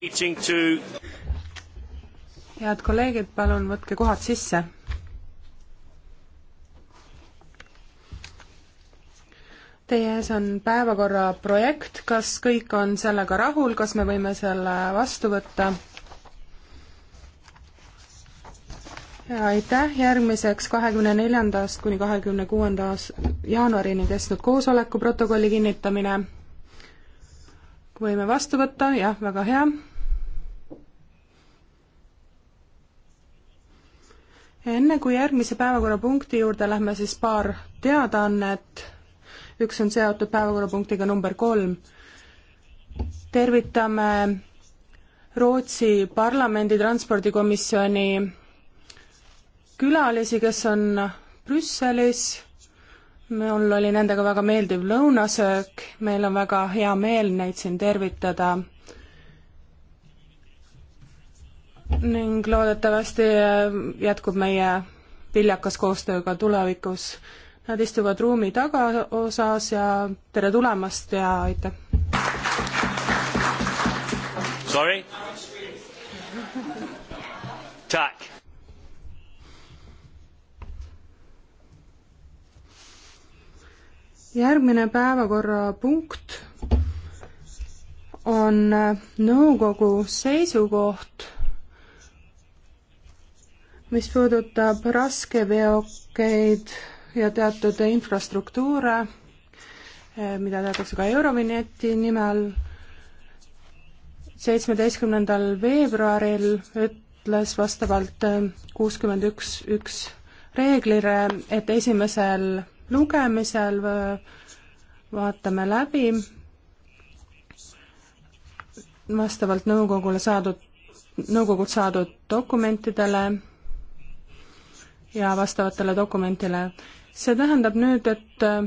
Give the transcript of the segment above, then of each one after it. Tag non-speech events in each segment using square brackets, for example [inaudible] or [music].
head kolleegid, palun võtke kohad sisse. Teie ees on päevakorra projekt, kas kõik on sellega rahul, kas me võime selle vastu võtta? ja aitäh, järgmiseks kahekümne neljandast kuni kahekümne kuuenda jaanuarini kestnud koosoleku protokolli kinnitamine. võime vastu võtta, jah, väga hea enne kui järgmise päevakorrapunkti juurde lähme, siis paar teadaannet. üks on seotud päevakorrapunktiga number kolm. tervitame Rootsi parlamendi transpordikomisjoni külalisi, kes on Brüsselis. mul oli nendega väga meeldiv lõunasöök, meil on väga hea meel neid siin tervitada ning loodetavasti äh, jätkub meie viljakas koostöö ka tulevikus. Nad istuvad ruumi tagaosas ja tere tulemast ja aitäh! Sorry? Tack! järgmine päevakorrapunkt on äh, nõukogu seisukoht mis puudutab raskeveokeid ja teatud infrastruktuure, eh, mida teatakse ka Eurovinjeti nime all, seitsmeteistkümnendal veebruaril ütles vastavalt eh, kuuskümmend üks üks reeglile, et esimesel lugemisel vaatame läbi vastavalt nõukogule saadud, nõukogult saadud dokumentidele ja vastavatele dokumentile. see tähendab nüüd, et äh,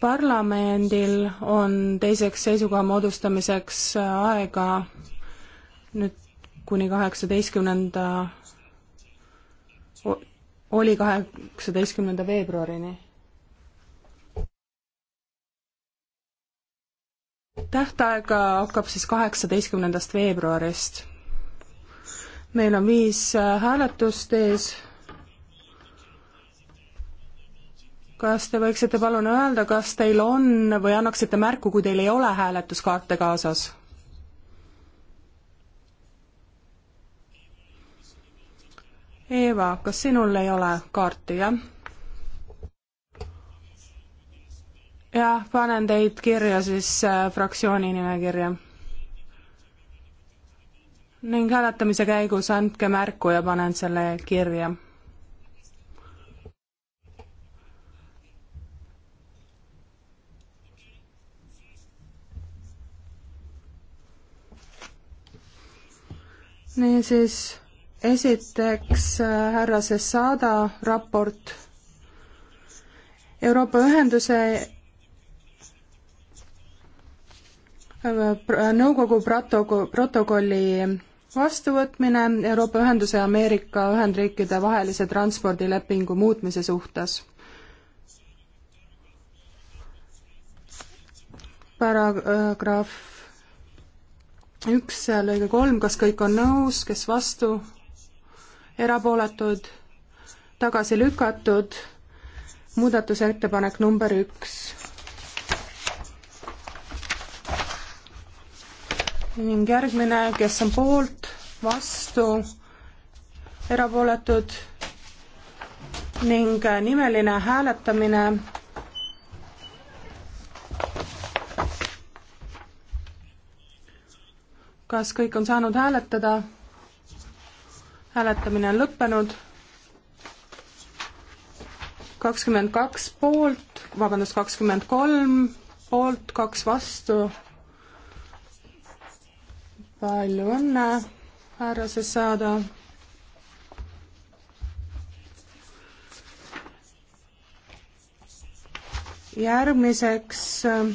parlamendil on teiseks seisukoha moodustamiseks äh, aega nüüd kuni kaheksateistkümnenda, oli kaheksateistkümnenda veebruarini tähtaega hakkab siis kaheksateistkümnendast veebruarist meil on viis äh, hääletust ees. kas te võiksite palun öelda, kas teil on või annaksite märku, kui teil ei ole hääletuskaarte kaasas? Eeva, kas sinul ei ole kaarti, jah? jah, panen teid kirja siis äh, fraktsiooni nimekirja ning hääletamise käigus andke märku ja panen selle kirja. niisiis, esiteks äh, härra Sessada raport Euroopa Ühenduse äh, äh, nõukogu protokolli vastuvõtmine Euroopa Ühenduse ja Ameerika Ühendriikide vahelise transpordilepingu muutmise suhtes. paragrahv üks lõige kolm, kas kõik on nõus, kes vastu, erapooletud, tagasi lükatud, muudatusettepanek number üks ning järgmine, kes on poolt, vastu, erapooletud ning äh, nimeline hääletamine kas kõik on saanud hääletada? hääletamine on lõppenud. kakskümmend kaks poolt, vabandust, kakskümmend kolm poolt, kaks vastu palju õnne, härra Sessada. järgmiseks äh,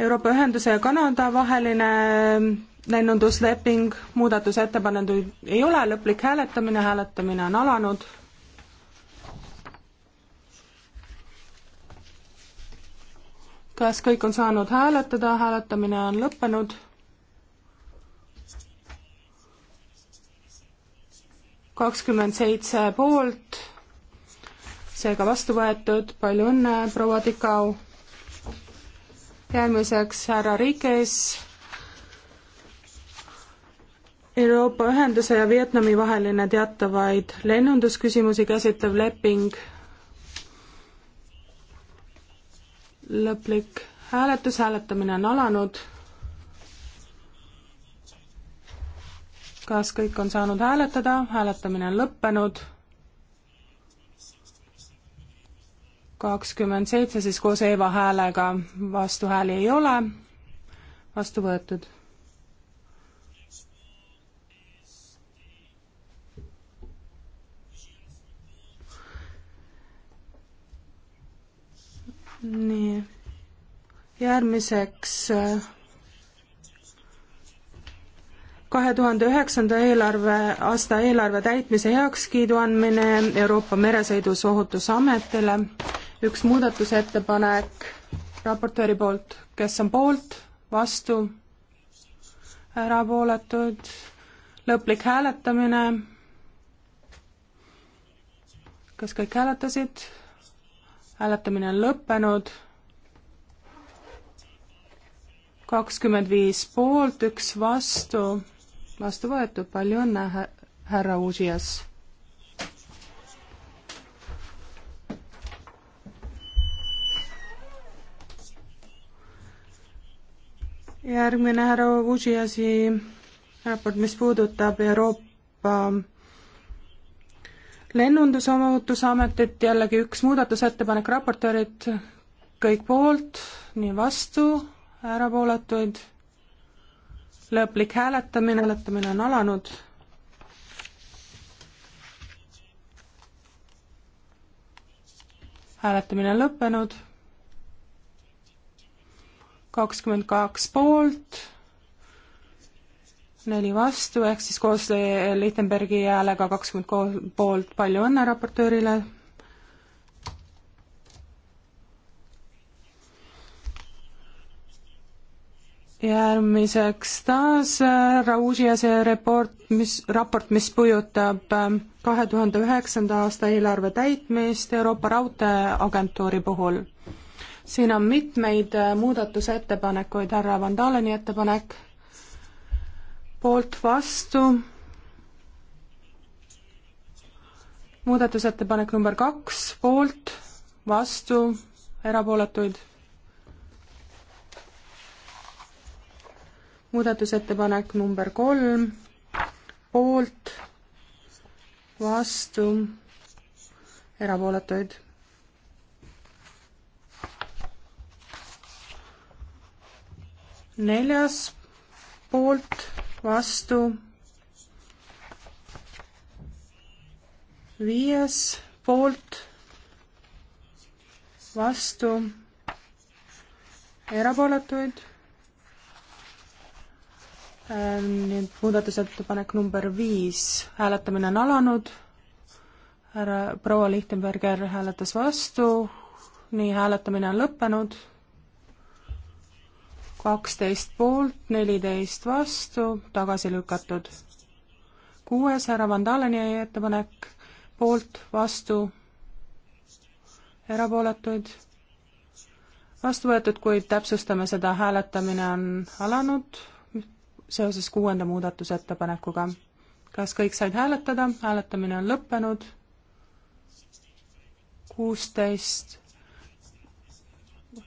Euroopa Ühenduse ja Kanada vaheline äh, lennundusleping, muudatusettepanekuid ei ole, lõplik hääletamine, hääletamine on alanud kas kõik on saanud hääletada, hääletamine on lõppenud. kakskümmend seitse poolt, seega vastu võetud, palju õnne, proua Tikau. järgmiseks härra Rikes Euroopa Ühenduse ja Vietnami vaheline teatavaid lennundusküsimusi käsitlev leping lõplik hääletus, hääletamine on alanud. kas kõik on saanud hääletada, hääletamine on lõppenud. kakskümmend seitse siis koos Eeva häälega, vastuhääli ei ole, vastu võetud nii, järgmiseks äh, kahe tuhande üheksanda eelarve, aasta eelarve täitmise heakskiidu andmine Euroopa Meresõidusohutusametile, üks muudatusettepanek raportööri poolt, kes on poolt, vastu, erapooletud, lõplik hääletamine, kas kõik hääletasid? hääletamine on lõppenud. kakskümmend viis poolt, üks vastu, vastu võetud, palju õnne, härra Uusijas. järgmine härra Uusijasi raport, mis puudutab Euroopa lennundusohutusametit jällegi üks muudatusettepanek, raportöörid kõik poolt, nii vastu, erapooletuid, lõplik hääletamine, hääletamine on alanud. hääletamine on lõppenud, kakskümmend kaks poolt neli vastu, ehk siis koos Lichtenbergi häälega kakskümmend kolm poolt, palju õnne raportöörile. järgmiseks taas äh, Rausiase report, mis, raport, mis puudutab ähm, kahe tuhande üheksanda aasta eelarve täitmist Euroopa Raudteeagentuuri puhul. siin on mitmeid äh, muudatusettepanekuid, härra Vandaleni ettepanek poolt vastu. muudatusettepanek number kaks, poolt, vastu, erapooletuid. muudatusettepanek number kolm, poolt, vastu, erapooletuid neljas poolt vastu. viies poolt, vastu, erapooletuid. Äh, nüüd muudatusettepanek number viis, hääletamine on alanud. härra proua Lichtenberger hääletas vastu, nii hääletamine on lõppenud kaksteist poolt, neliteist vastu, tagasi lükatud. kuues härra Vandaleni ettepanek, poolt, vastu, erapooletuid, vastu võetud, kuid täpsustame seda, hääletamine on alanud seoses kuuenda muudatusettepanekuga. kas kõik said hääletada, hääletamine on lõppenud, kuusteist,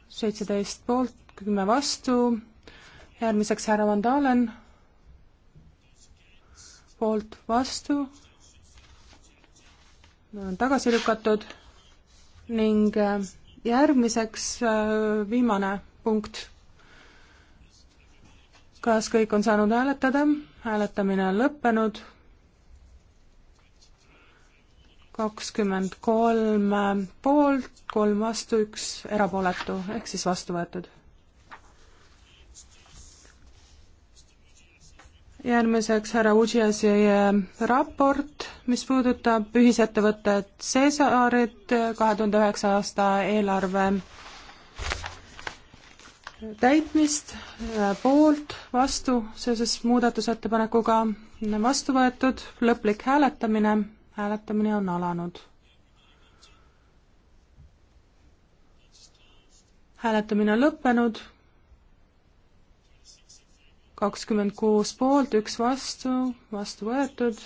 seitseteist poolt, kümme vastu, järgmiseks härra Van Dalen, poolt, vastu, tagasi lükatud ning äh, järgmiseks äh, viimane punkt. kas kõik on saanud hääletada? hääletamine on lõppenud. kakskümmend kolm äh, poolt, kolm vastu, üks erapooletu ehk siis vastu võetud. järgmiseks härra Udžiasi äh, raport, mis puudutab ühisettevõtet Cesarit kahe tuhande üheksa aasta eelarve täitmist äh, poolt, vastu seoses muudatusettepanekuga vastu võetud, lõplik hääletamine, hääletamine on alanud. hääletamine on lõppenud kakskümmend kuus poolt, üks vastu, vastu võetud.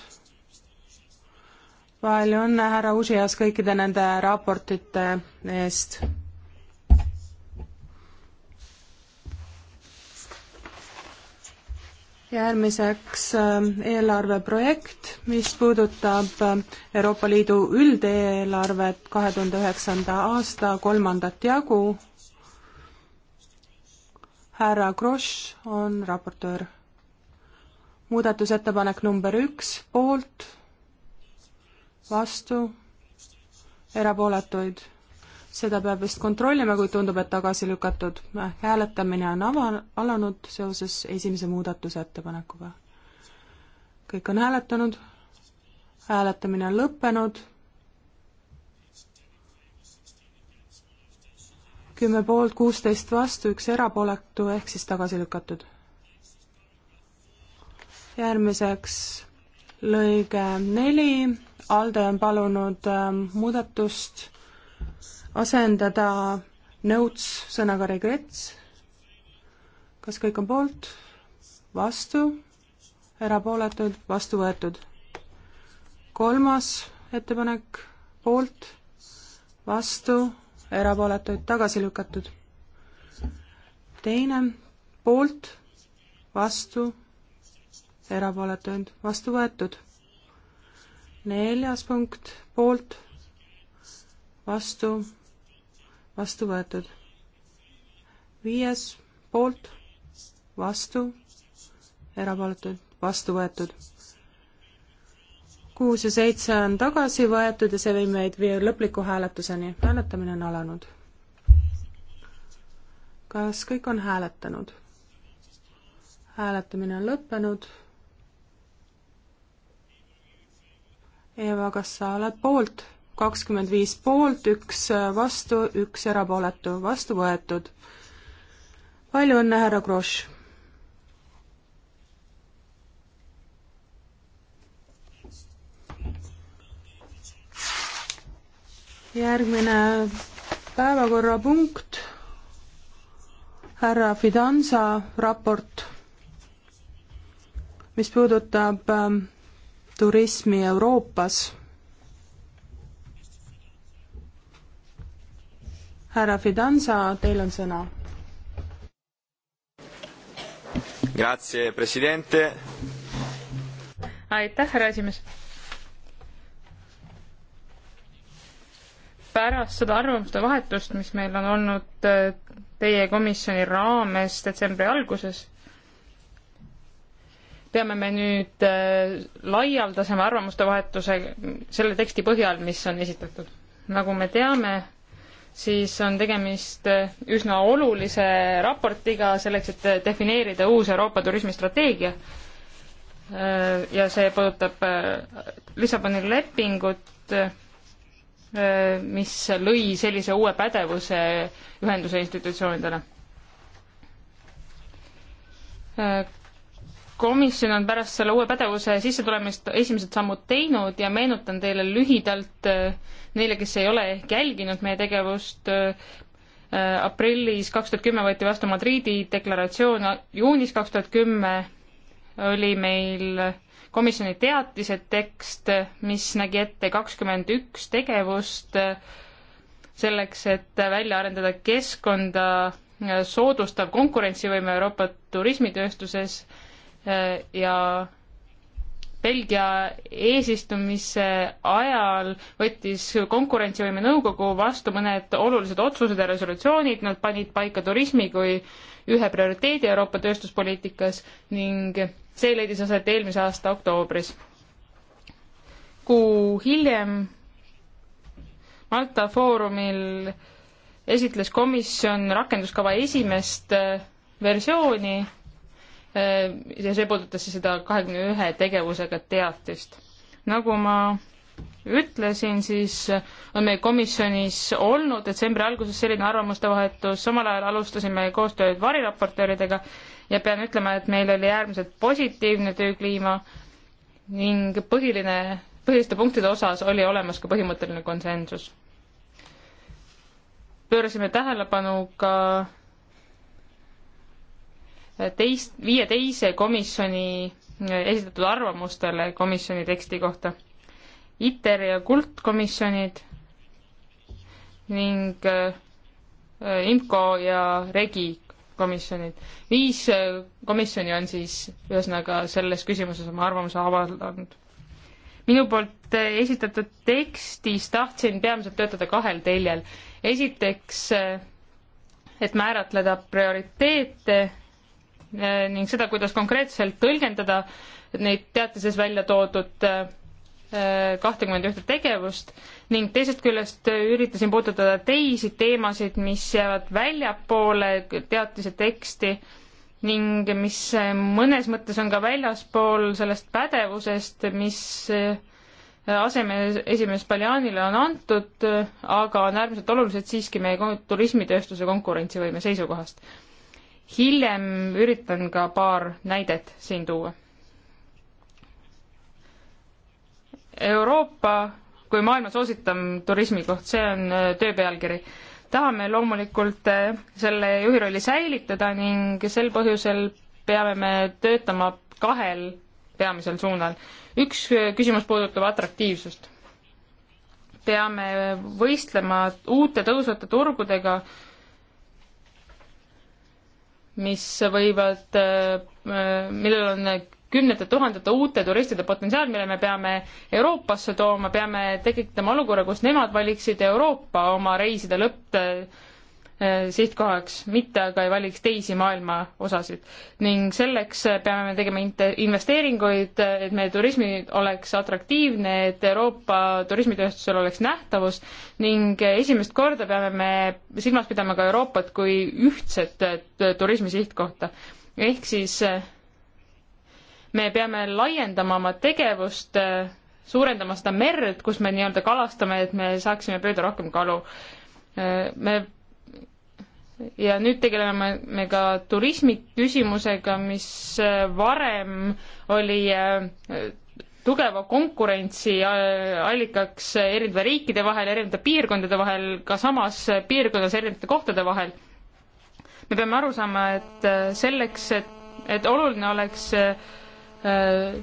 palju õnne, härra Užias, kõikide nende raportite eest. järgmiseks äh, eelarveprojekt, mis puudutab äh, Euroopa Liidu üldeelarvet kahe tuhande üheksanda aasta kolmandat jagu härra Grosch on raportöör. muudatusettepanek number üks, poolt, vastu, erapooletuid. seda peab vist kontrollima, kui tundub, et tagasi lükatud. hääletamine on ava-, alanud seoses esimese muudatusettepanekuga. kõik on hääletanud, hääletamine on lõppenud kümme poolt, kuusteist vastu, üks erapooletu ehk siis tagasi lükatud. järgmiseks lõige neli, Alde on palunud äh, muudatust asendada notes sõnaga regrets. kas kõik on poolt, vastu, erapooletud, vastu võetud? kolmas ettepanek, poolt, vastu erapooletuid tagasi lükatud. teine poolt, vastu, erapooletuid vastu võetud. neljas punkt poolt, vastu, vastu võetud. viies poolt, vastu, erapooletuid vastu võetud kuus ja seitse on tagasi võetud ja see viib meid lõpliku hääletuseni. hääletamine on alanud. kas kõik on hääletanud? hääletamine on lõppenud. Eva, kas sa oled poolt? kakskümmend viis poolt, üks vastu, üks erapooletu, vastu võetud. palju õnne, härra Grosch! järgmine päevakorrapunkt, härra Fidanza raport, mis puudutab ähm, turismi Euroopas. härra Fidanza, teil on sõna. aitäh, härra esimees pärast seda arvamuste vahetust, mis meil on olnud äh, teie komisjoni raames detsembri alguses, peame me nüüd äh, laialdasema arvamuste vahetuse selle teksti põhjal, mis on esitatud. nagu me teame, siis on tegemist äh, üsna olulise raportiga selleks, et defineerida uus Euroopa turismistrateegia. ja see puudutab Lissaboni lepingut Äh, mis lõi sellise uue pädevuse ühenduse institutsioonidele. Äh, komisjon on pärast selle uue pädevuse sissetulemist esimesed sammud teinud ja meenutan teile lühidalt äh, neile, kes ei ole ehk jälginud meie tegevust, aprillis kaks tuhat kümme võeti vastu Madriidi deklaratsioon, juunis kaks tuhat kümme oli meil komisjoni teatise tekst, mis nägi ette kakskümmend üks tegevust äh, selleks, et välja arendada keskkonda äh, soodustav konkurentsivõime Euroopa turismitööstuses äh, ja Belgia eesistumise ajal võttis Konkurentsivõime Nõukogu vastu mõned olulised otsused ja resolutsioonid, nad panid paika turismi kui ühe prioriteedi Euroopa tööstuspoliitikas ning see leidis aset eelmise aasta oktoobris. Kuu hiljem Malta Foorumil esitles komisjon rakenduskava esimest äh, versiooni äh, ja see puudutas siis seda kahekümne ühe tegevusega teatist. nagu ma ütlesin, siis on meil komisjonis olnud detsembri alguses selline arvamuste vahetus, samal ajal alustasime koostööd variraportööridega ja pean ütlema, et meil oli äärmiselt positiivne töökliima ning põhiline, põhiliste punktide osas oli olemas ka põhimõtteline konsensus. pöörasime tähelepanu ka teist, viie teise komisjoni esitatud arvamustele komisjoni teksti kohta ITER ja KULT komisjonid ning äh, IMCO ja REGI komisjonid. viis äh, komisjoni on siis ühesõnaga selles küsimuses oma arvamuse avaldanud. minu poolt äh, esitatud tekstis tahtsin peamiselt töötada kahel teljel. esiteks, et määratleda prioriteete ning seda, kuidas konkreetselt tõlgendada neid teatises välja toodud kahtekümmend ühte tegevust ning teisest küljest üritasin puudutada teisi teemasid, mis jäävad väljapoole teatise teksti ning mis mõnes mõttes on ka väljaspool sellest pädevusest, mis äh, aseesimees Baljanile on antud, aga on äärmiselt olulised siiski meie turismitööstuse konkurentsivõime seisukohast. hiljem üritan ka paar näidet siin tuua Euroopa kui maailma soositav turismi koht, see on äh, töö pealkiri. tahame loomulikult äh, selle juhi rolli säilitada ning sel põhjusel peame me töötama kahel peamisel suunal. üks äh, küsimus puudutab atraktiivsust. peame võistlema uute tõusvate turgudega, mis võivad, millel on kümnete tuhandete uute turistide potentsiaal, mille me peame Euroopasse tooma, peame tekitama olukorra, kus nemad valiksid Euroopa oma reiside lõpp eh, sihtkohaks, mitte aga ei valiks teisi maailma osasid. ning selleks peame me tegema investeeringuid, et meie turismi oleks atraktiivne, et Euroopa turismitööstusel oleks nähtavus ning esimest korda peame me silmas pidama ka Euroopat kui ühtset turismi sihtkohta. ehk siis eh, me peame laiendama oma tegevust, äh, suurendama seda merd, kus me nii-öelda kalastame, et me saaksime püüda rohkem kalu. Äh, me ja nüüd tegeleme me ka turismi küsimusega, mis äh, varem oli tugeva konkurentsi allikaks erinevate riikide vahel, erinevate piirkondade vahel, ka samas piirkonnas erinevate kohtade vahel. me peame aru saama, et selleks, et, et oluline oleks äh, Äh,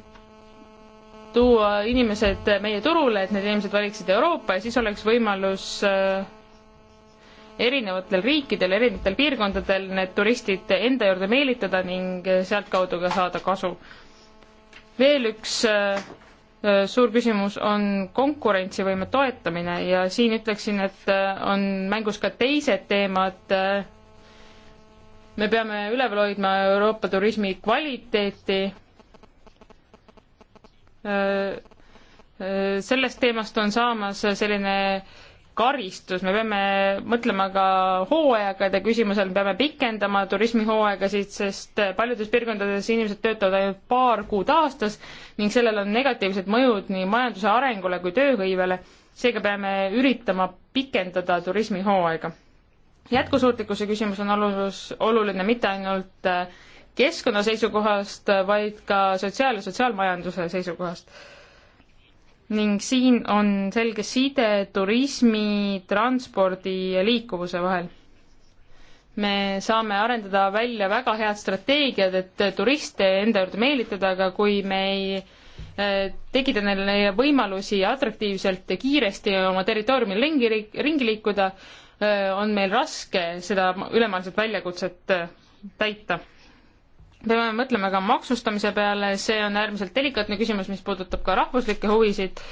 tuua inimesed meie turule, et need inimesed valiksid Euroopa ja siis oleks võimalus äh, erinevatel riikidel, erinevatel piirkondadel need turistid enda juurde meelitada ning sealtkaudu ka saada kasu. veel üks äh, suur küsimus on konkurentsivõime toetamine ja siin ütleksin, et on mängus ka teised teemad. me peame üleval hoidma Euroopa turismi kvaliteeti Äh, äh, sellest teemast on saamas selline karistus, me peame mõtlema ka hooaegade küsimusel, me peame pikendama turismihooaegasid, sest paljudes piirkondades inimesed töötavad ainult paar kuud aastas ning sellel on negatiivsed mõjud nii majanduse arengule kui tööhõivele, seega peame üritama pikendada turismihooaega. jätkusuutlikkuse küsimus on olulus, oluline mitte ainult äh, keskkonna seisukohast, vaid ka sotsiaal- ja sotsiaalmajanduse seisukohast. ning siin on selge side turismi, transpordi ja liikuvuse vahel. me saame arendada välja väga head strateegiad, et turiste enda juurde meelitada, aga kui me ei äh, tekita neile võimalusi atraktiivselt ja kiiresti oma territooriumil ringi, ringi liikuda, äh, on meil raske seda ülemaailmset väljakutset äh, täita peame mõtlema ka maksustamise peale, see on äärmiselt delikaatne küsimus, mis puudutab ka rahvuslikke huvisid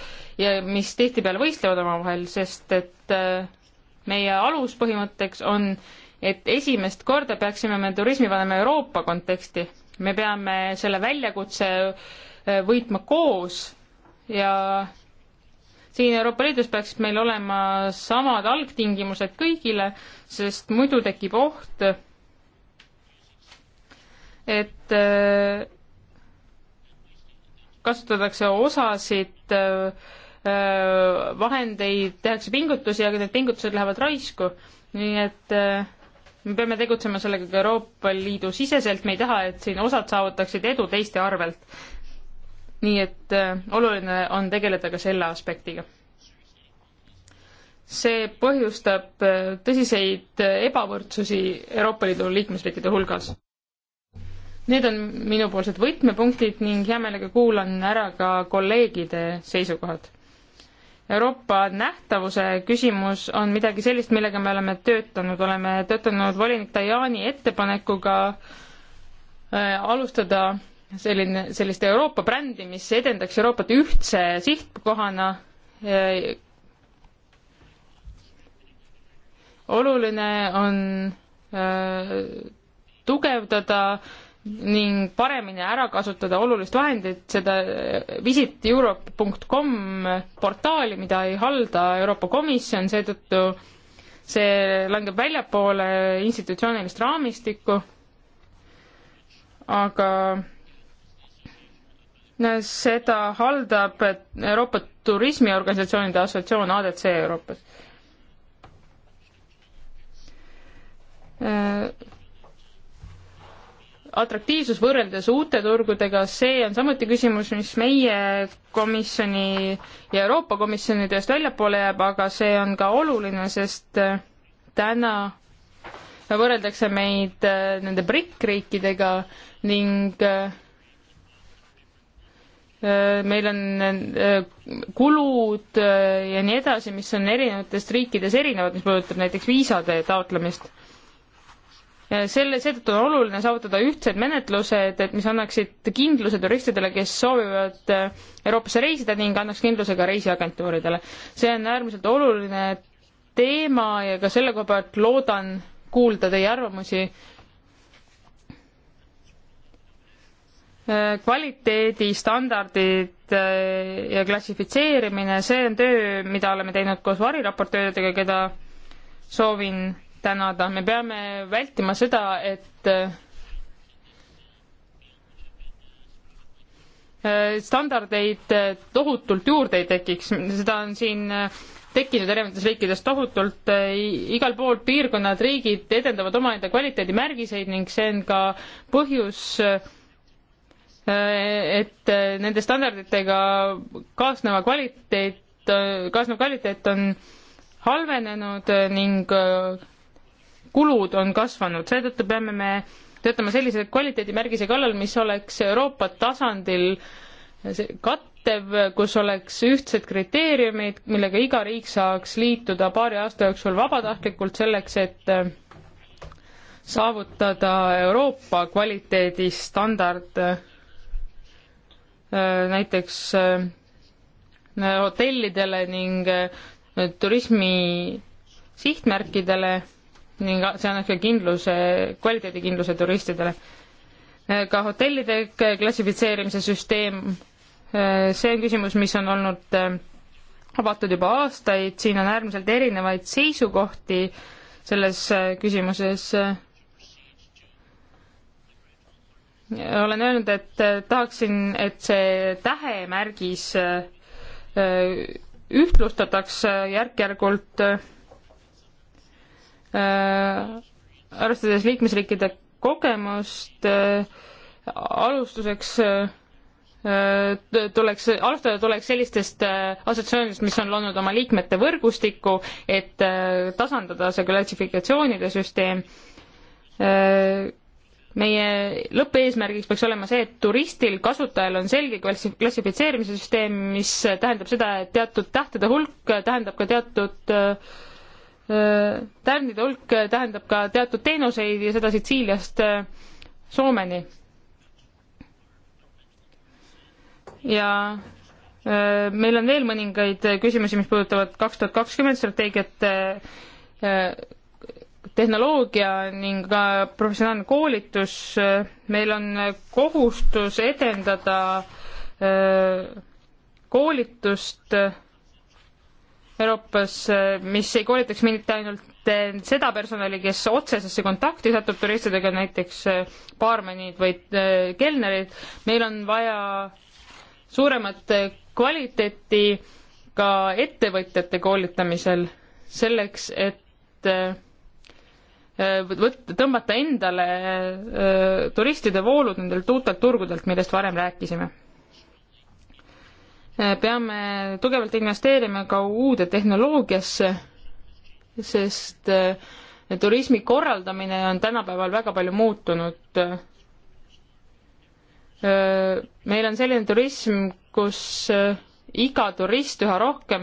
ja mis tihtipeale võistlevad omavahel, sest et äh, meie aluspõhimõtteks on, et esimest korda peaksime me turismi panema Euroopa konteksti. me peame selle väljakutse äh, võitma koos ja siin Euroopa Liidus peaksid meil olema samad algtingimused kõigile, sest muidu tekib oht, et äh, kasutatakse osasid, äh, äh, vahendeid, tehakse pingutusi, aga need pingutused lähevad raisku. nii et me peame tegutsema sellega ka Euroopa Liidu siseselt, me ei taha, et siin osad saavutaksid edu teiste arvelt. nii et oluline on tegeleda ka selle aspektiga see põhjustab tõsiseid ebavõrdsusi Euroopa Liidu liikmesriikide hulgas. Need on minupoolsed võtmepunktid ning hea meelega kuulan ära ka kolleegide seisukohad. Euroopa nähtavuse küsimus on midagi sellist, millega me oleme töötanud, oleme töötanud volinik Tajani ettepanekuga äh, alustada selline, sellist Euroopa brändi, mis edendaks Euroopat ühtse sihtkohana äh,. oluline on äh, tugevdada äh, ning paremini ära kasutada olulist vahendit, seda visiteurope.com portaali, mida ei halda Euroopa Komisjon, seetõttu see langeb väljapoole institutsioonilist raamistikku, aga seda haldab Euroopa Turismiorganisatsioonide Assotsiatsioon ADC Euroopas atraktiivsus võrreldes uute turgudega, see on samuti küsimus, mis meie komisjoni ja Euroopa Komisjoni tööst väljapoole jääb, aga see on ka oluline, sest äh, täna võrreldakse meid äh, nende BRIC riikidega ning äh, meil on kulud ja nii edasi, mis on erinevatest riikidest erinevad, mis puudutab näiteks viisade taotlemist selle, seetõttu on oluline saavutada ühtsed menetlused, et mis annaksid kindluse turistidele, kes soovivad äh, Euroopasse reisida ning annaks kindluse ka reisiagentuuridele. see on äärmiselt oluline teema ja ka selle koha pealt loodan kuulda teie arvamusi. Äh, kvaliteedistandardid äh, ja klassifitseerimine, see on töö, mida oleme teinud koos variraportööridega, keda soovin tänada, me peame vältima seda, et äh, standardeid äh, tohutult juurde ei tekiks, seda on siin äh, tekkinud erinevates riikides tohutult, igal pool piirkonnad, riigid edendavad omaenda kvaliteedimärgiseid ning see on ka põhjus, et nende standarditega kaasneva kvaliteet, kaasnev kvaliteet on halvenenud ning kulud on kasvanud, seetõttu peame me töötama sellise kvaliteedimärgise kallal, mis oleks Euroopa tasandil kattev, kus oleks ühtsed kriteeriumid, millega iga riik saaks liituda paari aasta jooksul vabatahtlikult selleks, et äh, saavutada Euroopa kvaliteedistandard. Äh, näiteks äh, hotellidele ning turismi sihtmärkidele ning see annaks veel kindluse, kvaliteedikindluse turistidele. Äh, ka hotellide klassifitseerimise süsteem, äh, see on küsimus, mis on olnud äh, avatud juba aastaid, siin on äärmiselt erinevaid seisukohti selles küsimuses. olen öelnud, et tahaksin, et see tähemärgis ühtlustataks järk-järgult Äh, arvestades liikmesriikide kogemust, äh, alustuseks äh, tuleks, alustada tuleks sellistest assotsiatsioonidest, mis on loonud oma liikmete võrgustiku, et tasandada see klassifikatsioonide süsteem. meie lõppeesmärgiks peaks olema see, et turistil, kasutajal on selge klassi-, klassifitseerimise süsteem, mis tähendab seda, et teatud tähtede hulk tähendab ka teatud äh, Äh, tärnide hulk tähendab ka teatud teenuseid ja seda Sitsiiliast äh, Soomeni. ja äh, meil on veel mõningaid küsimusi, mis puudutavad kaks tuhat kakskümmend strateegiat, tehnoloogia ning ka professionaalne koolitus. meil on kohustus edendada koolitust Euroopas, eh, mis ei koolitaks mitte ainult eh, seda personali, kes otsesesse kontakti satub turistidega, näiteks eh, baarmenid või kelnerid, meil on vaja suuremat kvaliteeti ka ettevõtjate koolitamisel, selleks et võtta, tõmmata endale turistide voolud nendelt uutelt turgudelt, millest varem rääkisime peame tugevalt investeerima ka uude tehnoloogiasse, sest äh, turismi korraldamine on tänapäeval väga palju muutunud. Äh, meil on selline turism, kus äh, iga turist üha rohkem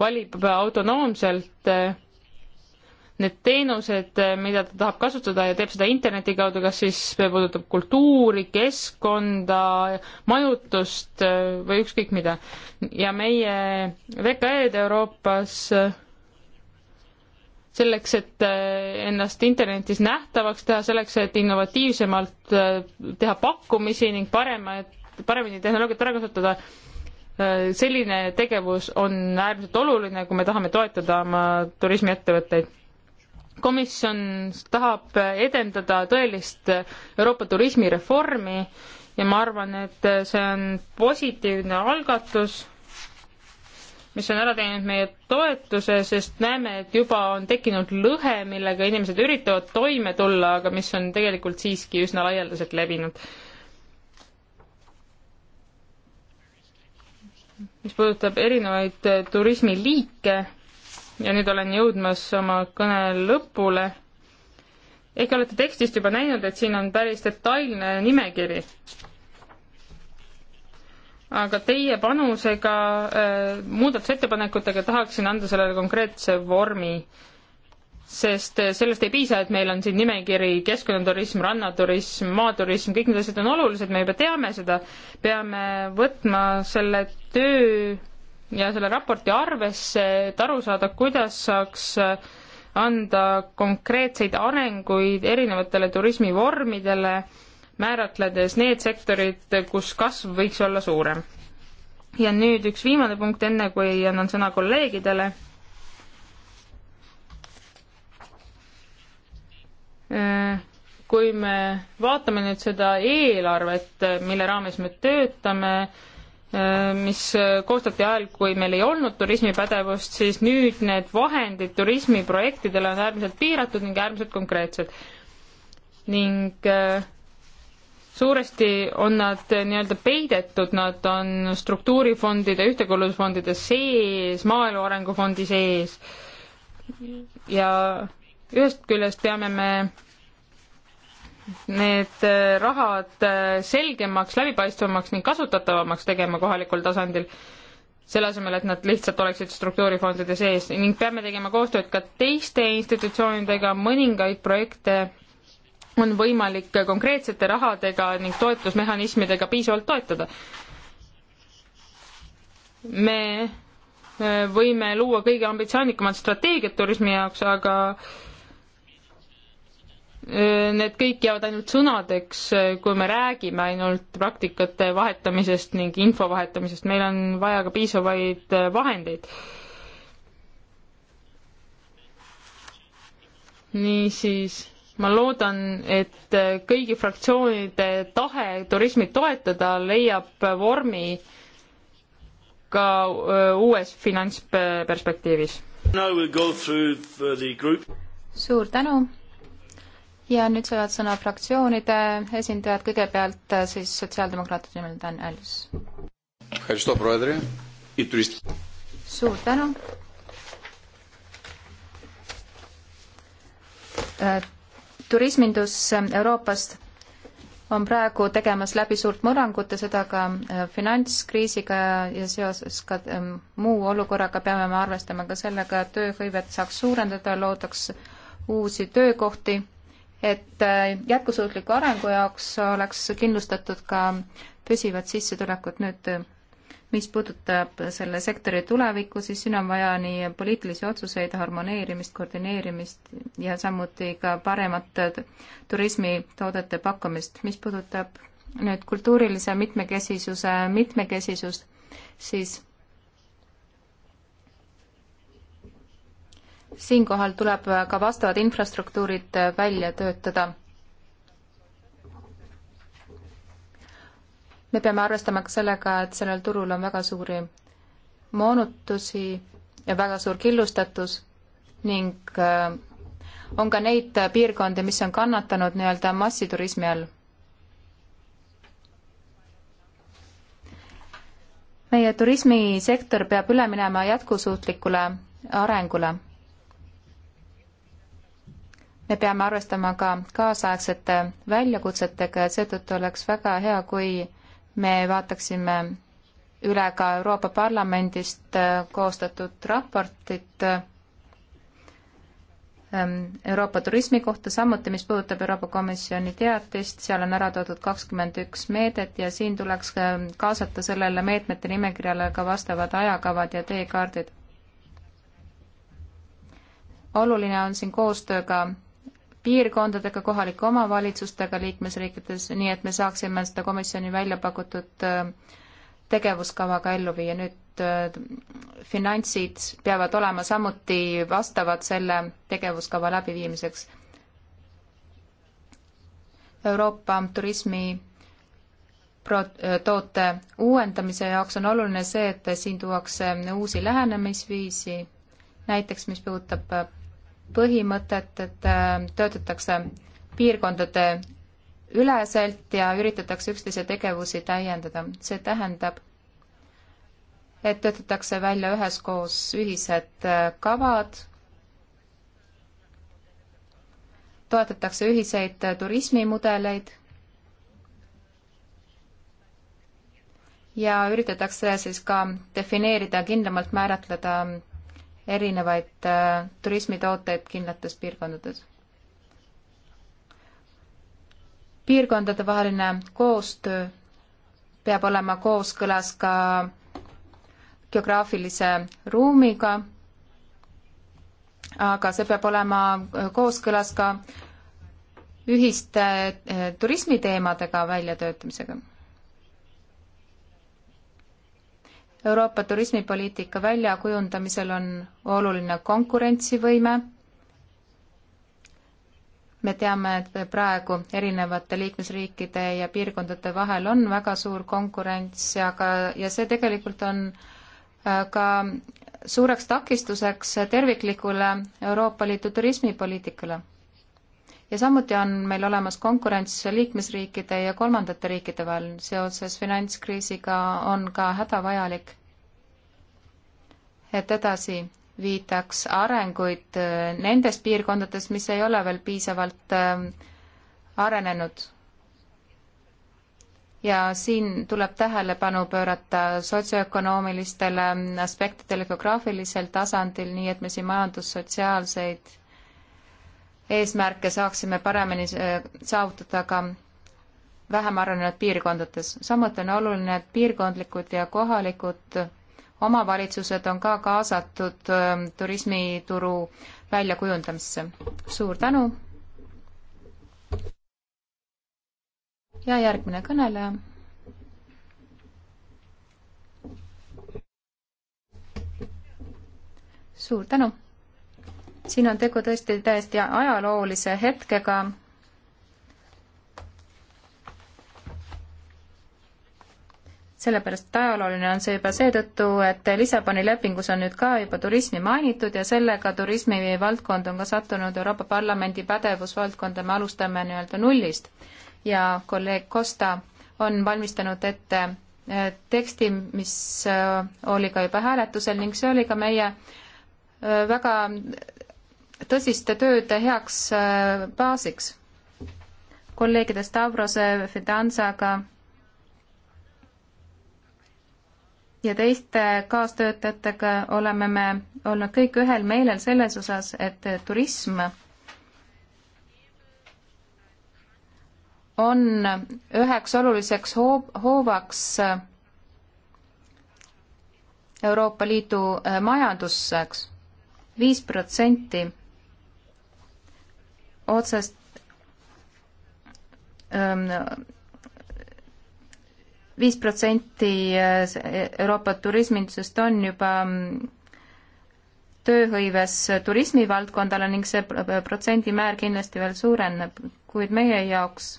valib autonoomselt need teenused, eh, mida ta tahab kasutada ja teeb seda interneti kaudu, kas siis puudutab kultuuri, keskkonda, majutust eh, või ükskõik mida. ja meie VKE-d Euroopas eh, selleks, et ennast internetis nähtavaks teha, selleks, et innovatiivsemalt teha pakkumisi ning paremaid, paremini tehnoloogiat ära kasutada, selline tegevus on äärmiselt oluline, kui me tahame toetada oma turismiettevõtteid komisjon tahab edendada tõelist Euroopa turismireformi ja ma arvan, et see on positiivne algatus, mis on ära teeninud meie toetuse, sest näeme, et juba on tekkinud lõhe, millega inimesed üritavad toime tulla, aga mis on tegelikult siiski üsna laialdaselt levinud. mis puudutab erinevaid turismiliike ja nüüd olen jõudmas oma kõne lõpule. ehk olete tekstist juba näinud, et siin on päris detailne nimekiri. aga teie panusega, äh, muudatusettepanekutega tahaksin anda sellele konkreetse vormi sest äh, sellest ei piisa, et meil on siin nimekiri keskkonnaturism, rannaturism, maaturism, kõik need asjad on olulised, me juba teame seda, peame võtma selle töö ja selle raporti arvesse, et aru saada, kuidas saaks äh, anda konkreetseid arenguid erinevatele turismivormidele, määratledes need sektorid, kus kasv võiks olla suurem. ja nüüd üks viimane punkt, enne kui annan sõna kolleegidele. Äh, kui me vaatame nüüd seda eelarvet, mille raames me töötame, Äh, mis äh, koostati ajal, kui meil ei olnud turismipädevust, siis nüüd need vahendid turismiprojektidele on äärmiselt piiratud ning äärmiselt konkreetsed. ning äh, suuresti on nad nii-öelda peidetud, nad on struktuurifondide, ühtekuuluvusfondide sees, maaelu arengufondi sees ja ühest küljest peame me need äh, rahad äh, selgemaks, läbipaistvamaks ning kasutatavamaks tegema kohalikul tasandil, selle asemel, et nad lihtsalt oleksid struktuurifondide sees ning peame tegema koostööd ka teiste institutsioonidega, mõningaid projekte on võimalik konkreetsete rahadega ning toetusmehhanismidega piisavalt toetada. me äh, võime luua kõige ambitsioonikamad strateegiad turismi jaoks, aga äh, need kõik jäävad ainult sõnadeks, kui me räägime ainult praktikate vahetamisest ning info vahetamisest, meil on vaja ka piisavaid vahendeid. niisiis, ma loodan, et kõigi fraktsioonide tahe turismi toetada leiab vormi ka äh, uues finantsperspektiivis. suur tänu ja nüüd saavad sõna fraktsioonide esindajad, kõigepealt äh, siis sotsiaaldemokraatide nimel Dan Allis. suur tänu. Äh, turismindus äh, Euroopast on praegu tegemas läbi suurt mõrangut ja seda ka finantskriisiga ja seoses ka ähm, muu olukorraga peame me arvestama ka sellega, et tööhõivet saaks suurendada, loodaks uusi töökohti et äh, jätkusuutliku arengu jaoks oleks kindlustatud ka püsivad sissetulekud nüüd mis puudutab selle sektori tulevikku, siis siin on vaja nii poliitilisi otsuseid, harmoneerimist, koordineerimist ja samuti ka paremat turismitoodete pakkumist. mis puudutab nüüd kultuurilise mitmekesisuse mitmekesisust, siis siinkohal tuleb ka vastavad infrastruktuurid välja töötada. me peame arvestama ka sellega, et sellel turul on väga suuri moonutusi ja väga suur killustatus ning äh, on ka neid piirkondi, mis on kannatanud nii-öelda massiturismi all. meie turismisektor peab üle minema jätkusuutlikule arengule me peame arvestama ka kaasaegsete väljakutsetega ja seetõttu oleks väga hea, kui me vaataksime üle ka Euroopa Parlamendist äh, koostatud raportit ähm, Euroopa turismi kohta, samuti mis puudutab Euroopa Komisjoni teatist, seal on ära toodud kakskümmend üks meedet ja siin tuleks kaasata sellele meetmete nimekirjale ka vastavad ajakavad ja teekaardid oluline on siin koostöö ka piirkondadega, kohalike omavalitsustega liikmesriikides, nii et me saaksime seda komisjoni välja pakutud äh, tegevuskavaga ellu viia. nüüd äh, finantsid peavad olema samuti vastavad selle tegevuskava läbiviimiseks. Euroopa turismi pro-, äh, toote uuendamise jaoks on oluline see, et siin tuuakse uusi lähenemisviisi, näiteks mis puudutab põhimõtet, et äh, töötatakse piirkondade üleselt ja üritatakse üksteise tegevusi täiendada. see tähendab, et töötatakse välja üheskoos ühised äh, kavad, toetatakse ühiseid äh, turismimudeleid ja üritatakse siis ka defineerida, kindlamalt määratleda erinevaid äh, turismitooteid kindlates piirkondades. piirkondadevaheline koostöö peab olema kooskõlas ka geograafilise ruumiga, aga see peab olema äh, kooskõlas ka ühiste äh, turismiteemadega väljatöötamisega Euroopa turismipoliitika väljakujundamisel on oluline konkurentsivõime. me teame, et praegu erinevate liikmesriikide ja piirkondade vahel on väga suur konkurents ja ka, ja see tegelikult on äh, ka suureks takistuseks terviklikule Euroopa Liidu turismipoliitikale ja samuti on meil olemas konkurents liikmesriikide ja kolmandate riikide vahel. seoses finantskriisiga on ka hädavajalik, et edasi viidaks arenguid äh, nendes piirkondades, mis ei ole veel piisavalt äh, arenenud. ja siin tuleb tähelepanu pöörata sotsioökonoomilistele aspektidele geograafilisel tasandil, nii et me siin majandussotsiaalseid eesmärke saaksime paremini äh, saavutada ka vähem arenenud piirkondades. samuti on oluline, et piirkondlikud ja kohalikud omavalitsused on ka kaasatud äh, turismituru väljakujundamisse. suur tänu! ja järgmine kõneleja. suur tänu! siin on tegu tõesti täiesti ajaloolise hetkega. sellepärast, et ajalooline on see juba seetõttu, et Lissaboni lepingus on nüüd ka juba turismi mainitud ja sellega turismivaldkond on ka sattunud Euroopa Parlamendi pädevusvaldkonda, me alustame nii-öelda nullist. ja kolleeg Costa on valmistanud ette eh, teksti, mis eh, oli ka juba hääletusel ning see oli ka meie eh, väga tõsist tööd heaks äh, baasiks kolleegide Stavrose, Fidanzaga ja teiste kaastöötajatega oleme me olnud kõik ühel meelel selles osas, et turism on üheks oluliseks hoob, hoovaks Euroopa Liidu äh, majanduseks. viis protsenti otsest ähm, viis protsenti äh, Euroopa turismindusest on juba mm, tööhõives turismivaldkondale ning see protsendimäär kindlasti veel suureneb, kuid meie jaoks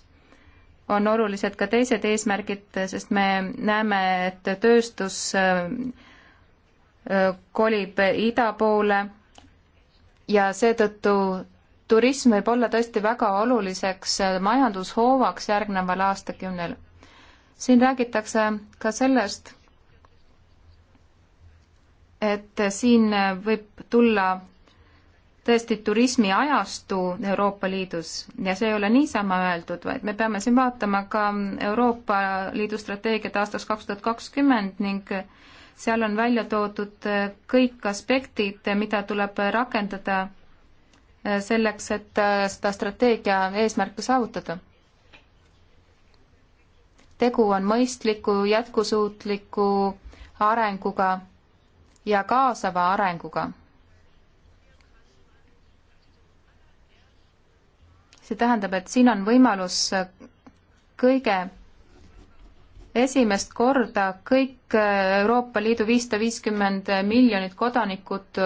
on olulised ka teised eesmärgid, sest me näeme, et tööstus äh, kolib ida poole ja seetõttu turism võib olla tõesti väga oluliseks äh, majandushoovaks järgneval aastakümnel. siin räägitakse ka sellest, et siin äh, võib tulla tõesti turismiajastu Euroopa Liidus ja see ei ole niisama öeldud, vaid me peame siin vaatama ka Euroopa Liidu strateegiat aastast kaks tuhat kakskümmend ning seal on välja toodud äh, kõik aspektid, mida tuleb rakendada Äh, selleks, et äh, seda strateegia eesmärke saavutada. tegu on mõistliku, jätkusuutliku arenguga ja kaasava arenguga. see tähendab, et siin on võimalus äh, kõige esimest korda kõik Euroopa Liidu viissada viiskümmend miljonit kodanikud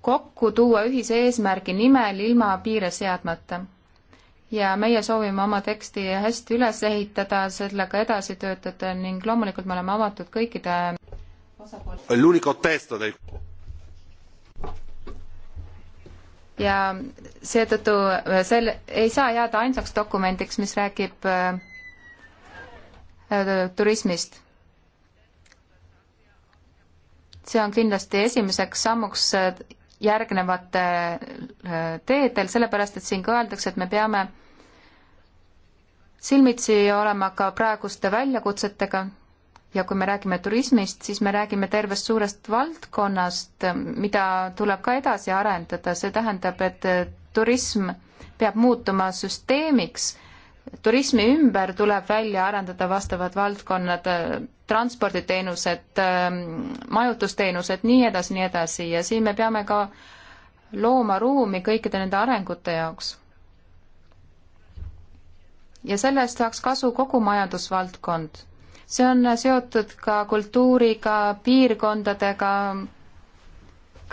kokku tuua ühise eesmärgi nimel ilma piire seadmata. ja meie soovime oma teksti hästi üles ehitada, sellega edasi töötada ning loomulikult me oleme avatud kõikide osapoolte ja seetõttu äh, sel-, ei saa jääda ainsaks dokumendiks, mis räägib äh, äh turismist. see on kindlasti esimeseks sammuks äh, järgnevatel äh, teedel, sellepärast et siin ka öeldakse, et me peame silmitsi olema ka praeguste väljakutsetega ja kui me räägime turismist, siis me räägime tervest suurest valdkonnast, mida tuleb ka edasi arendada, see tähendab, et turism peab muutuma süsteemiks turismi ümber tuleb välja arendada vastavad valdkonnad, transporditeenused, ähm, majutusteenused, nii edasi, nii edasi ja siin me peame ka looma ruumi kõikide nende arengute jaoks. ja sellest saaks kasu kogu majandusvaldkond. see on seotud ka kultuuriga, piirkondadega,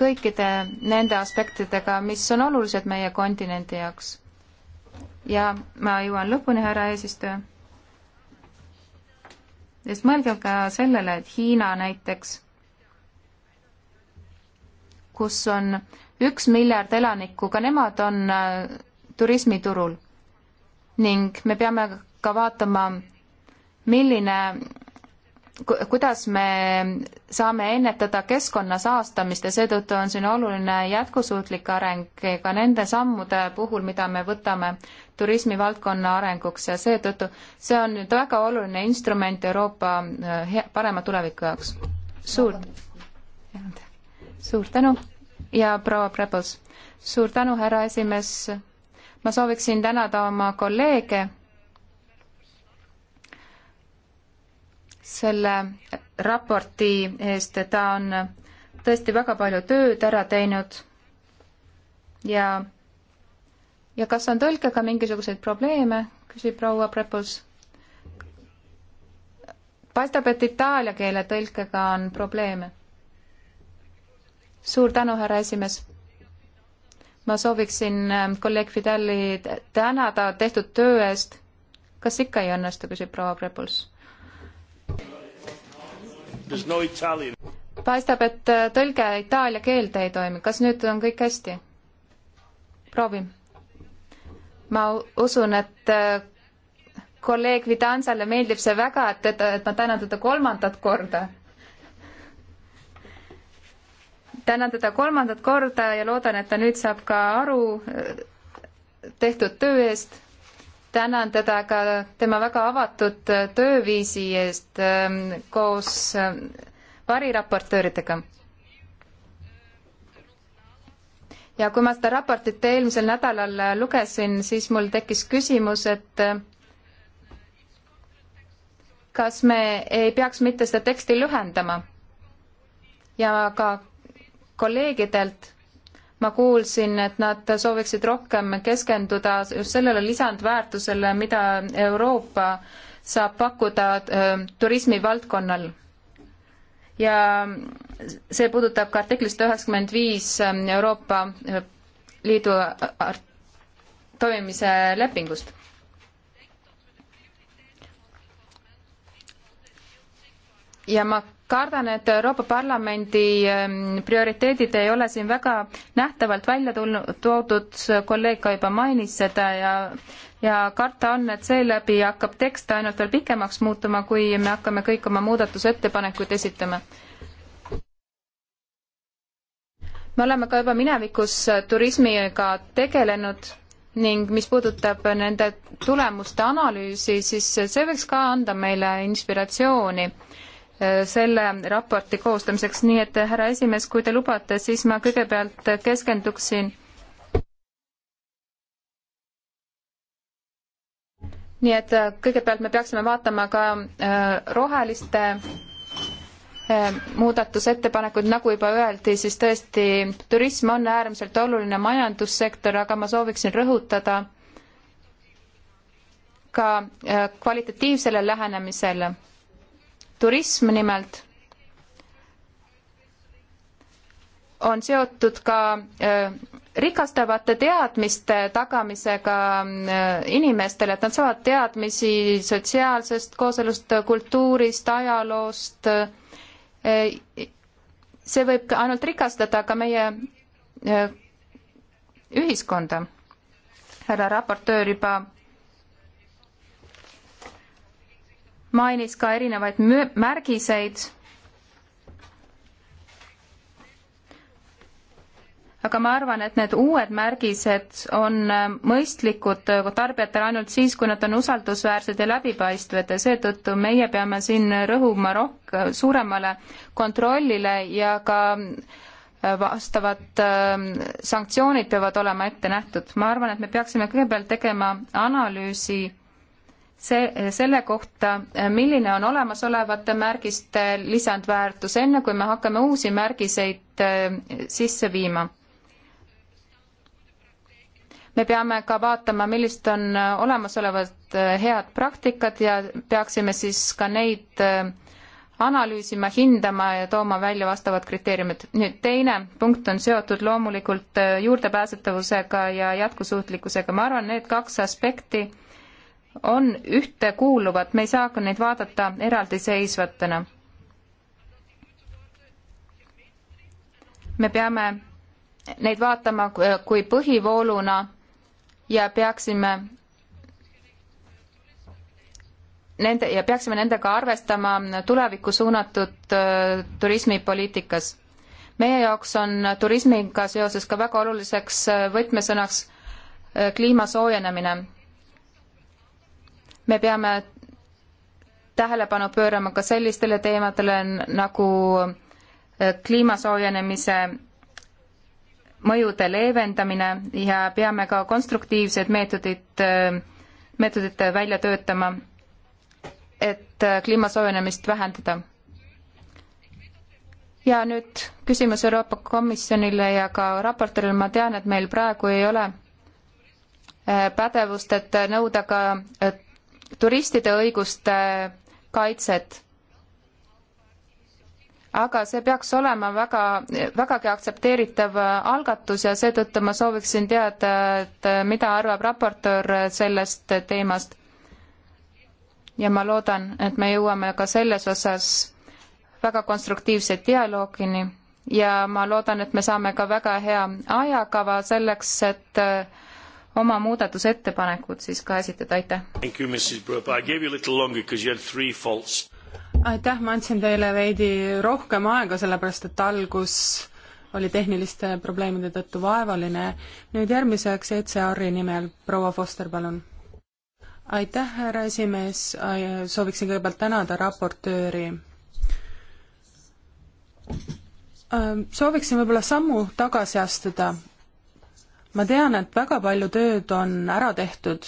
kõikide nende aspektidega, mis on olulised meie kontinendi jaoks ja ma jõuan lõpuni, härra eesistuja. sest mõelge ka sellele, et Hiina näiteks, kus on üks miljard elanikku, ka nemad on äh, turismiturul ning me peame ka vaatama, milline kuidas me saame ennetada keskkonna saastamist ja seetõttu on siin oluline jätkusuutlik areng ka nende sammude puhul, mida me võtame turismivaldkonna arenguks ja seetõttu see on nüüd väga oluline instrument Euroopa eh, parema tuleviku jaoks. suur, suur tänu ja proua Prebels, suur tänu, härra esimees. ma sooviksin tänada oma kolleege selle raporti eest, ta on tõesti väga palju tööd ära teinud ja ja kas on tõlkega mingisuguseid probleeme, küsib proua Prepus. paistab, et itaalia keele tõlkega on probleeme. suur tänu, härra esimees. ma sooviksin ähm, kolleeg Fideli tänada tehtud töö eest. kas ikka ei õnnestu, küsib proua Prepus. No paistab, et äh, tõlge itaalia keelde ei toimi, kas nüüd on kõik hästi? proovime ma usun, et äh, kolleeg Vidansale meeldib see väga, et, et, et ma tänan teda kolmandat korda. tänan teda kolmandat korda ja loodan, et ta nüüd saab ka aru äh, tehtud töö eest. tänan teda ka tema väga avatud äh, tööviisi eest ähm, koos ähm, variraportööridega ja kui ma seda raportit eelmisel nädalal lugesin, siis mul tekkis küsimus, et kas me ei peaks mitte seda teksti lühendama. ja ka kolleegidelt ma kuulsin, et nad sooviksid rohkem keskenduda just sellele lisandväärtusele, mida Euroopa saab pakkuda äh, turismivaldkonnal ja see puudutab ka artiklist üheksakümmend viis ähm, Euroopa äh, Liidu äh, toimimise lepingust. ja ma kardan, et Euroopa Parlamendi ähm, prioriteedid ei ole siin väga nähtavalt välja tulnud, toodud, kolleeg ka juba mainis seda ja äh, ja karta on, et seeläbi hakkab tekst ainult veel pikemaks muutuma, kui me hakkame kõik oma muudatusettepanekuid esitama. me oleme ka juba minevikus turismiga tegelenud ning mis puudutab nende tulemuste analüüsi, siis see võiks ka anda meile inspiratsiooni äh, selle raporti koostamiseks, nii et härra esimees, kui te lubate, siis ma kõigepealt keskenduksin nii et äh, kõigepealt me peaksime vaatama ka äh, roheliste äh, muudatusettepanekuid, nagu juba öeldi, siis tõesti turism on äärmiselt oluline majandussektor, aga ma sooviksin rõhutada ka kvalitatiivsele lähenemisele. turism nimelt on seotud ka rikastavate teadmiste tagamisega äh, inimestele, et nad saavad teadmisi sotsiaalsest kooselust, kultuurist, ajaloost. Äh, see võib ainult rikastada ka meie äh, ühiskonda. härra raportöör juba mainis ka erinevaid märgiseid aga ma arvan, et need uued märgised on äh, mõistlikud äh, tarbijatele ainult siis, kui nad on usaldusväärsed ja läbipaistvad ja seetõttu meie peame siin rõhuma rohk-, suuremale kontrollile ja ka äh, vastavad sanktsioonid peavad olema ette nähtud. ma arvan, et me peaksime kõigepealt tegema analüüsi see, selle kohta, milline on olemasolevate märgiste lisandväärtus, enne kui me hakkame uusi märgiseid sisse viima me peame ka vaatama, millised on olemasolevad äh, head praktikad ja peaksime siis ka neid äh, analüüsima, hindama ja tooma välja vastavad kriteeriumid. nüüd teine punkt on seotud loomulikult äh, juurdepääsetavusega ja jätkusuutlikkusega. ma arvan, need kaks aspekti on ühtekuuluvad, me ei saa ka neid vaadata eraldiseisvatena. me peame neid vaatama kui põhivooluna ja peaksime nende ja peaksime nendega arvestama tulevikku suunatud äh, turismipoliitikas. meie jaoks on turismiga seoses ka väga oluliseks äh, võtmesõnaks äh, kliima soojenemine. me peame tähelepanu pöörama ka sellistele teemadele nagu äh, kliima soojenemise mõjude leevendamine ja peame ka konstruktiivsed meetodid, meetodid välja töötama, et kliima soojenemist vähendada. ja nüüd küsimus Euroopa Komisjonile ja ka raportööril, ma tean, et meil praegu ei ole äh, pädevust, et nõuda ka äh, turistide õiguste kaitset aga see peaks olema väga, vägagi aktsepteeritav äh, algatus ja seetõttu ma sooviksin teada, et äh, mida arvab raportöör äh, sellest teemast. ja ma loodan, et me jõuame ka selles osas väga konstruktiivse dialoogini ja ma loodan, et me saame ka väga hea ajakava selleks, et oma muudatusettepanekud siis ka esitada, aitäh! aitäh, ma andsin teile veidi rohkem aega, sellepärast et algus oli tehniliste probleemide tõttu vaevaline. nüüd järgmiseks ECR-i nimel proua Foster, palun. aitäh, härra esimees, sooviksin kõigepealt tänada raportööri. Ähm, sooviksin võib-olla sammu tagasi astuda. ma tean, et väga palju tööd on ära tehtud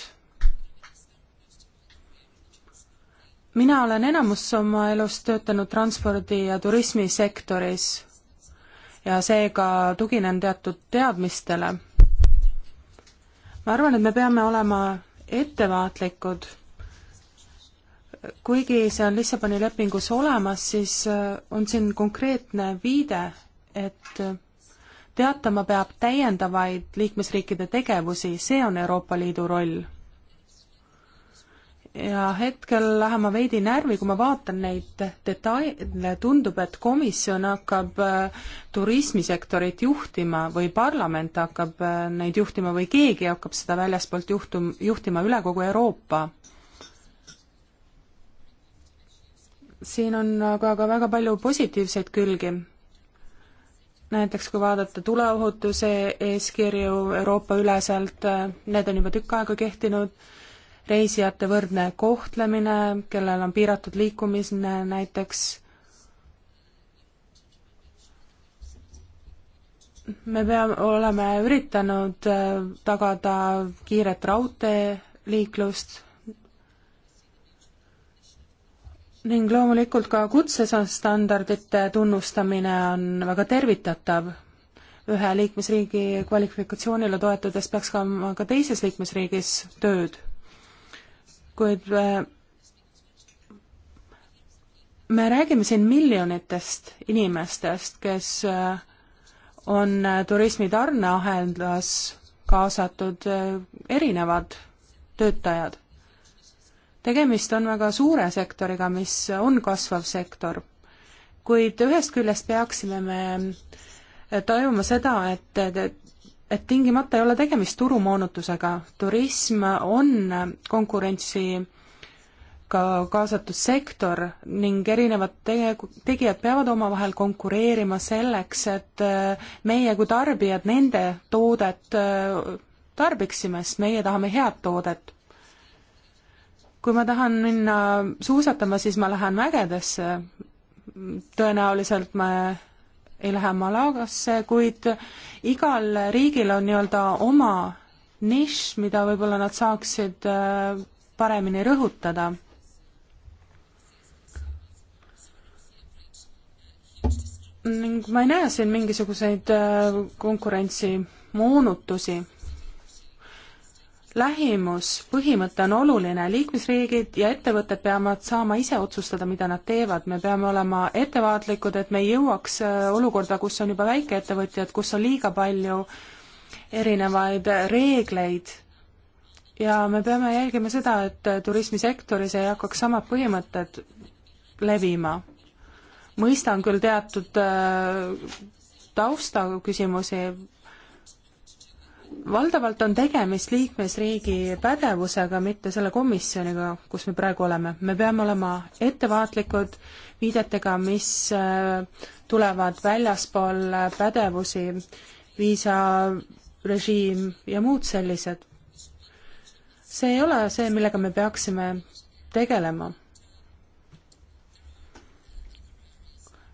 mina olen enamus oma elust töötanud transpordi- ja turismisektoris ja seega tuginen teatud teadmistele. ma arvan, et me peame olema ettevaatlikud. kuigi see on Lissaboni lepingus olemas, siis äh, on siin konkreetne viide, et teatama peab täiendavaid liikmesriikide tegevusi, see on Euroopa Liidu roll ja hetkel lähen ma veidi närvi, kui ma vaatan neid detaile, tundub, et komisjon hakkab äh, turismisektorit juhtima või parlament hakkab äh, neid juhtima või keegi hakkab seda väljaspoolt juhtum-, juhtima üle kogu Euroopa. siin on aga ka väga palju positiivseid külgi näiteks kui vaadata tuleohutuse eeskirju Euroopa üleselt, äh, need on juba tükk aega kehtinud, reisijate võrdne kohtlemine, kellel on piiratud liikumine näiteks, me peame, oleme üritanud äh, tagada kiiret raudteeliiklust ning loomulikult ka kutsestandardite tunnustamine on väga tervitatav. ühe liikmesriigi kvalifikatsioonile toetudes peaks ka, ka teises liikmesriigis tööd kuid äh, me räägime siin miljonitest inimestest, kes äh, on äh, turismi tarneahendas kaasatud erinevad töötajad. tegemist on väga suure sektoriga, mis on kasvav sektor, kuid ühest küljest peaksime me tajuma seda, et et tingimata ei ole tegemist turumoonutusega, turism on konkurentsi ka kaasatud sektor ning erinevad tege-, tegijad peavad omavahel konkureerima selleks, et äh, meie kui tarbijad nende toodet äh, tarbiksime, sest meie tahame head toodet. kui ma tahan minna suusatama, siis ma lähen mägedesse, tõenäoliselt me ei lähe Malagasse, kuid igal riigil on nii-öelda oma nišš, mida võib-olla nad saaksid äh, paremini rõhutada. ning ma ei näe siin mingisuguseid äh, konkurentsimoonutusi lähimuspõhimõte on oluline, liikmesriigid ja ettevõtted peavad saama ise otsustada, mida nad teevad, me peame olema ettevaatlikud, et me ei jõuaks äh, olukorda, kus on juba väikeettevõtjad, kus on liiga palju erinevaid reegleid ja me peame jälgima seda, et äh, turismisektoris ei hakkaks samad põhimõtted levima. mõistan küll teatud äh, taustaküsimusi, valdavalt on tegemist liikmesriigi pädevusega, mitte selle komisjoniga, kus me praegu oleme. me peame olema ettevaatlikud viidetega, mis äh, tulevad väljaspool pädevusi, viisarežiim ja muud sellised. see ei ole see, millega me peaksime tegelema.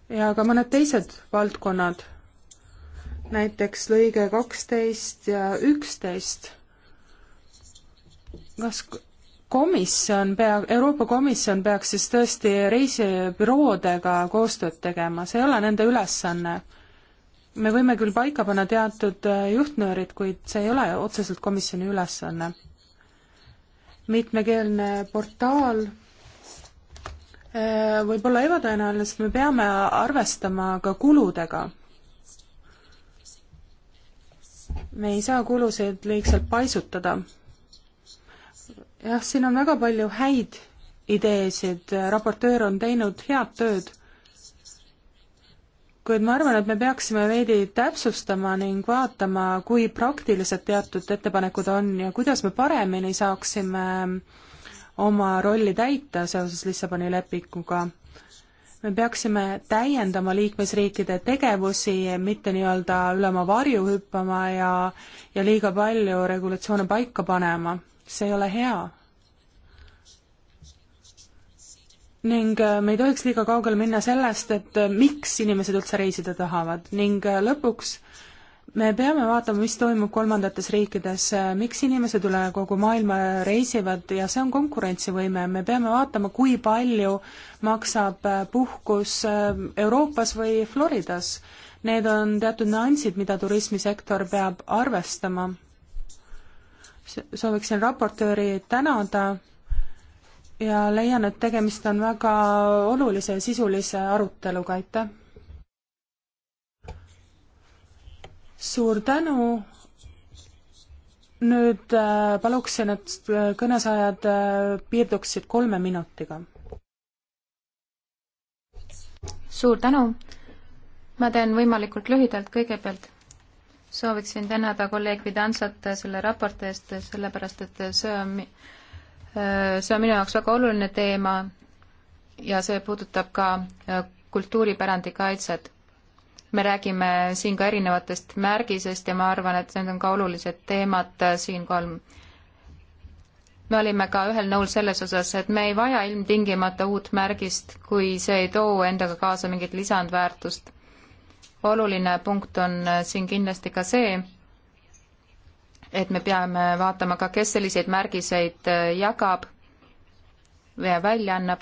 ja ka mõned teised valdkonnad näiteks lõige kaksteist ja üksteist. kas komisjon pea, Euroopa Komisjon peaks siis tõesti reisibüroodega koostööd tegema, see ei ole nende ülesanne. me võime küll paika panna teatud äh, juhtnöörid, kuid see ei ole otseselt komisjoni ülesanne. mitmekeelne portaal äh, võib olla ebatõenäoline, sest me peame arvestama ka kuludega me ei saa kulusid liigselt paisutada. jah, siin on väga palju häid ideesid, raportöör on teinud head tööd, kuid ma arvan, et me peaksime veidi täpsustama ning vaatama, kui praktilised teatud ettepanekud on ja kuidas me paremini saaksime oma rolli täita seoses Lissaboni lepinguga me peaksime täiendama liikmesriikide tegevusi, mitte nii-öelda üle oma varju hüppama ja, ja liiga palju regulatsioone paika panema. see ei ole hea. ning äh, me ei tohiks liiga kaugele minna sellest, et äh, miks inimesed üldse reisida tahavad ning äh, lõpuks me peame vaatama, mis toimub kolmandates riikides, miks inimesed üle kogu maailma reisivad ja see on konkurentsivõime, me peame vaatama, kui palju maksab puhkus Euroopas või Floridas. Need on teatud nüansid, mida turismisektor peab arvestama. sooviksin raportööri tänada ja leian, et tegemist on väga olulise ja sisulise aruteluga, aitäh! suur tänu. nüüd äh, paluksin, et äh, kõnesaajad äh, piirduksid kolme minutiga. suur tänu. ma teen võimalikult lühidalt kõigepealt sooviksin tänada kolleeg Vidansat selle raporti eest, sellepärast et see on, see on minu jaoks väga oluline teema ja see puudutab ka kultuuripärandi kaitset me räägime siin ka erinevatest märgisest ja ma arvan, et need on ka olulised teemad äh, siinkohal. me olime ka ühel nõul selles osas, et me ei vaja ilmtingimata uut märgist, kui see ei too endaga kaasa mingit lisandväärtust. oluline punkt on äh, siin kindlasti ka see, et me peame vaatama ka, kes selliseid märgiseid äh, jagab ja välja annab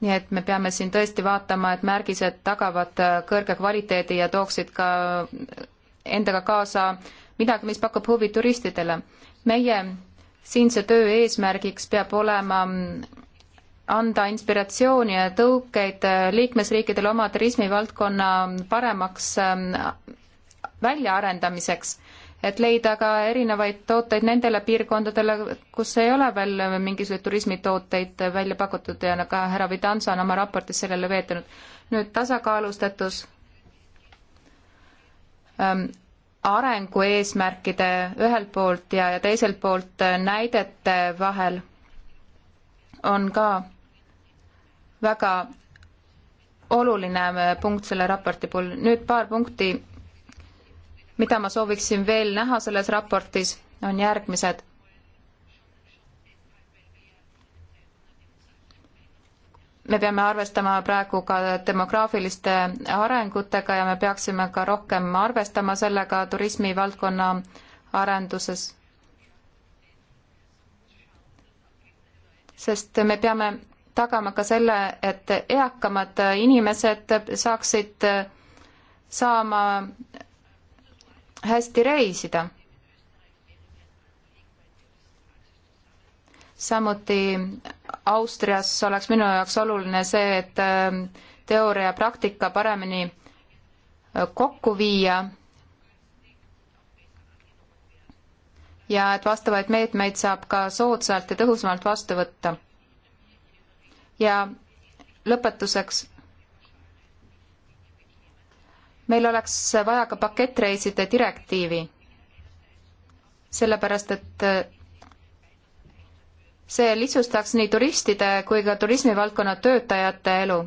nii et me peame siin tõesti vaatama, et märgised tagavad äh, kõrge kvaliteedi ja tooksid ka endaga kaasa midagi, mis pakub huvi turistidele. meie siinse töö eesmärgiks peab olema mm, anda inspiratsiooni ja tõukeid äh, liikmesriikidele oma turismivaldkonna paremaks ähm, väljaarendamiseks et leida ka erinevaid tooteid nendele piirkondadele, kus ei ole veel mingisuguseid turismitooteid välja pakutud ja ka nagu härra Vidansa on oma raportis sellele veetanud. nüüd tasakaalustatus ähm, arengu eesmärkide ühelt poolt ja, ja teiselt poolt äh, näidete vahel on ka väga oluline äh, punkt selle raporti puhul. nüüd paar punkti mida ma sooviksin veel näha selles raportis, on järgmised. me peame arvestama praegu ka demograafiliste arengutega ja me peaksime ka rohkem arvestama sellega turismivaldkonna arenduses. sest me peame tagama ka selle, et eakamad inimesed saaksid saama hästi reisida. samuti Austrias oleks minu jaoks oluline see, et äh, teooria ja praktika paremini äh, kokku viia ja et vastavaid meetmeid saab ka soodsalt ja tõhusamalt vastu võtta. ja lõpetuseks meil oleks vaja ka pakettreiside direktiivi, sellepärast et äh, see lihtsustaks nii turistide kui ka turismivaldkonna töötajate elu.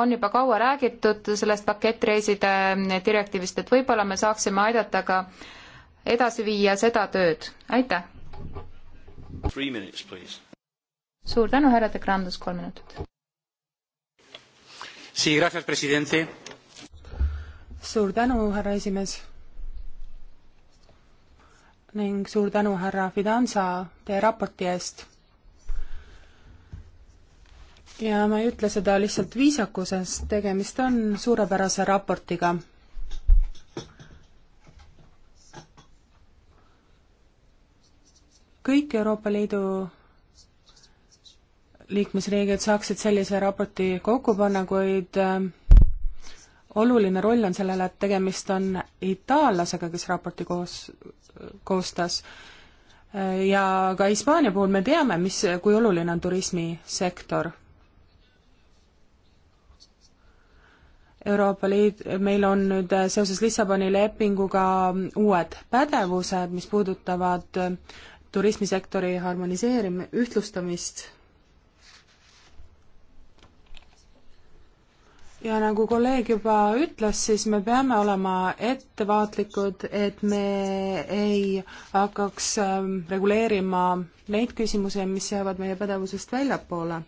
on juba kaua räägitud sellest pakettreiside direktiivist, et võib-olla me saaksime aidata ka edasi viia seda tööd. aitäh! suur tänu, härra De Grandes, kolm minutit. Sí, gracias, presidente suur tänu, härra esimees. ning suur tänu, härra Fidanza, teie raporti eest. ja ma ei ütle seda lihtsalt viisakusest, tegemist on suurepärase raportiga. kõik Euroopa Liidu liikmesriigid saaksid sellise raporti kokku panna, kuid äh, oluline roll on sellele, et tegemist on itaallasega, kes raporti koos, koostas, ja ka Hispaania puhul me teame, mis, kui oluline on turismisektor. Euroopa Liit, meil on nüüd seoses Lissaboni lepinguga uued pädevused, mis puudutavad turismisektori harmoniseerim-, ühtlustamist ja nagu kolleeg juba ütles, siis me peame olema ettevaatlikud, et me ei hakkaks ähm, reguleerima neid küsimusi, mis jäävad meie pädevusest väljapoole.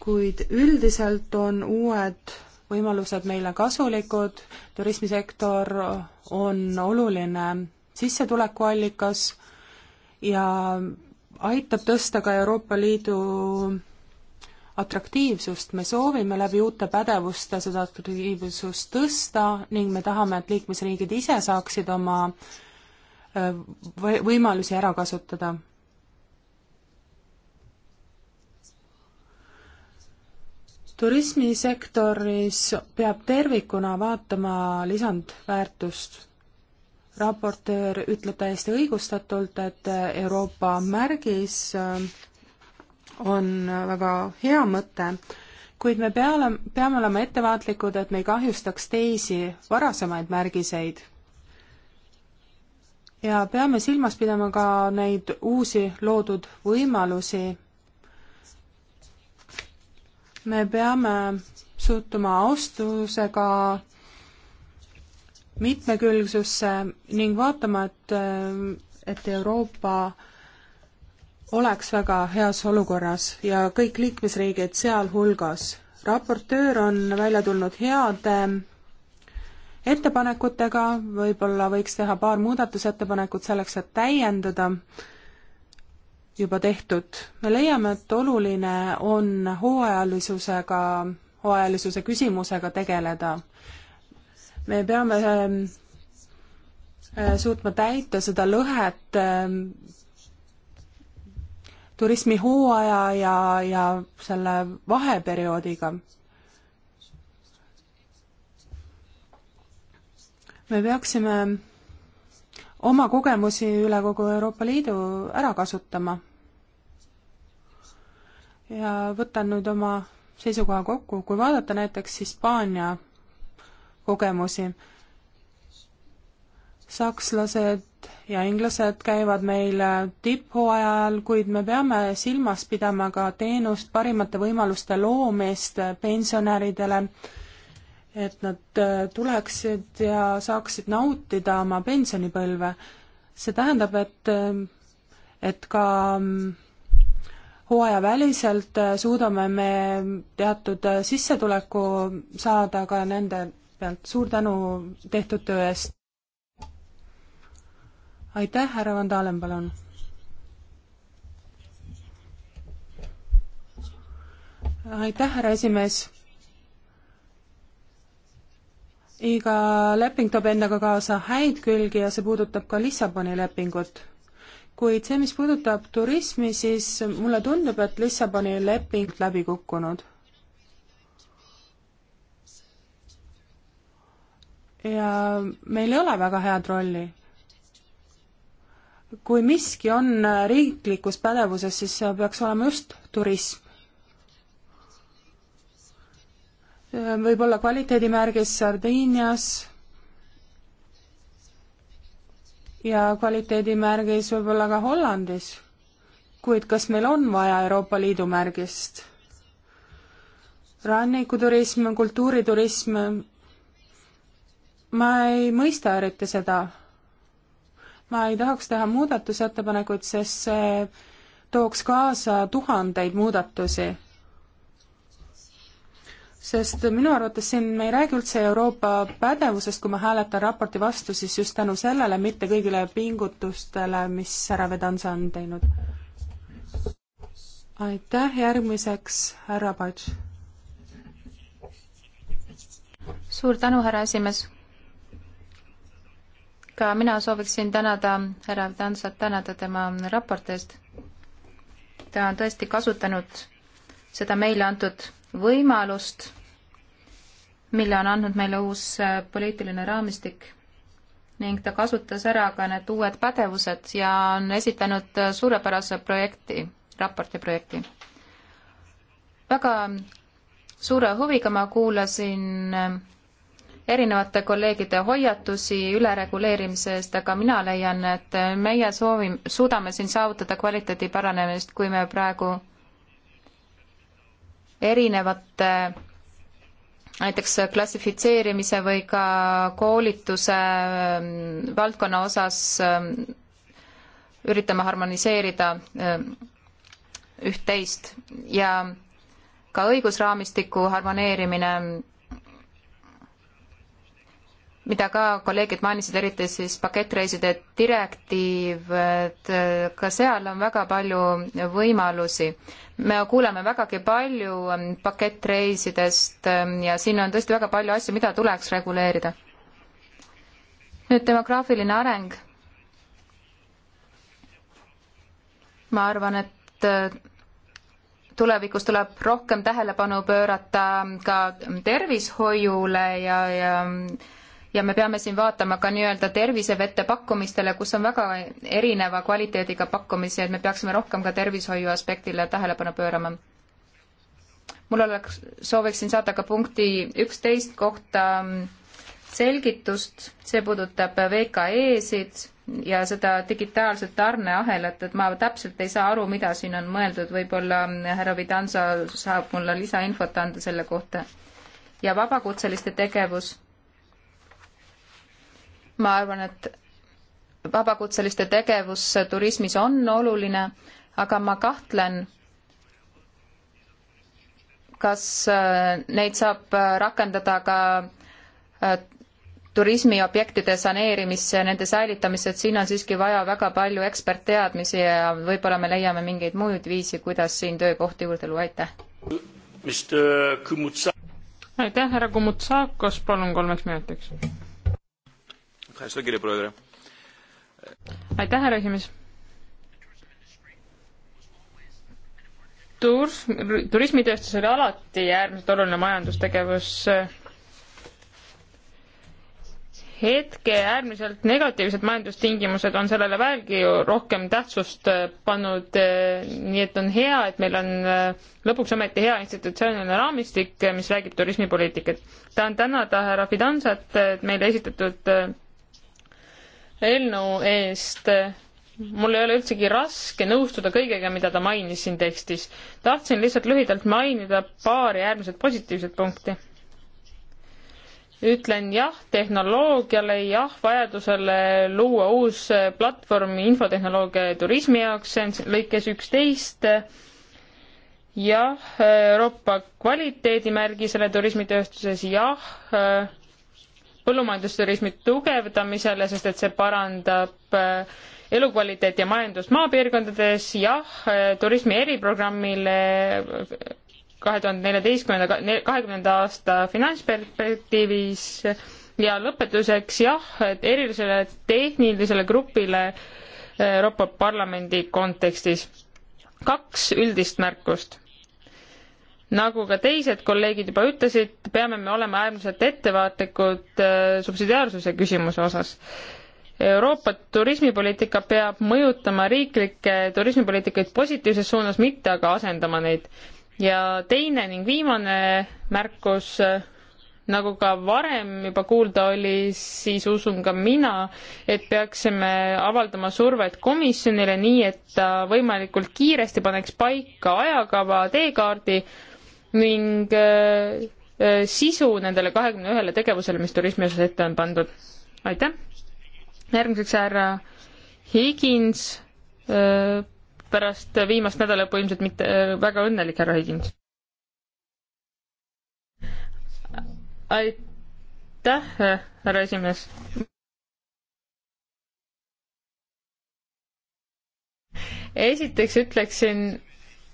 kuid üldiselt on uued võimalused meile kasulikud, turismisektor on oluline sissetulekuallikas ja aitab tõsta ka Euroopa Liidu atraktiivsust, me soovime läbi uute pädevuste seda atraktiivsust tõsta ning me tahame, et liikmesriigid ise saaksid oma äh, võimalusi ära kasutada. turismisektoris peab tervikuna vaatama lisandväärtust raportöör ütleb täiesti õigustatult, et Euroopa märgis äh, on väga hea mõte, kuid me peale, peame olema ettevaatlikud, et me ei kahjustaks teisi varasemaid märgiseid. ja peame silmas pidama ka neid uusi loodud võimalusi. me peame suhtuma austusega mitmekülgsusse ning vaatama, et, et Euroopa oleks väga heas olukorras ja kõik liikmesriigid sealhulgas. raportöör on välja tulnud heade ettepanekutega, võib-olla võiks teha paar muudatusettepanekut selleks, et täiendada juba tehtud. me leiame, et oluline on hooajalisusega, hooajalisuse küsimusega tegeleda. me peame ähm, äh, suutma täita seda lõhet ähm, turismihooaja ja, ja selle vaheperioodiga. me peaksime oma kogemusi üle kogu Euroopa Liidu ära kasutama. ja võtan nüüd oma seisukoha kokku, kui vaadata näiteks Hispaania kogemusi, sakslased ja inglased käivad meil tipphooaja ajal, kuid me peame silmas pidama ka teenust, parimate võimaluste loomist pensionäridele, et nad äh, tuleksid ja saaksid nautida oma pensionipõlve. see tähendab, et, äh, et ka mm, hooajaväliselt äh, suudame me teatud sissetuleku saada ka nende pealt. suur tänu tehtud töö eest! aitäh, härra Van Dalen, palun. aitäh, härra esimees. iga leping toob endaga kaasa häid külgi ja see puudutab ka Lissaboni lepingut. kuid see, mis puudutab turismi, siis mulle tundub, et Lissaboni leping läbi kukkunud. ja meil ei ole väga head rolli kui miski on äh, riiklikus pädevuses, siis see peaks olema just turism. Äh, võib olla kvaliteedimärgis Sardiinias ja kvaliteedimärgis võib-olla ka Hollandis, kuid kas meil on vaja Euroopa Liidu märgist? rannikuturism, kultuuriturism, ma ei mõista eriti seda ma ei tahaks teha muudatusettepanekuid, sest see tooks kaasa tuhandeid muudatusi. sest minu arvates siin me ei räägi üldse Euroopa pädevusest, kui ma hääletan raporti vastu, siis just tänu sellele, mitte kõigile pingutustele, mis härra Vedansa on teinud. aitäh, järgmiseks härra Pats. suur tänu, härra esimees ka mina sooviksin tänada härra Tansat, tänada tema raporti eest. ta on tõesti kasutanud seda meile antud võimalust, mille on andnud meile uus äh, poliitiline raamistik ning ta kasutas ära ka need uued pädevused ja on esitanud äh, suurepärase projekti, raporti projekti. väga suure huviga ma kuulasin äh, erinevate kolleegide hoiatusi ülereguleerimise eest, aga mina leian, et meie soovi, suudame siin saavutada kvaliteedi paranemist, kui me praegu erinevate näiteks klassifitseerimise või ka koolituse mm, valdkonna osas mm, üritame harmoniseerida mm, üht-teist ja ka õigusraamistiku harmoneerimine mida ka kolleegid mainisid, eriti siis pakettreiside direktiiv, et äh, ka seal on väga palju võimalusi. me kuuleme vägagi palju ähm, pakettreisidest ähm, ja siin on tõesti väga palju asju, mida tuleks reguleerida. nüüd demograafiline areng. ma arvan, et äh, tulevikus tuleb rohkem tähelepanu pöörata ka tervishoiule ja, ja ja me peame siin vaatama ka nii-öelda tervisevette pakkumistele, kus on väga erineva kvaliteediga pakkumisi, et me peaksime rohkem ka tervishoiu aspektile tähelepanu pöörama. mul oleks, sooviksin saada ka punkti üksteist kohta mm, selgitust, see puudutab VKE-sid ja seda digitaalset tarneahelat, et ma täpselt ei saa aru, mida siin on mõeldud, võib-olla mm, härra Vidansa saab mulle lisainfot anda selle kohta. ja vabakutseliste tegevus ma arvan, et vabakutseliste tegevus turismis on oluline, aga ma kahtlen, kas äh, neid saab rakendada ka äh, turismiobjektide saneerimisse ja nende säilitamisse, et siin on siiski vaja väga palju ekspertteadmisi ja võib-olla me leiame mingeid muid viisi, kuidas siin töökohti juurde luua, aitäh. aitäh, härra Kumutsakos, palun kolmeks minutiks aitäh, härra esimees. tur-, turismitööstus oli alati äärmiselt oluline majandustegevus. hetke äärmiselt negatiivsed majandustingimused on sellele veelgi rohkem tähtsust pannud, nii et on hea, et meil on lõpuks ometi hea institutsiooniline raamistik, mis räägib turismipoliitikat. tahan tänada härra Fidanzat meile esitatud eelnõu eest. mul ei ole üldsegi raske nõustuda kõigega, mida ta mainis siin tekstis. tahtsin lihtsalt lühidalt mainida paari äärmiselt positiivset punkti. ütlen jah tehnoloogiale, jah vajadusele luua uus platvorm infotehnoloogia ja turismi jaoks, see on lõikes üksteist jah, Euroopa kvaliteedimärgi selle turismitööstuses, jah, põllumajandusturismi tugevdamisele, sest et see parandab äh, elukvaliteeti ja majandust maapiirkondades, jah, äh, turismi eriprogrammile äh, kahe tuhande neljateistkümnenda, kahekümnenda aasta finantsperspektiivis ja lõpetuseks jah, et erilisele tehnilisele grupile Euroopa Parlamendi kontekstis kaks üldist märkust nagu ka teised kolleegid juba ütlesid, peame me olema äärmiselt ettevaatlikud äh, subsidiaarsuse küsimuse osas. Euroopa turismipoliitika peab mõjutama riiklikke turismipoliitikaid positiivses suunas, mitte aga asendama neid. ja teine ning viimane märkus, äh, nagu ka varem juba kuulda oli, siis usun ka mina, et peaksime avaldama survet komisjonile nii, et ta võimalikult kiiresti paneks paika ajakava, teekaardi, ning äh, äh, sisu nendele kahekümne ühele tegevusele, mis turismi osas ette on pandud. aitäh! järgmiseks härra Higins, äh, pärast viimast nädalalõppu ilmselt mitte väga õnnelik härra Higins. aitäh, härra esimees! esiteks ütleksin,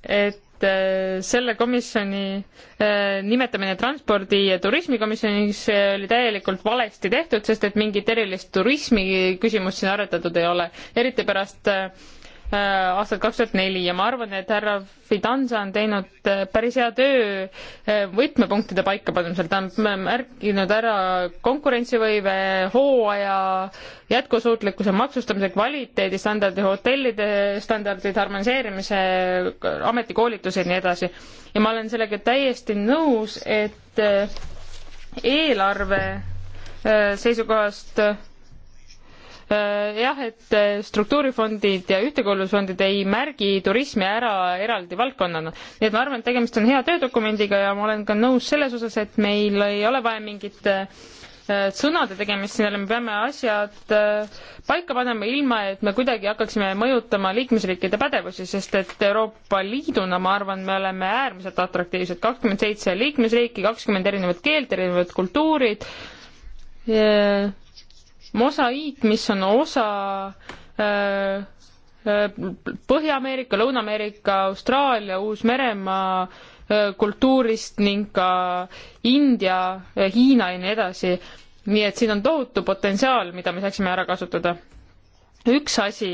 et Äh, selle komisjoni äh, nimetamine transpordi ja turismikomisjoniks äh, oli täielikult valesti tehtud, sest et mingit erilist turismi küsimust siin arutatud ei ole, eriti pärast äh, Äh, aastal kaks tuhat neli ja ma arvan, et härra Fidanza on teinud äh, päris hea töö äh, võtmepunktide paikapanemisel, ta on märkinud ära konkurentsivõime, hooaja jätkusuutlikkuse maksustamise, kvaliteedistandardi, hotellide standardid, harmoniseerimise, ametikoolituse ja nii edasi. ja ma olen sellega täiesti nõus, et eelarve seisukohast Äh, jah, et äh, struktuurifondid ja ühtekuuluvusfondid ei märgi turismi ära eraldi valdkonnana. nii et ma arvan, et tegemist on hea töödokumendiga ja ma olen ka nõus selles osas, et meil ei ole vaja mingit äh, sõnade tegemist, sellele me peame asjad paika panema, ilma et me kuidagi hakkaksime mõjutama liikmesriikide pädevusi, sest et Euroopa Liiduna, ma arvan, me oleme äärmiselt atraktiivsed, kakskümmend seitse liikmesriiki, kakskümmend erinevat keelt, erinevad kultuurid ja mosaiik, mis on osa äh, äh, Põhja-Ameerika, Lõuna-Ameerika, Austraalia, Uus-Meremaa äh, kultuurist ning ka India, Hiina ja nii edasi. nii et siin on tohutu potentsiaal, mida me saaksime ära kasutada. üks asi,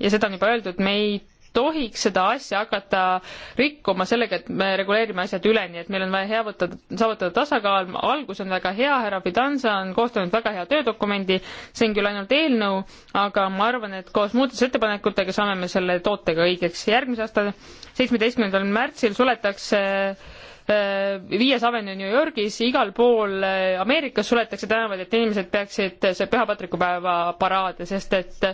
ja seda on juba öeldud, me ei tohiks seda asja hakata rikkuma sellega, et me reguleerime asjad üle, nii et meil on vaja heavutada, saavutada tasakaal, algus on väga hea, härra Fidanza on koostanud väga hea töödokumendi, see on küll ainult eelnõu, aga ma arvan, et koos muudatusettepanekutega saame me selle tootega õigeks. järgmise aasta seitsmeteistkümnendal märtsil suletakse äh, Äh, viies Avenue New Yorgis, igal pool äh, Ameerikas suletakse tänavaid, et inimesed peaksid äh, see pühapatrikupäeva paraade, sest et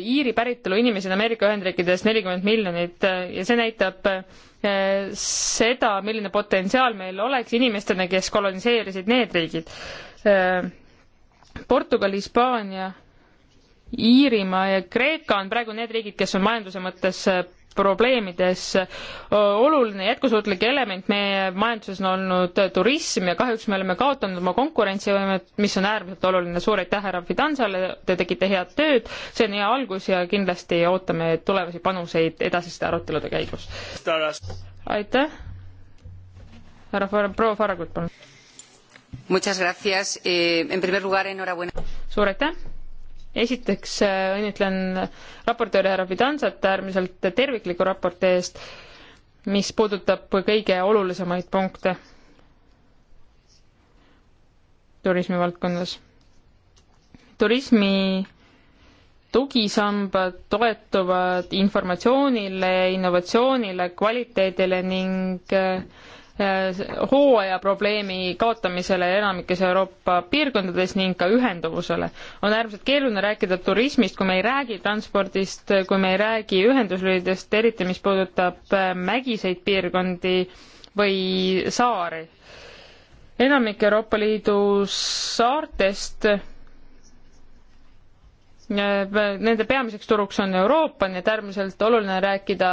Iiri päritolu inimesi on Ameerika Ühendriikides nelikümmend miljonit ja see näitab seda, milline potentsiaal meil oleks inimestena, kes koloniseerisid need riigid. Portugal, Hispaania Iirimaa ja Kreeka on praegu need riigid, kes on majanduse mõttes probleemides oluline jätkusuutlik element meie majanduses on olnud turism ja kahjuks me oleme kaotanud oma konkurentsivõimet, mis on äärmiselt oluline. suur aitäh härra Fidansale, te tegite head tööd, see on hea algus ja kindlasti ootame tulevasi panuseid edasiste arutelude käigus. aitäh. härra Far-, proua Faragut, palun. Eh, suur aitäh esiteks äh, õnnitlen raportööri härra Fidanzat äärmiselt tervikliku raporti eest, mis puudutab kõige olulisemaid punkte turismivaldkonnas. turismi tugisambad toetuvad informatsioonile, innovatsioonile, kvaliteedile ning äh, Äh, hooaja probleemi kaotamisele enamikes Euroopa piirkondades ning ka ühenduvusele. on äärmiselt keeruline rääkida turismist, kui me ei räägi transpordist, kui me ei räägi ühenduslülidest, eriti mis puudutab äh, mägiseid piirkondi või saari. enamik Euroopa Liidu saartest äh, nende peamiseks turuks on Euroopa, nii et äärmiselt oluline rääkida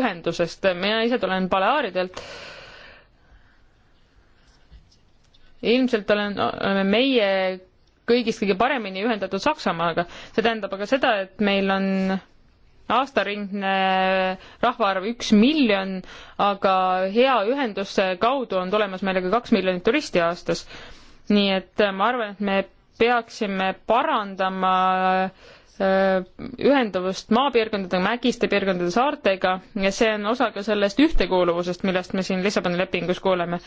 ühendusest. mina ise tulen Baleaaridelt ilmselt olen, oleme meie kõigist kõige paremini ühendatud Saksamaaga. see tähendab aga seda, et meil on aastaringne rahvaarv üks miljon, aga hea ühenduse kaudu on tulemas meile ka kaks miljonit turisti aastas. nii et äh, ma arvan, et me peaksime parandama äh, ühenduvust maapiirkondadega, mägiste piirkondade saartega ja see on osa ka sellest ühtekuuluvusest, millest me siin Lissaboni lepingus kuuleme.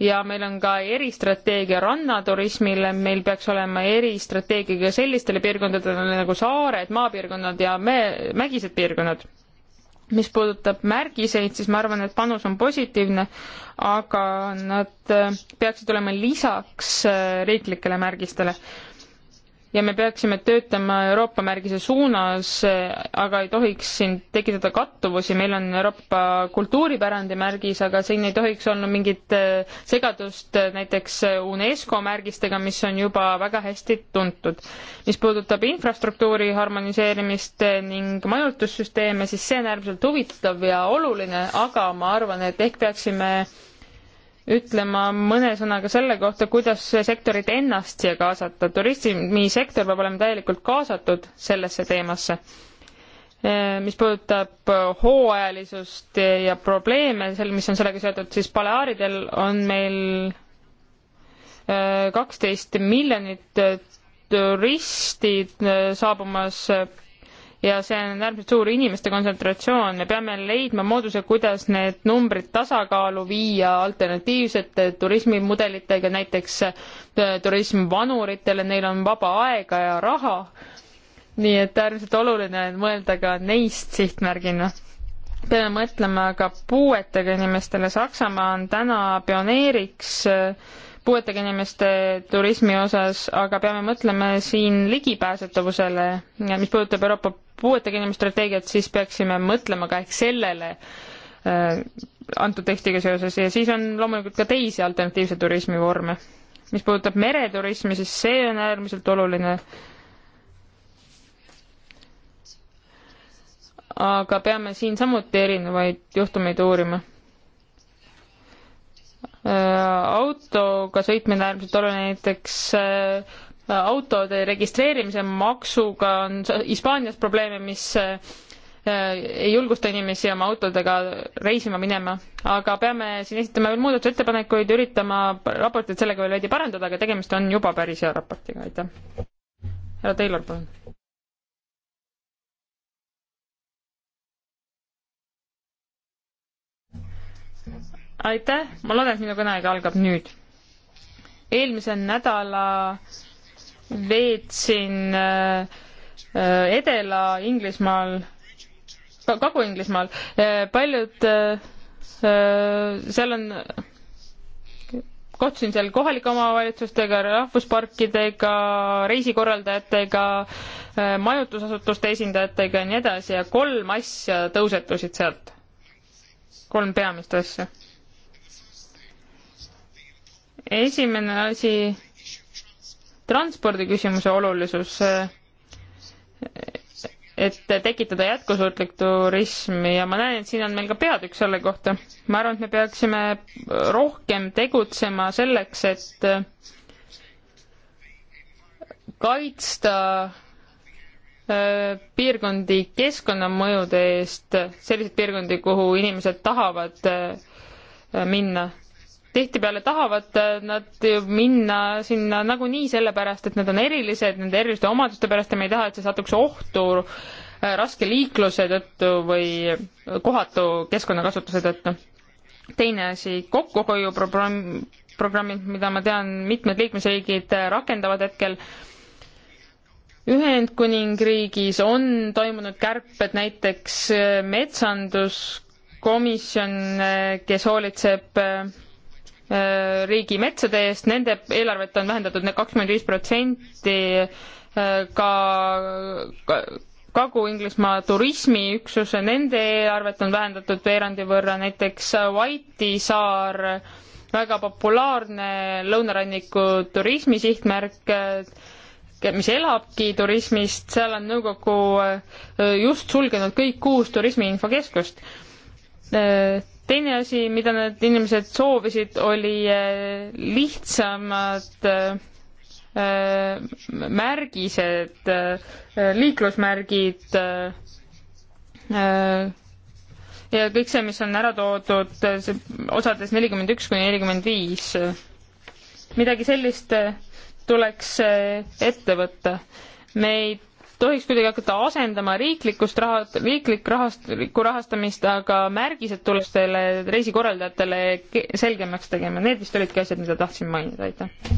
ja meil on ka eristrateegia rannaturismile, meil peaks olema eristrateegia ka sellistele piirkondadele nagu saared, maapiirkonnad ja me-, mägised piirkonnad. mis puudutab märgiseid, siis ma arvan, et panus on positiivne, aga nad äh, peaksid olema lisaks äh, riiklikele märgistele ja me peaksime töötama Euroopa märgise suunas, aga ei tohiks siin tekitada kattuvusi, meil on Euroopa kultuuripärandi märgis, aga siin ei tohiks olla mingit äh, segadust äh, näiteks UNESCO märgistega, mis on juba väga hästi tuntud. mis puudutab infrastruktuuri harmoniseerimist äh, ning majutussüsteeme, siis see on äärmiselt huvitav ja oluline, aga ma arvan, et ehk peaksime ütlema mõne sõnaga selle kohta, kuidas sektorit ennast siia kaasata. turismisektor peab olema täielikult kaasatud sellesse teemasse. Eh, mis puudutab hooajalisust ja probleeme, sel, mis on sellega seotud, siis Baleaaridel on meil eh, kaksteist miljonit eh, turisti saabumas ja see on äärmiselt suur inimeste kontsentratsioon, me peame leidma mooduse, kuidas need numbrid tasakaalu viia alternatiivsete turismimudelitega, näiteks äh, turism vanuritele, neil on vaba aega ja raha, nii et äärmiselt oluline on mõelda ka neist sihtmärgina peame mõtlema ka puuetega inimestele, Saksamaa on täna pioneeriks äh, puuetega inimeste turismi osas, aga peame mõtlema siin ligipääsetavusele, mis puudutab Euroopa puuetega inimeste strateegiat, siis peaksime mõtlema ka ehk sellele äh, antud tekstiga seoses ja siis on loomulikult ka teisi alternatiivse turismi vorme. mis puudutab mereturismi, siis see on äärmiselt oluline. aga peame siin samuti erinevaid juhtumeid uurima. Äh, autoga sõitmine äärmiselt oluline, näiteks äh, autode registreerimise maksuga on Hispaanias probleeme, mis äh, ei julgusta inimesi oma autodega reisima minema, aga peame siin esitama veel muudatusettepanekuid, üritama raportit sellega veel veidi parandada, aga tegemist on juba päris hea raportiga, aitäh. härra Taylor, palun. aitäh, ma loodan, et minu kõneaeg algab nüüd. eelmise nädala äh, veetsin äh, äh, Edela-Inglismaal, Kagu-Inglismaal, äh, paljud, seal on, kohtusin seal kohalike omavalitsustega, rahvusparkidega, reisikorraldajatega, majutusasutuste esindajatega ja nii edasi ja kolm asja tõusetusid sealt. kolm peamist asja. esimene asi transpordiküsimuse olulisus, et tekitada jätkusuutlik turism ja ma näen, et siin on meil ka peatükk selle kohta. ma arvan, et me peaksime rohkem tegutsema selleks, et kaitsta äh, piirkondi keskkonnamõjude eest, selliseid piirkondi, kuhu inimesed tahavad äh, minna tihtipeale tahavad äh, nad minna sinna nagunii sellepärast, et nad on erilised, nende eriliste omaduste pärast ja me ei taha, et see satuks ohtu äh, raske liikluse tõttu või kohatu keskkonnakasutuse tõttu. teine asi, kokkuhoiuprogramm, programmid, mida ma tean, mitmed liikmesriigid äh, rakendavad hetkel Ühendkuningriigis on toimunud kärped, näiteks metsanduskomisjon, kes hoolitseb Äh, riigimetsade eest, nende eelarvet on vähendatud kakskümmend viis protsenti, äh, ka, ka Kagu-Inglismaa turismiüksuse, nende eelarvet on vähendatud veerandi võrra, näiteks Vaiti saar, väga populaarne lõunaranniku turismisihtmärk, äh, mis elabki turismist, seal on nõukogu just sulgenud kõik kuus turismi infokeskust teine asi, mida need inimesed soovisid, oli eh, lihtsamad eh, märgised, eh, liiklusmärgid ja kõik see, mis on ära toodud osades nelikümmend üks kuni nelikümmend viis. midagi sellist tuleks ette võtta. me ei tohiks kuidagi hakata asendama riiklikust raha, riiklik rahastlikku rahastamist, aga märgised tuleks teile reisikorraldajatele selgemaks tegema. Need vist olidki asjad, mida tahtsin mainida, aitäh.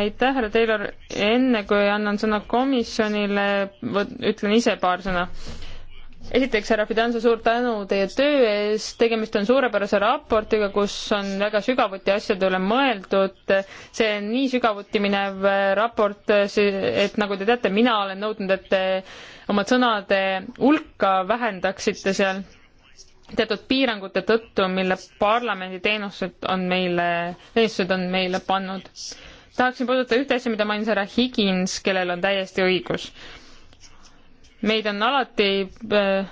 aitäh, härra Taylor, enne kui annan sõna komisjonile, ütlen ise paar sõna esiteks, härra Fidanza, suur tänu teie töö eest, tegemist on suurepärase raportiga, kus on väga sügavuti asjade üle mõeldud. see on nii sügavuti minev raport, et nagu te teate, mina olen nõudnud, et te oma sõnade hulka vähendaksite seal teatud piirangute tõttu, mille parlamendi teenused on meile, teenistused on meile pannud. tahaksin puudutada ühte asja, mida mainis härra Higins, kellel on täiesti õigus meid on alati äh,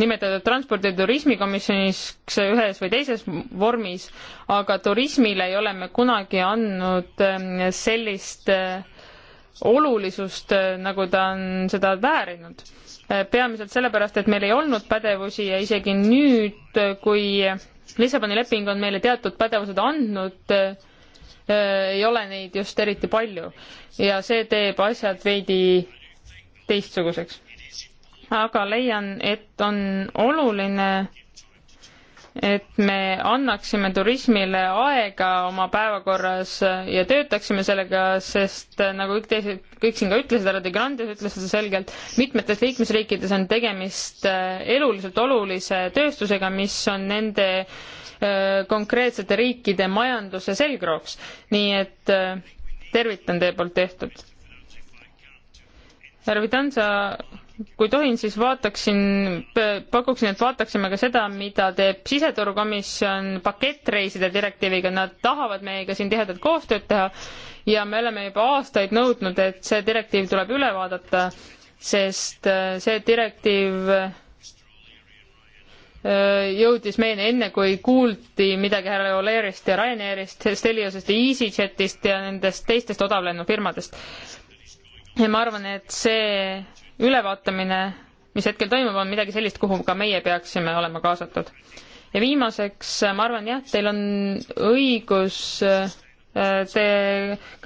nimetatud transpordi- ja turismikomisjoniks ühes või teises vormis, aga turismile ei ole me kunagi andnud ähm, sellist äh, olulisust, äh, nagu ta on seda väärinud. peamiselt sellepärast, et meil ei olnud pädevusi ja isegi nüüd, kui Lissaboni leping on meile teatud pädevused andnud, ei ole neid just eriti palju ja see teeb asjad veidi teistsuguseks aga leian, et on oluline, et me annaksime turismile aega oma päevakorras ja töötaksime sellega, sest nagu kõik teised, kõik siin ka ütlesid, härra De Grandes ütles seda selgelt, mitmetes liikmesriikides on tegemist äh, eluliselt olulise tööstusega, mis on nende äh, konkreetsete riikide majanduse selgrooks. nii et äh, tervitan teie poolt tehtud. härra Vitanza kui tohin, siis vaataksin, pakuksin, et vaataksime ka seda, mida teeb siseturukomisjon pakettreiside direktiiviga, nad tahavad meiega siin tihedat koostööd teha ja me oleme juba aastaid nõudnud, et see direktiiv tuleb üle vaadata, sest äh, see direktiiv äh, jõudis meile enne, kui kuuldi midagi härra Oleerist ja Ryanairist, Steliosest ja EasyJetist ja nendest teistest odavlennufirmadest. ja ma arvan, et see ülevaatamine, mis hetkel toimub, on midagi sellist, kuhu ka meie peaksime olema kaasatud. ja viimaseks, ma arvan jah, teil on õigus, äh, te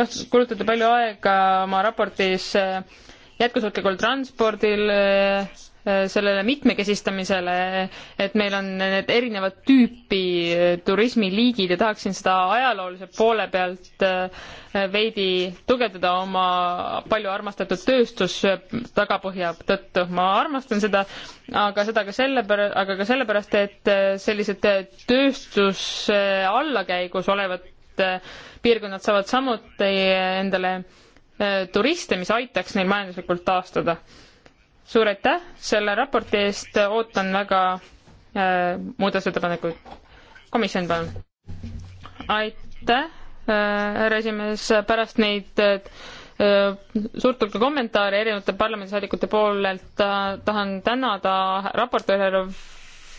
kas kulutate palju aega oma raportis äh, jätkusuutlikul transpordil, äh, Äh, sellele mitmekesistamisele, et meil on need erinevat tüüpi äh, turismiliigid ja tahaksin seda ajaloolise poole pealt äh, veidi tugevdada oma palju armastatud tööstus tagapõhja tõttu. ma armastan seda, aga seda ka sellepärast, aga ka sellepärast, et sellised tööstuse allakäigus olevad piirkonnad saavad samuti endale turiste, mis aitaks neil majanduslikult taastuda suur aitäh selle raporti eest, ootan väga äh, muudatusettepanekuid. komisjon, palun. aitäh äh,, härra esimees, pärast neid äh, äh suurt hulka kommentaare erinevate parlamendisaadikute poolelt äh, tahan tänada raportööri härra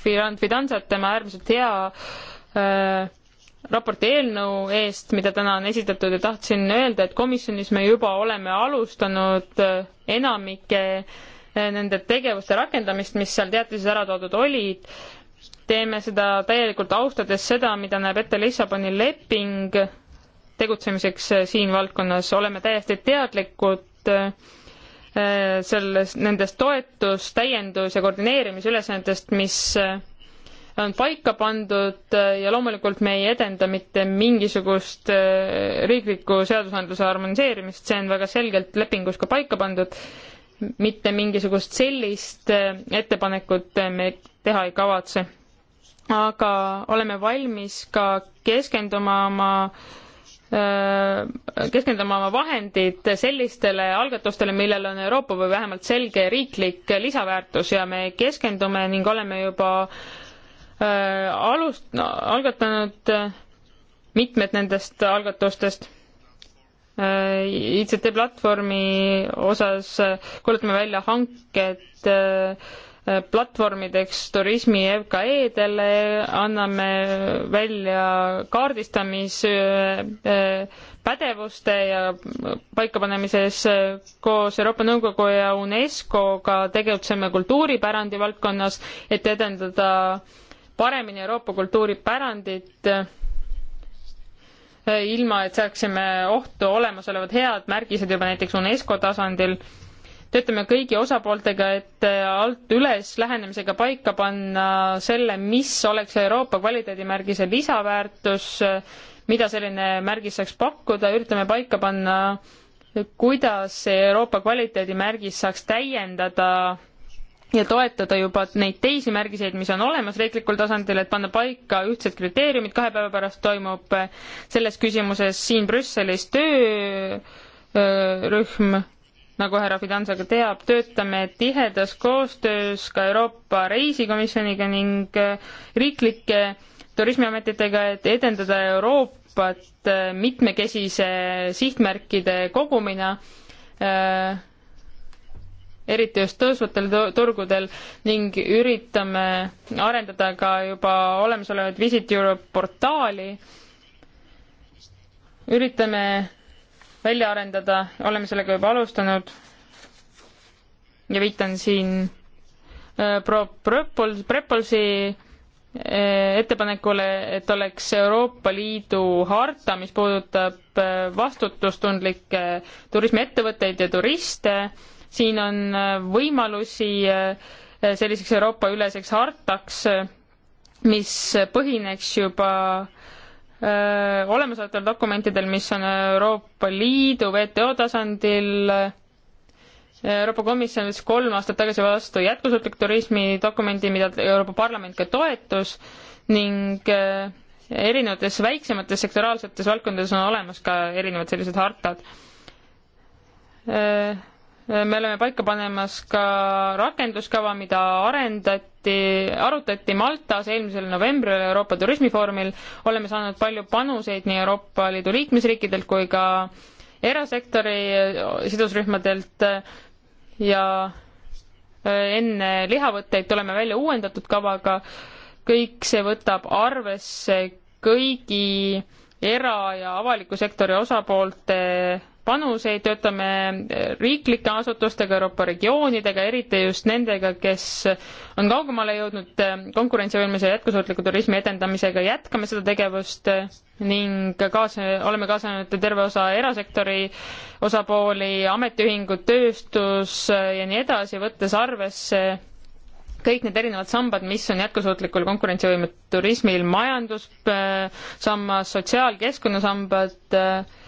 Firand Fidanzat tema äärmiselt hea äh, raporti eelnõu eest, mida täna on esitatud ja tahtsin öelda, et komisjonis me juba oleme alustanud äh, enamike äh, nende tegevuste rakendamist, mis seal teatises ära toodud olid. teeme seda täielikult austades seda, mida näeb ette Lissaboni leping tegutsemiseks äh, siin valdkonnas, oleme täiesti teadlikud äh, selles, nendest toetus, täiendus ja koordineerimisülesannetest, mis äh, on paika pandud ja loomulikult me ei edenda mitte mingisugust riikliku seadusandluse harmoniseerimist, see on väga selgelt lepingus ka paika pandud mitte mingisugust sellist äh, ettepanekut äh, me teha ei kavatse. aga oleme valmis ka keskenduma oma äh, keskenduma oma vahendid sellistele algatustele, millel on Euroopa või vähemalt selge riiklik lisaväärtus ja me keskendume ning oleme juba alust- no,, algatanud mitmed nendest algatustest Äh, ICT platvormi osas äh, kuulutame välja hanked äh, platvormideks turismi FKE-dele, anname välja kaardistamispädevuste ja paikapanemises koos Euroopa Nõukogu ja UNESCO-ga tegutseme kultuuripärandi valdkonnas, et edendada paremini Euroopa kultuuripärandit ilma et saaksime ohtu olemasolevad head märgised juba näiteks UNESCO tasandil. töötame kõigi osapooltega, et alt üles lähenemisega paika panna selle, mis oleks Euroopa kvaliteedimärgise lisaväärtus, mida selline märgis saaks pakkuda, üritame paika panna, kuidas Euroopa kvaliteedimärgis saaks täiendada ja toetada juba neid teisi märgiseid, mis on olemas riiklikul tasandil, et panna paika ühtsed kriteeriumid, kahe päeva pärast toimub äh, selles küsimuses siin Brüsselis töörühm, äh, nagu härra Fidanza ka teab, töötame tihedas koostöös ka Euroopa reisikomisjoniga ning äh, riiklike turismiametitega, et edendada Euroopat mitmekesise sihtmärkide kogumina äh, eriti just tõusvatel turgudel ning üritame arendada ka juba olemasolevat Visit Europe portaali. üritame välja arendada, oleme sellega juba alustanud ja viitan siin äh, pro-, Prepol-, Prepolsi äh, ettepanekule, et oleks Euroopa Liidu harta, mis puudutab äh, vastutustundlikke turismiettevõtteid ja turiste siin on äh, võimalusi äh, selliseks Euroopa-üleseks hartaks, äh, mis põhineks juba olemasolevatel dokumentidel, mis on Euroopa Liidu, WTO tasandil, Euroopa Komisjon võttis kolm aastat tagasi vastu jätkusuutliku turismi dokumendi, mida Euroopa Parlament ka toetus ning erinevates väiksemates sektoraalsetes valdkondades on olemas ka erinevad sellised hartad me oleme paika panemas ka rakenduskava, mida arendati, arutati Maltas eelmisel novembril Euroopa Turismifoorumil. oleme saanud palju panuseid nii Euroopa Liidu liikmesriikidelt kui ka erasektori sidusrühmadelt ja enne lihavõtteid tuleme välja uuendatud kavaga. kõik see võtab arvesse kõigi era- ja avaliku sektori osapoolte panuseid, töötame eh, riiklike asutustega, Euroopa regioonidega, eriti just nendega, kes on kaugemale jõudnud eh, konkurentsivõimelise ja jätkusuutliku turismi edendamisega, jätkame seda tegevust eh, ning kaasa, oleme kaasanud terve osa erasektori osapooli, ametiühingud, tööstus ja nii edasi, võttes arvesse kõik need erinevad sambad, mis on jätkusuutlikul konkurentsivõimel turismil, majandussammas, sotsiaalkeskkonnasambad äh,,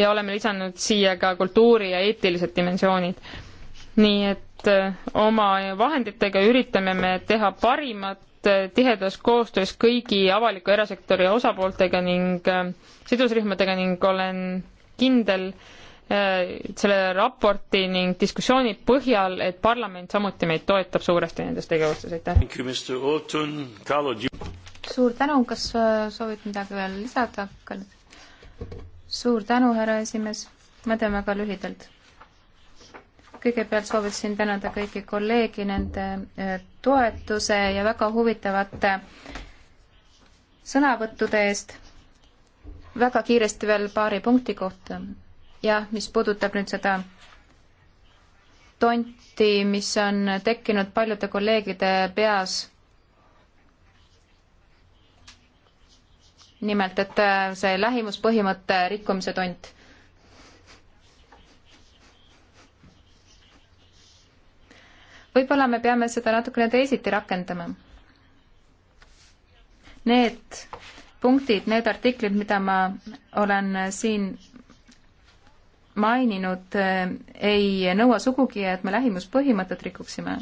ja oleme lisanud siia ka kultuuri ja eetilised dimensioonid. nii et äh, oma vahenditega üritame me teha parimat äh, tihedas koostöös kõigi avaliku erasektori osapooltega ning äh, sidusrühmadega ning olen kindel selle raporti ning diskussiooni põhjal, et parlament samuti meid toetab suuresti nendes tegevustes, aitäh! suur tänu, kas soovid midagi veel lisada, Kallet? suur tänu, härra esimees. ma teen väga lühidalt. kõigepealt sooviksin tänada kõiki kolleegi nende äh, toetuse ja väga huvitavate sõnavõttude eest. väga kiiresti veel paari punkti kohta. jah, mis puudutab nüüd seda tonti, mis on tekkinud paljude kolleegide peas nimelt, et äh, see lähimuspõhimõtte rikkumise tont. võib-olla me peame seda natukene teisiti rakendama. Need punktid, need artiklid, mida ma olen siin maininud, äh, ei nõua sugugi, et me lähimuspõhimõtet rikuksime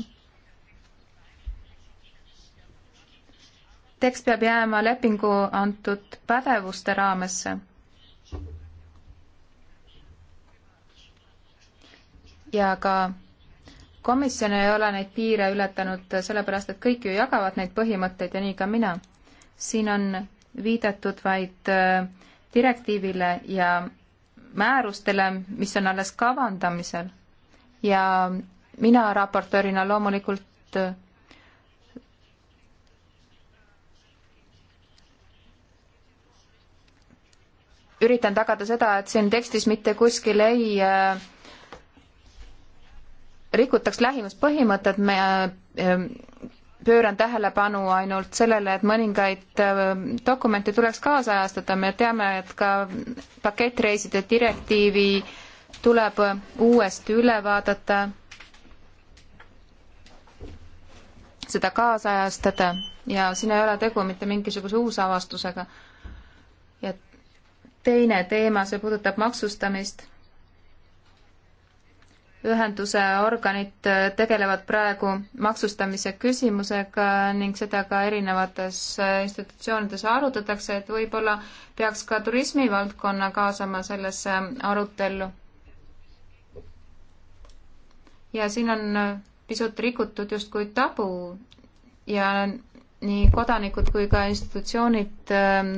tekst peab jääma lepingu antud pädevuste raamesse. ja ka komisjon ei ole neid piire ületanud, sellepärast et kõik ju jagavad neid põhimõtteid ja nii ka mina. siin on viidatud vaid äh, direktiivile ja määrustele, mis on alles kavandamisel ja mina raportöörina loomulikult äh, üritan tagada seda, et siin tekstis mitte kuskil ei äh, rikutaks lähimuspõhimõtet, me äh, pööran tähelepanu ainult sellele, et mõningaid äh, dokumente tuleks kaasajastada, me teame, et ka pakettreiside direktiivi tuleb uuesti üle vaadata, seda kaasajastada ja siin ei ole tegu mitte mingisuguse uusavastusega. et teine teema, see puudutab maksustamist. ühenduse organid tegelevad praegu maksustamise küsimusega ning seda ka erinevates institutsioonides arutatakse, et võib-olla peaks ka turismivaldkonna kaasama sellesse arutellu. ja siin on pisut rikutud justkui tabu ja nii kodanikud kui ka institutsioonid ähm,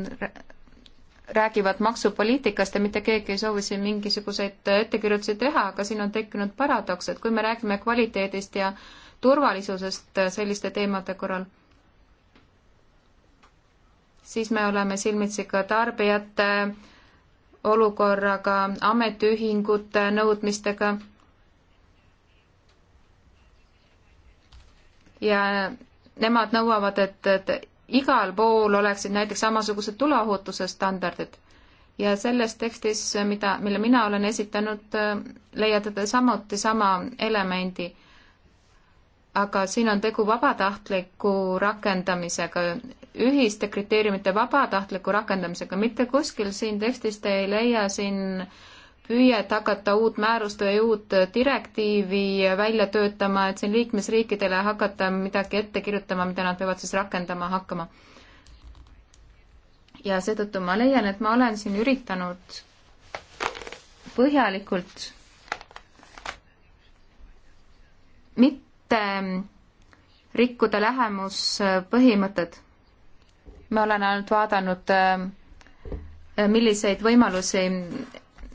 räägivad maksupoliitikast ja mitte keegi ei soovi siin mingisuguseid ettekirjutusi teha, aga siin on tekkinud paradoks, et kui me räägime kvaliteedist ja turvalisusest selliste teemade korral, siis me oleme silmitsi ka tarbijate olukorraga, ametiühingute nõudmistega. ja nemad nõuavad, et, et igal pool oleksid näiteks samasugused tuleohutuse standardid ja selles tekstis, mida, mille mina olen esitanud, äh, leiate te samuti sama elemendi. aga siin on tegu vabatahtliku rakendamisega, ühiste kriteeriumite vabatahtliku rakendamisega, mitte kuskil siin tekstis te ei leia siin äh, püüet hakata uut määrust või uut direktiivi välja töötama, et siin liikmesriikidele hakata midagi ette kirjutama, mida nad peavad siis rakendama hakkama. ja seetõttu ma leian, et ma olen siin üritanud põhjalikult mitte rikkuda lähemuspõhimõtted. ma olen ainult vaadanud, äh, milliseid võimalusi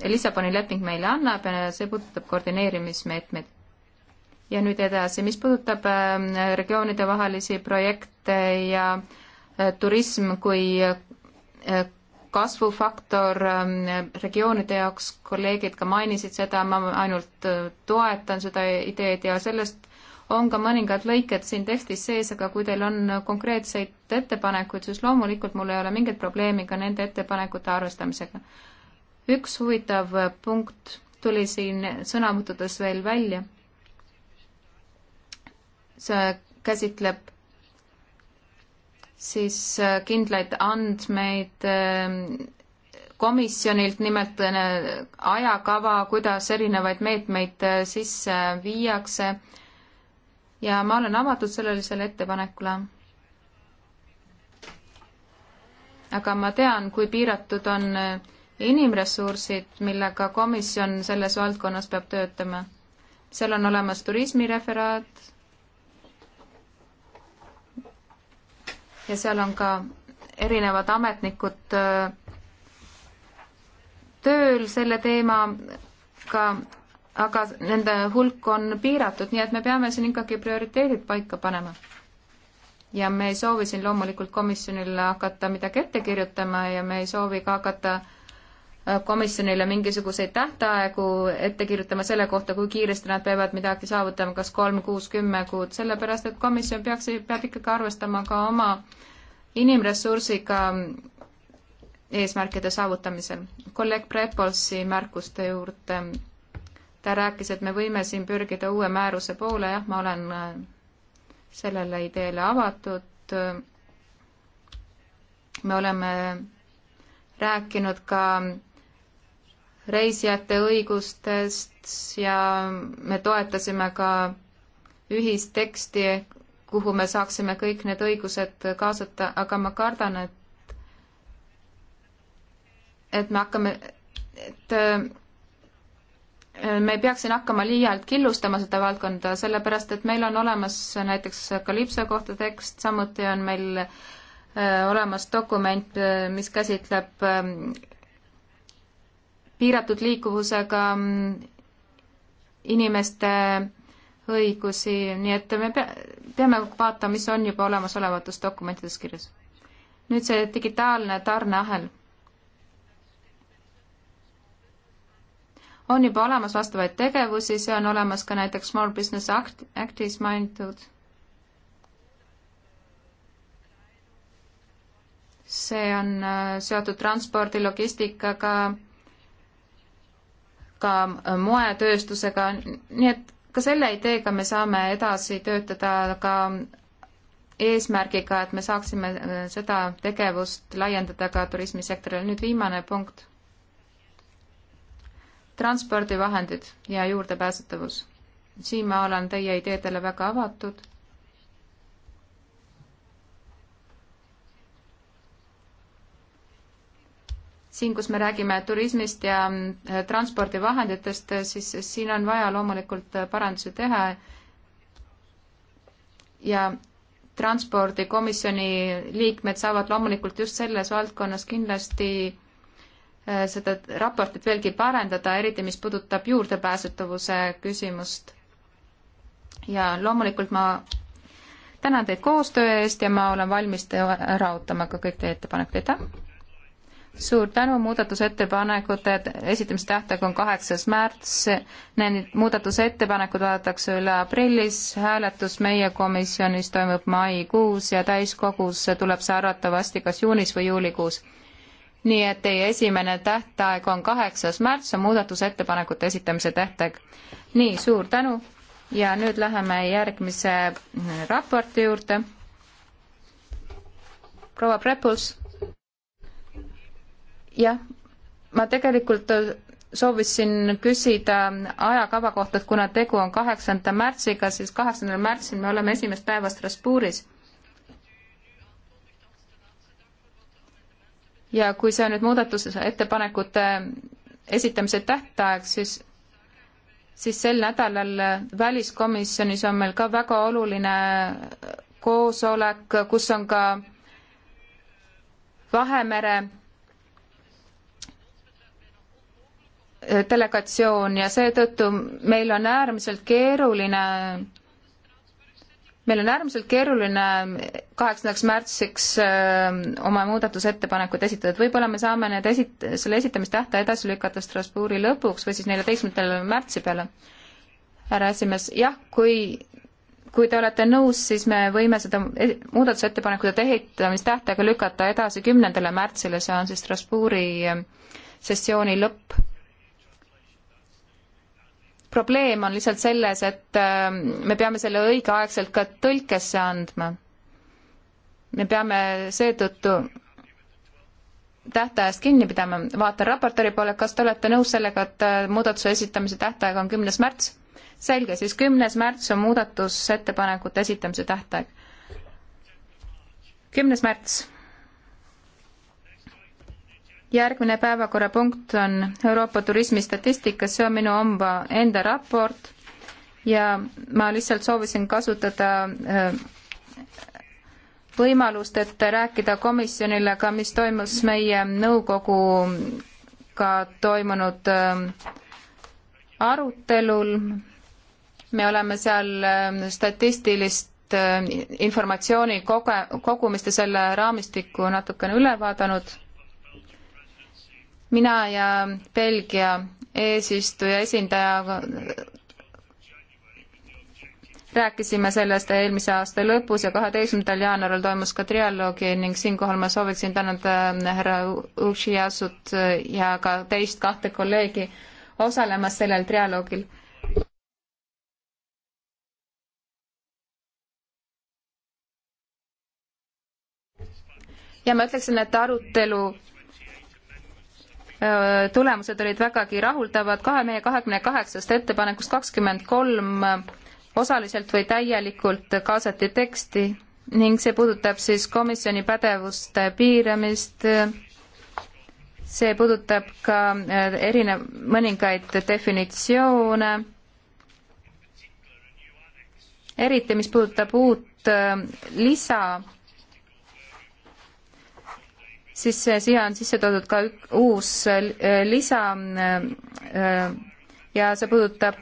Lissaboni leping meile annab ja see puudutab koordineerimismeetmeid. ja nüüd edasi, mis puudutab äh, regioonidevahelisi projekte ja äh, turism kui äh, kasvufaktor ähm, regioonide jaoks, kolleegid ka mainisid seda, ma ainult toetan seda ideed ja sellest on ka mõningad lõiked siin tekstis sees, aga kui teil on konkreetseid ettepanekuid, siis loomulikult mul ei ole mingit probleemi ka nende ettepanekute arvestamisega üks huvitav punkt tuli siin sõnavõttudes veel välja. see käsitleb siis kindlaid andmeid ähm, komisjonilt, nimelt äh, ajakava, kuidas erinevaid meetmeid äh, sisse viiakse. ja ma olen avatud sellisele ettepanekule aga ma tean, kui piiratud on äh, inimressursid, millega komisjon selles valdkonnas peab töötama. seal on olemas turismireferaat ja seal on ka erinevad ametnikud äh, tööl selle teemaga, aga nende hulk on piiratud, nii et me peame siin ikkagi prioriteedid paika panema ja me ei soovi siin loomulikult komisjonile hakata midagi ette kirjutama ja me ei soovi ka hakata komisjonile mingisuguseid tähtaegu ette kirjutama selle kohta, kui kiiresti nad peavad midagi saavutama, kas kolm, kuus, kümme kuud, sellepärast et komisjon peaks, peab ikkagi arvestama ka oma inimressursiga eesmärkide saavutamisel. kolleeg Prepolsi märkuste juurde. ta rääkis, et me võime siin pürgida uue määruse poole, jah, ma olen äh, sellele ideele avatud. me oleme rääkinud ka reisijate õigustest ja me toetasime ka ühisteksti, kuhu me saaksime kõik need õigused kaasata, aga ma kardan, et et me hakkame, et me ei peaks siin hakkama liialt killustama seda valdkonda, sellepärast et meil on olemas näiteks Kalipso kohta tekst, samuti on meil äh, olemas dokument, mis käsitleb piiratud liikuvusega mm, inimeste õigusi, nii et me peame vaatama, mis on juba olemasolevates dokumentides kirjas. nüüd see digitaalne tarneahel. on juba olemas vastavaid tegevusi, see on olemas ka näiteks Small Business Act, Actis mainitud. see on äh, seotud transpordi, logistikaga ka äh, moetööstusega, nii et ka selle ideega me saame edasi töötada ka eesmärgiga, et me saaksime äh, seda tegevust laiendada ka turismisektorile. nüüd viimane punkt. transpordivahendid ja juurdepääsetavus. siin ma olen teie ideedele väga avatud siin, kus me räägime turismist ja mm, transpordivahenditest, siis siin on vaja loomulikult parandusi teha ja transpordikomisjoni liikmed saavad loomulikult just selles valdkonnas kindlasti äh, seda raportit veelgi parendada, eriti mis puudutab juurdepääsetavuse küsimust. ja loomulikult ma tänan teid koostöö eest ja ma olen valmis ära ootama ka kõik teie ettepanekud, aitäh! suur tänu, muudatusettepanekute esitamise tähtaeg on kaheksas märts, need muudatusettepanekud vaadatakse üle aprillis, hääletus meie komisjonis toimub maikuus ja täiskogus tuleb see arvatavasti kas juunis või juulikuus. nii et teie esimene tähtaeg on kaheksas märts, on muudatusettepanekute esitamise tähtaeg. nii, suur tänu ja nüüd läheme järgmise raporti juurde. proua Prepuls jah, ma tegelikult soovisin küsida ajakava kohta, et kuna tegu on kaheksanda märtsiga, siis kaheksandal märtsil me oleme esimest päeva Strasbourgis. ja kui see on nüüd muudatusettepanekute esitamise tähtaeg, siis, siis sel nädalal väliskomisjonis on meil ka väga oluline koosolek, kus on ka Vahemere delegatsioon ja seetõttu meil on äärmiselt keeruline meil on äärmiselt keeruline kaheksandaks märtsiks äh, oma muudatusettepanekud esitada, et võib-olla me saame need esit-, selle esitamistähtaja edasi lükata Strasbourgi lõpuks või siis neljateistkümnendale märtsi peale. härra esimees, jah, kui, kui te olete nõus, siis me võime seda e-, muudatusettepanekute ehitamistähtaega lükata edasi kümnendale märtsile, see on siis Strasbourgi äh, sessiooni lõpp probleem on lihtsalt selles, et äh, me peame selle õigeaegselt ka tõlkesse andma. me peame seetõttu tähtajast kinni pidama. vaatan raportööri poole, kas te olete nõus sellega, et äh, muudatuse esitamise tähtaeg on kümnes märts? selge, siis kümnes märts on muudatusettepanekute esitamise tähtaeg. kümnes märts järgmine päevakorrapunkt on Euroopa turismistatistikas, see on minu omba enda raport ja ma lihtsalt soovisin kasutada äh, võimalust, et rääkida komisjonile ka, mis toimus meie nõukoguga toimunud äh, arutelul. me oleme seal äh, statistilist informatsiooni koge-, kogumist ja selle raamistiku natukene üle vaadanud mina ja Belgia eesistuja esindaja rääkisime sellest eelmise aasta lõpus ja kaheteistkümnendal jaanuaril toimus ka trialoogi ning siinkohal ma sooviksin tänada äh, härra Ushiyasut äh, ja ka teist kahte kolleegi osalemas sellel trialoogil. ja ma ütleksin, et arutelu Äh, tulemused olid vägagi rahuldavad, kahe meie kahekümne kaheksast ettepanekust kakskümmend kolm osaliselt või täielikult kaasati teksti ning see puudutab siis komisjoni pädevuste piiramist, see puudutab ka äh, erinev, mõningaid definitsioone, eriti mis puudutab uut äh, lisa siis siia on sisse toodud ka uus äh, lisa äh, äh, ja see puudutab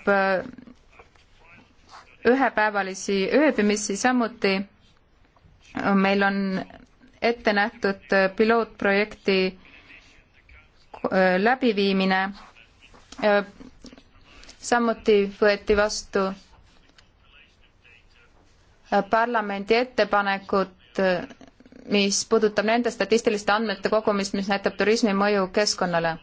ühepäevalisi ööbimisi, samuti meil on ette nähtud pilootprojekti läbiviimine. samuti võeti vastu parlamendi ettepanekud mis puudutab nende statistiliste andmete kogumist, mis näitab turismi mõju keskkonnale.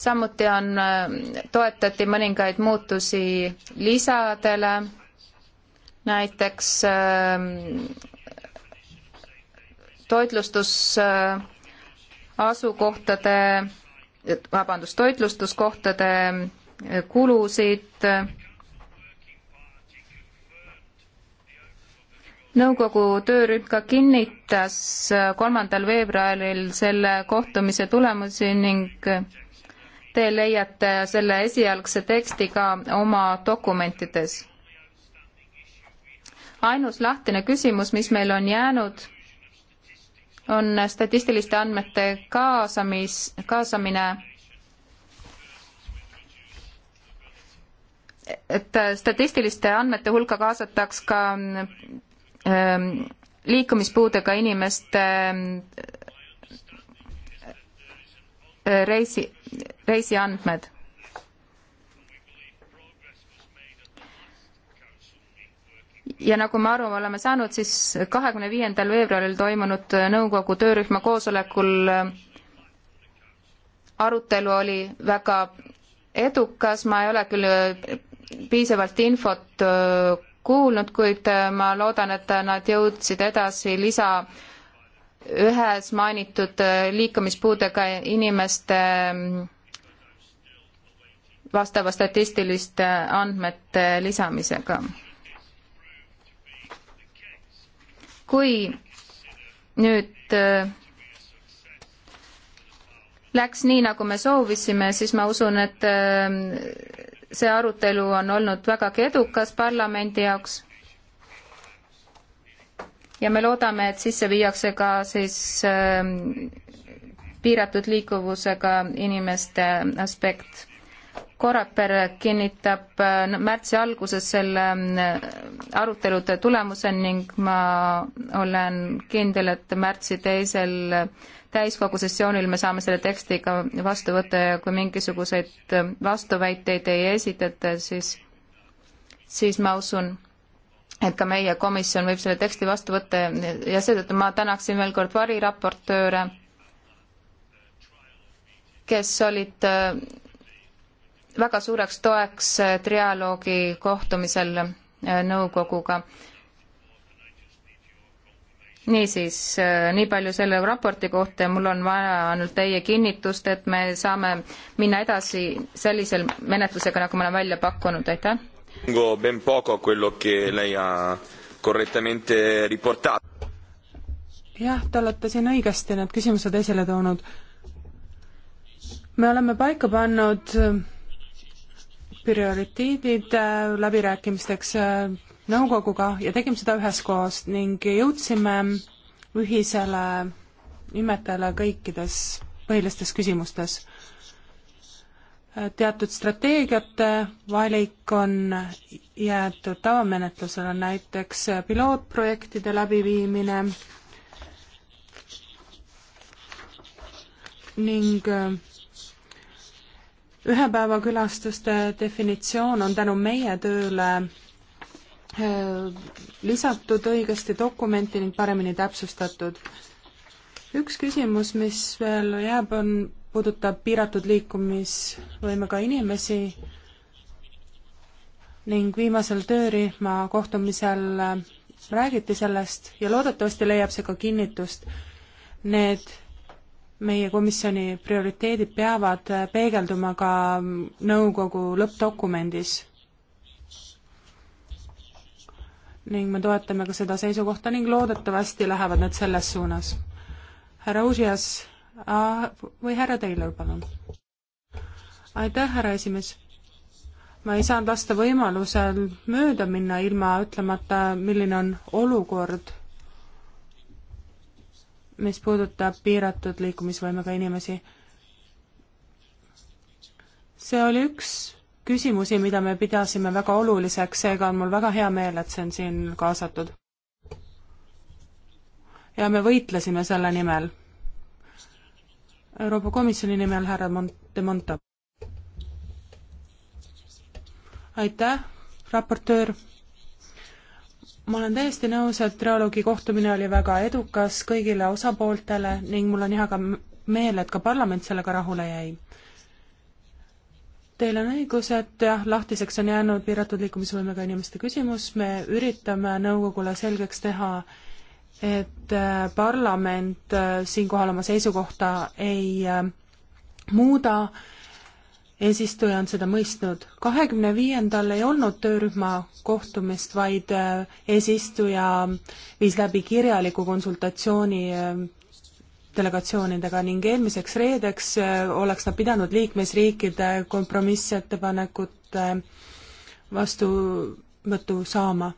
samuti on, äh, toetati mõningaid muutusi lisadele, näiteks äh, toitlustustasukohtade, vabandust, toitlustuskohtade äh, kulusid nõukogu töörühm ka kinnitas kolmandal veebruaril selle kohtumise tulemusi ning te leiate selle esialgse teksti ka oma dokumentides. ainus lahtine küsimus, mis meil on jäänud, on statistiliste andmete kaasamis, kaasamine et statistiliste andmete hulka kaasataks ka Ähm, liikumispuudega inimeste ähm, äh, reisi, reisiandmed. ja nagu me aru oleme saanud, siis kahekümne viiendal veebruaril toimunud äh, nõukogu töörühma koosolekul äh, arutelu oli väga edukas, ma ei ole küll piisavalt infot kuulnud, kuid äh, ma loodan, et nad jõudsid edasi lisa ühes mainitud äh, liikumispuudega inimeste äh, vastava statistiliste andmete lisamisega. kui nüüd läks nii, nagu me soovisime, siis ma usun, et see arutelu on olnud vägagi edukas parlamendi jaoks. ja me loodame, et sisse viiakse ka siis ähm, piiratud liikuvusega inimeste aspekt. Koreper kinnitab äh, märtsi alguses selle äh, arutelude tulemuse ning ma olen kindel, et märtsi teisel äh, täiskogu sessioonil me saame selle teksti ka vastu võtta ja kui mingisuguseid äh, vastuväiteid ei esitata, siis, siis ma usun, et ka meie komisjon võib selle teksti vastu võtta ja seetõttu ma tänaksin veel kord variraportööre, kes olid äh, väga suureks toeks äh, trialoogi kohtumisel nõukoguga niisiis, äh, nii palju selle raporti kohta ja mul on vaja ainult teie kinnitust, et me saame minna edasi sellisel menetlusega, nagu ma olen välja pakkunud, aitäh. Ben poco quello che lei ha correttamente riportato. jah, te olete siin õigesti need küsimused esile toonud. me oleme paika pannud prioriteedid läbirääkimisteks äh, nõukoguga ja tegime seda üheskoos ning jõudsime ühisele nimetajale kõikides põhilistes küsimustes. teatud strateegiate valik on jäetud tavamenetlusele, näiteks pilootprojektide läbiviimine ning ühepäevakülastuste definitsioon on tänu meie tööle Äh, lisatud õigesti dokumenti ning paremini täpsustatud. üks küsimus, mis veel jääb, on, puudutab piiratud liikumisvõimega inimesi ning viimasel töörühma kohtumisel räägiti sellest ja loodetavasti leiab see ka kinnitust. Need meie komisjoni prioriteedid peavad peegelduma ka nõukogu lõppdokumendis ning me toetame ka seda seisukohta ning loodetavasti lähevad need selles suunas. härra Užias või härra Taylor, palun. aitäh, härra esimees. ma ei saanud lasta võimalusel mööda minna ilma ütlemata, milline on olukord, mis puudutab piiratud liikumisvõimega inimesi. see oli üks küsimusi, mida me pidasime väga oluliseks, seega on mul väga hea meel, et see on siin kaasatud. ja me võitlesime selle nimel. Euroopa Komisjoni nimel härra Mont-, de Monto. aitäh, raportöör ma olen täiesti nõus, et trioloogi kohtumine oli väga edukas kõigile osapooltele ning mul on hea ka meel, et ka parlament sellega rahule jäi. Teil on õigus, et jah, lahtiseks on jäänud piiratud liikumisvõimega inimeste küsimus, me üritame nõukogule selgeks teha, et äh, parlament äh, siinkohal oma seisukohta ei äh, muuda, eesistuja on seda mõistnud. kahekümne viiendal ei olnud töörühma kohtumist, vaid eesistuja viis läbi kirjaliku konsultatsiooni delegatsioonidega ning eelmiseks reedeks äh, oleks nad pidanud liikmesriikide kompromissettepanekute vastuvõtu saama.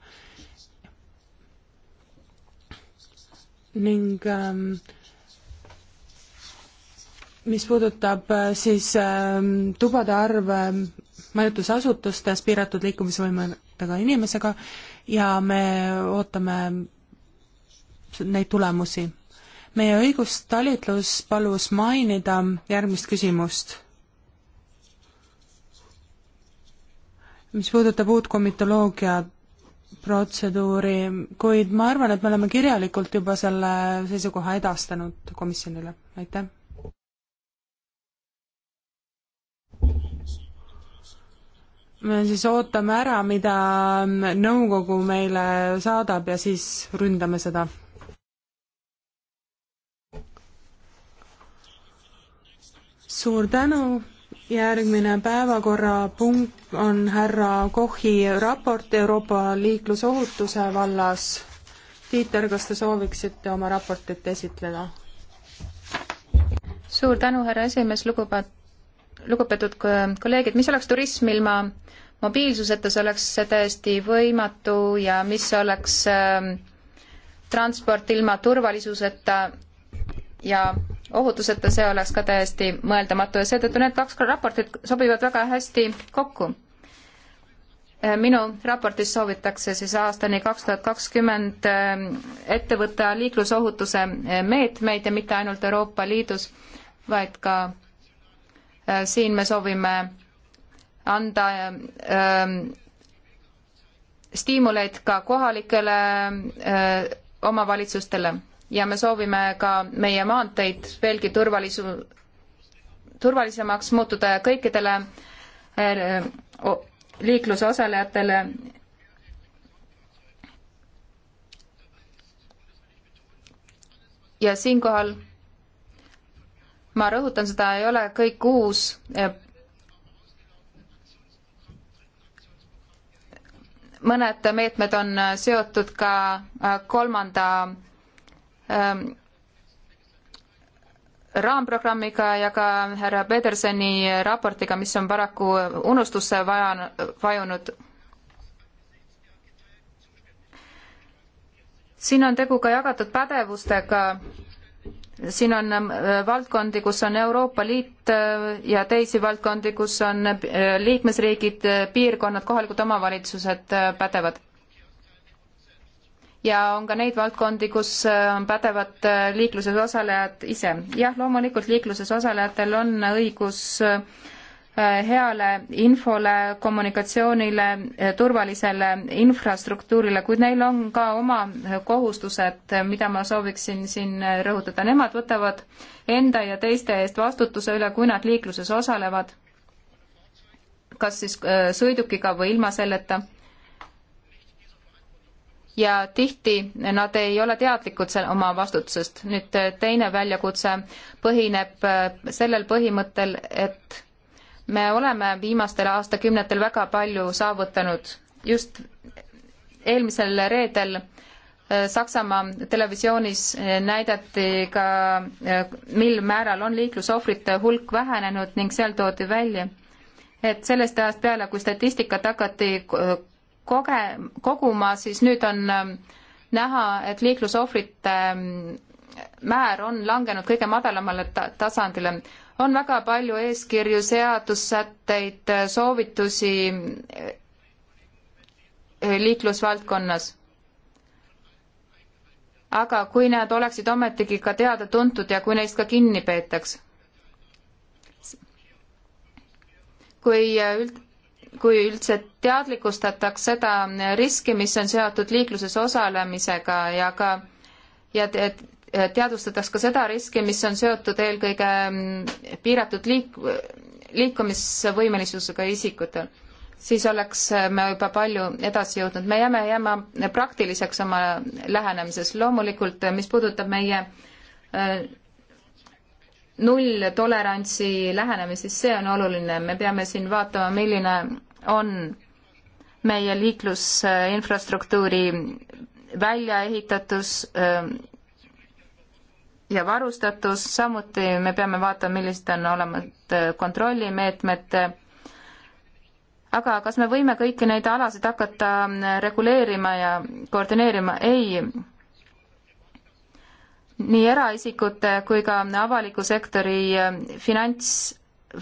ning ähm, mis puudutab äh, siis ähm, tubade arv ähm, majutusasutustes piiratud liikumisvõimega inimesega ja me ootame neid tulemusi meie õigustalitlus palus mainida järgmist küsimust, mis puudutab uut komitoloogia protseduuri, kuid ma arvan, et me oleme kirjalikult juba selle seisukoha edastanud komisjonile, aitäh. me siis ootame ära, mida nõukogu meile saadab ja siis ründame seda suur tänu, järgmine päevakorrapunkt on härra Kochi raport Euroopa liiklusohutuse vallas. Tiiter, kas te sooviksite oma raportit esitleda? suur tänu, härra esimees, lugupeetud, lugupeetud kolleegid, mis oleks turism ilma mobiilsuseta, see oleks täiesti võimatu ja mis oleks äh, transport ilma turvalisuseta ja ohutuseta, see oleks ka täiesti mõeldamatu ja seetõttu need kaks raportit sobivad väga hästi kokku. Äh, minu raportis soovitakse siis aastani kaks tuhat kakskümmend äh, ette võtta liiklusohutuse äh, meetmeid ja mitte ainult Euroopa Liidus, vaid ka siin me soovime anda äh, stiimuleid ka kohalikele äh, omavalitsustele ja me soovime ka meie maanteid veelgi turvalisu-, turvalisemaks muutuda ja kõikidele äh, liikluse osalejatele ja siinkohal ma rõhutan, seda ei ole kõik uus äh, mõned meetmed on äh, seotud ka kolmanda ähm, raamprogrammiga ja ka härra Pederseni raportiga, mis on paraku unustusse vajan-, vajunud. siin on tegu ka jagatud pädevustega, siin on ähm, valdkondi, kus on Euroopa Liit äh, ja teisi valdkondi, kus on äh, liikmesriigid, äh, piirkonnad, kohalikud omavalitsused pädevad ja on ka neid valdkondi, kus äh, on pädevad äh, liikluses osalejad ise. jah, loomulikult liikluses osalejatel on õigus äh, heale infole, kommunikatsioonile, turvalisele infrastruktuurile, kuid neil on ka oma kohustused, mida ma sooviksin siin rõhutada. Nemad võtavad enda ja teiste eest vastutuse üle, kui nad liikluses osalevad, kas siis sõidukiga või ilma selleta ja tihti nad ei ole teadlikud oma vastutusest. nüüd äh, teine väljakutse põhineb äh, sellel põhimõttel, et me oleme viimastel aastakümnetel väga palju saavutanud. just eelmisel reedel äh, Saksamaa televisioonis näidati ka, mil määral on liiklusohvrite hulk vähenenud ning seal toodi välja, et sellest ajast peale, kui statistikat hakati koge-, koguma, siis nüüd on ähm, näha, et liiklusohvrite ähm, määr on langenud kõige madalamale ta-, tasandile. on väga palju eeskirju, seadussätteid, äh, soovitusi äh, äh, liiklusvaldkonnas. aga kui need oleksid ometigi ka teada-tuntud ja kui neist ka kinni peetaks, kui üld-, kui üldse teadlikustataks seda riski, mis on seotud liikluses osalemisega ja ka ja te, teadvustataks ka seda riski, mis on seotud eelkõige mm, piiratud liik-, liikumisvõimelisusega isikutel, siis oleks me juba palju edasi jõudnud. me jääme jääma praktiliseks oma lähenemises. loomulikult, mis puudutab meie äh, nulltolerantsi lähenemist, siis see on oluline. me peame siin vaatama, milline on meie liiklusinfrastruktuuri väljaehitatus ähm, ja varustatus, samuti me peame vaatama, millised on olemas kontrollimeetmed, aga kas me võime kõiki neid alasid hakata ähm, reguleerima ja koordineerima? ei. nii eraisikute kui ka avaliku sektori ähm, finants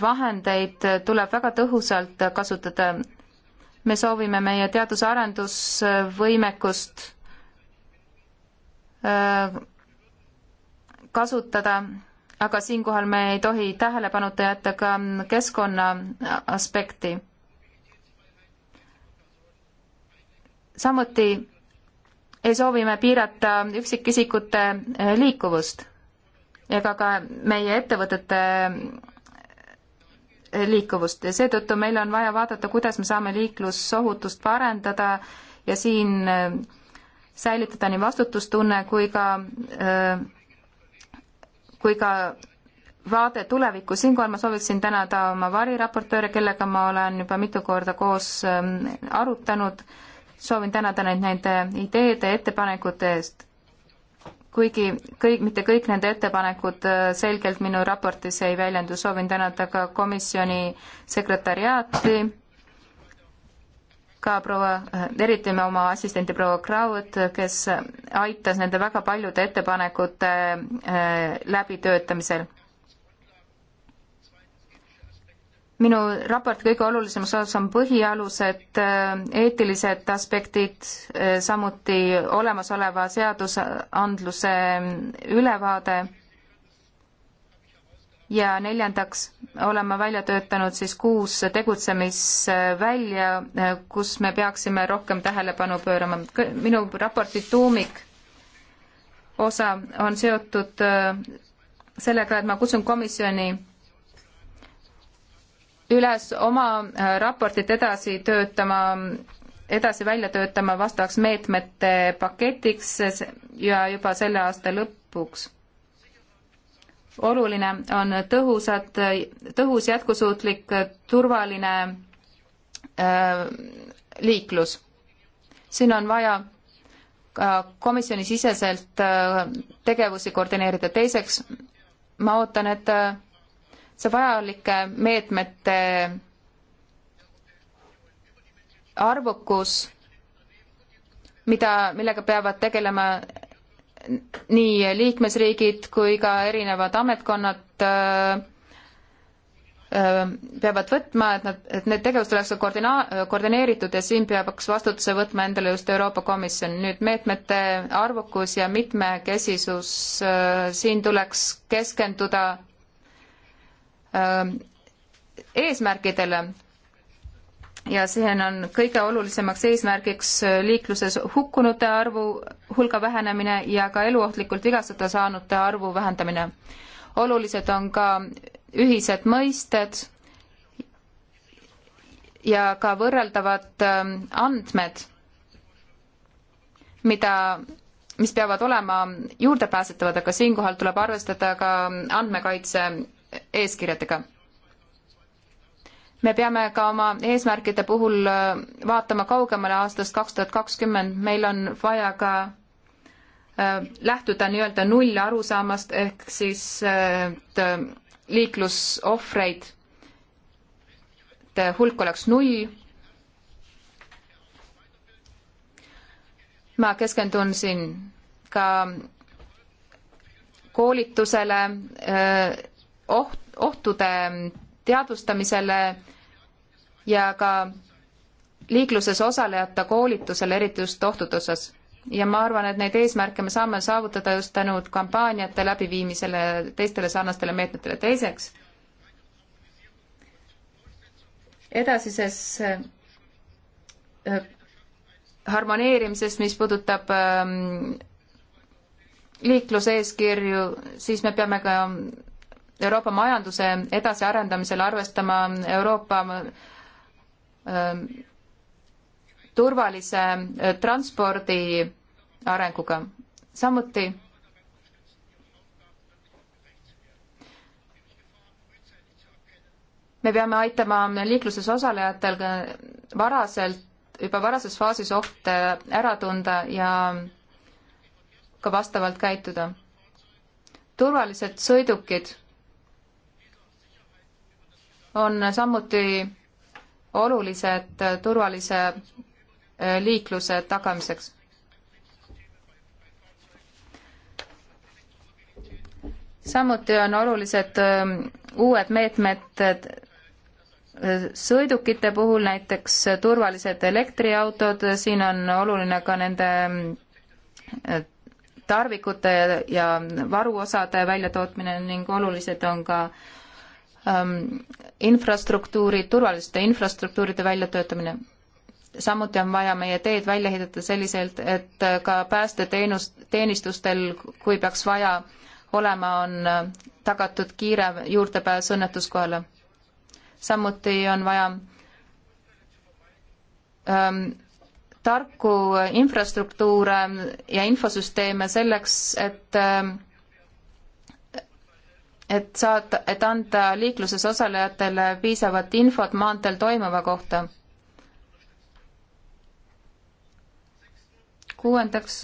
vahendeid tuleb väga tõhusalt kasutada. me soovime meie teadus-arendusvõimekust äh, kasutada, aga siinkohal me ei tohi tähelepanuta jätta ka keskkonna aspekti. samuti ei soovi me piirata üksikisikute liikuvust ega ka meie ettevõtete liikuvust ja seetõttu meil on vaja vaadata, kuidas me saame liiklusohutust parendada ja siin äh, säilitada nii vastutustunne kui ka, äh, kui ka vaade tulevikku, siinkohal ma sooviksin tänada oma variraportööre, kellega ma olen juba mitu korda koos ähm, arutanud, soovin tänada neid nende ideede, ettepanekute eest kuigi kõik, mitte kõik nende ettepanekud äh, selgelt minu raportis ei väljendu, soovin tänada ka komisjoni sekretariaati, ka proua, äh, eriti oma assistenti proua Kraud, kes aitas nende väga paljude ettepanekute äh, läbitöötamisel minu raporti kõige olulisemas osas on põhialused, eetilised aspektid, samuti olemasoleva seadusandluse ülevaade ja neljandaks olen ma välja töötanud siis kuus tegutsemisvälja, kus me peaksime rohkem tähelepanu pöörama. minu raporti tuumik osa on seotud äh, sellega, et ma kutsun komisjoni üles oma äh, raportit edasi töötama, edasi välja töötama vastavaks meetmete paketiks ja juba selle aasta lõpuks. oluline on tõhusad, tõhus, jätkusuutlik, turvaline äh, liiklus. siin on vaja ka komisjonisiseselt äh, tegevusi koordineerida. teiseks, ma ootan, et äh, see vajalike meetmete arvukus, mida, millega peavad tegelema nii liikmesriigid kui ka erinevad ametkonnad äh, äh peavad võtma, et nad, et need tegevused oleks koordina-, koordineeritud ja siin peaks vastutuse võtma endale just Euroopa Komisjon. nüüd meetmete arvukus ja mitmekesisus, äh, siin tuleks keskenduda Ähm, eesmärkidele ja see on kõige olulisemaks eesmärgiks äh, liikluses hukkunute arvu hulga vähenemine ja ka eluohtlikult vigastada saanute arvu vähendamine. olulised on ka ühised mõisted ja ka võrreldavad ähm, andmed, mida, mis peavad olema juurdepääsetavad, aga siinkohal tuleb arvestada ka andmekaitse eeskirjadega. me peame ka oma eesmärkide puhul äh, vaatama kaugemale aastast kaks tuhat kakskümmend, meil on vaja ka äh, lähtuda nii-öelda null arusaamast ehk siis äh, liiklusohvreid hulk oleks null. ma keskendun siin ka koolitusele oht, ohtude teadvustamisele ja ka liikluses osalejate koolitusele, eriti just ohtude osas. ja ma arvan, et neid eesmärke me saame saavutada just tänu kampaaniate läbiviimisele ja teistele sarnastele meetmetele. teiseks, edasises äh, harmoneerimisest, mis puudutab ähm, liikluseeskirju, siis me peame ka Euroopa majanduse edasiarendamisel arvestama Euroopa ähm, turvalise äh, transpordi arenguga. samuti me peame aitama liikluses osalejatel ka varaselt, juba varases faasis ohte ära tunda ja ka vastavalt käituda. turvalised sõidukid on samuti olulised turvalise äh, liikluse tagamiseks. samuti on olulised äh, uued meetmed äh, sõidukite puhul, näiteks turvalised elektriautod, siin on oluline ka nende tarvikute ja varuosade väljatootmine ning olulised on ka äh, ähm, infrastruktuurid, turvaliste infrastruktuuride väljatöötamine. samuti on vaja meie teed välja ehitada selliselt, et äh, ka päästeteenust, teenistustel, kui peaks vaja olema, on äh, tagatud kiire juurdepääs õnnetuskohale. samuti on vaja ähm, tarku infrastruktuure ja infosüsteeme selleks, et ähm, et saata, et anda liikluses osalejatele piisavat infot maanteel toimuva kohta. kuuendaks.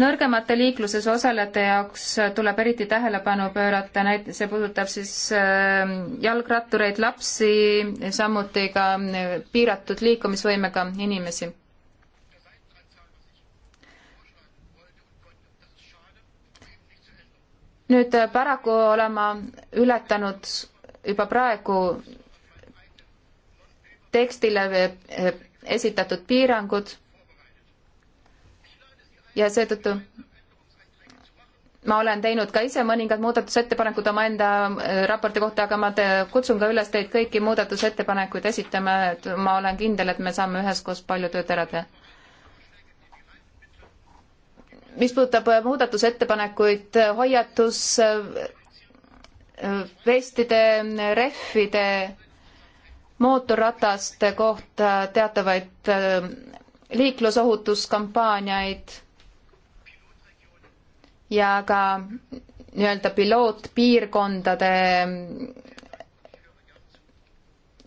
nõrgemate liikluses osalejate jaoks tuleb eriti tähelepanu pöörata, näiteks see puudutab siis ähm, jalgrattureid, lapsi, samuti ka äh, piiratud liikumisvõimega inimesi nüüd äh, paraku olen ma ületanud juba praegu tekstile äh, äh, esitatud piirangud ja seetõttu ma olen teinud ka ise mõningad muudatusettepanekud omaenda raporti kohta, aga ma te, kutsun ka üles teid kõiki muudatusettepanekuid esitama, et ma olen kindel, et me saame üheskoos palju tööd ära teha mis puudutab äh, muudatusettepanekuid, äh, hoiatus äh, vestide, rehvide, mootorrataste kohta teatavaid liiklusohutuskampaaniaid ja ka nii-öelda pilootpiirkondade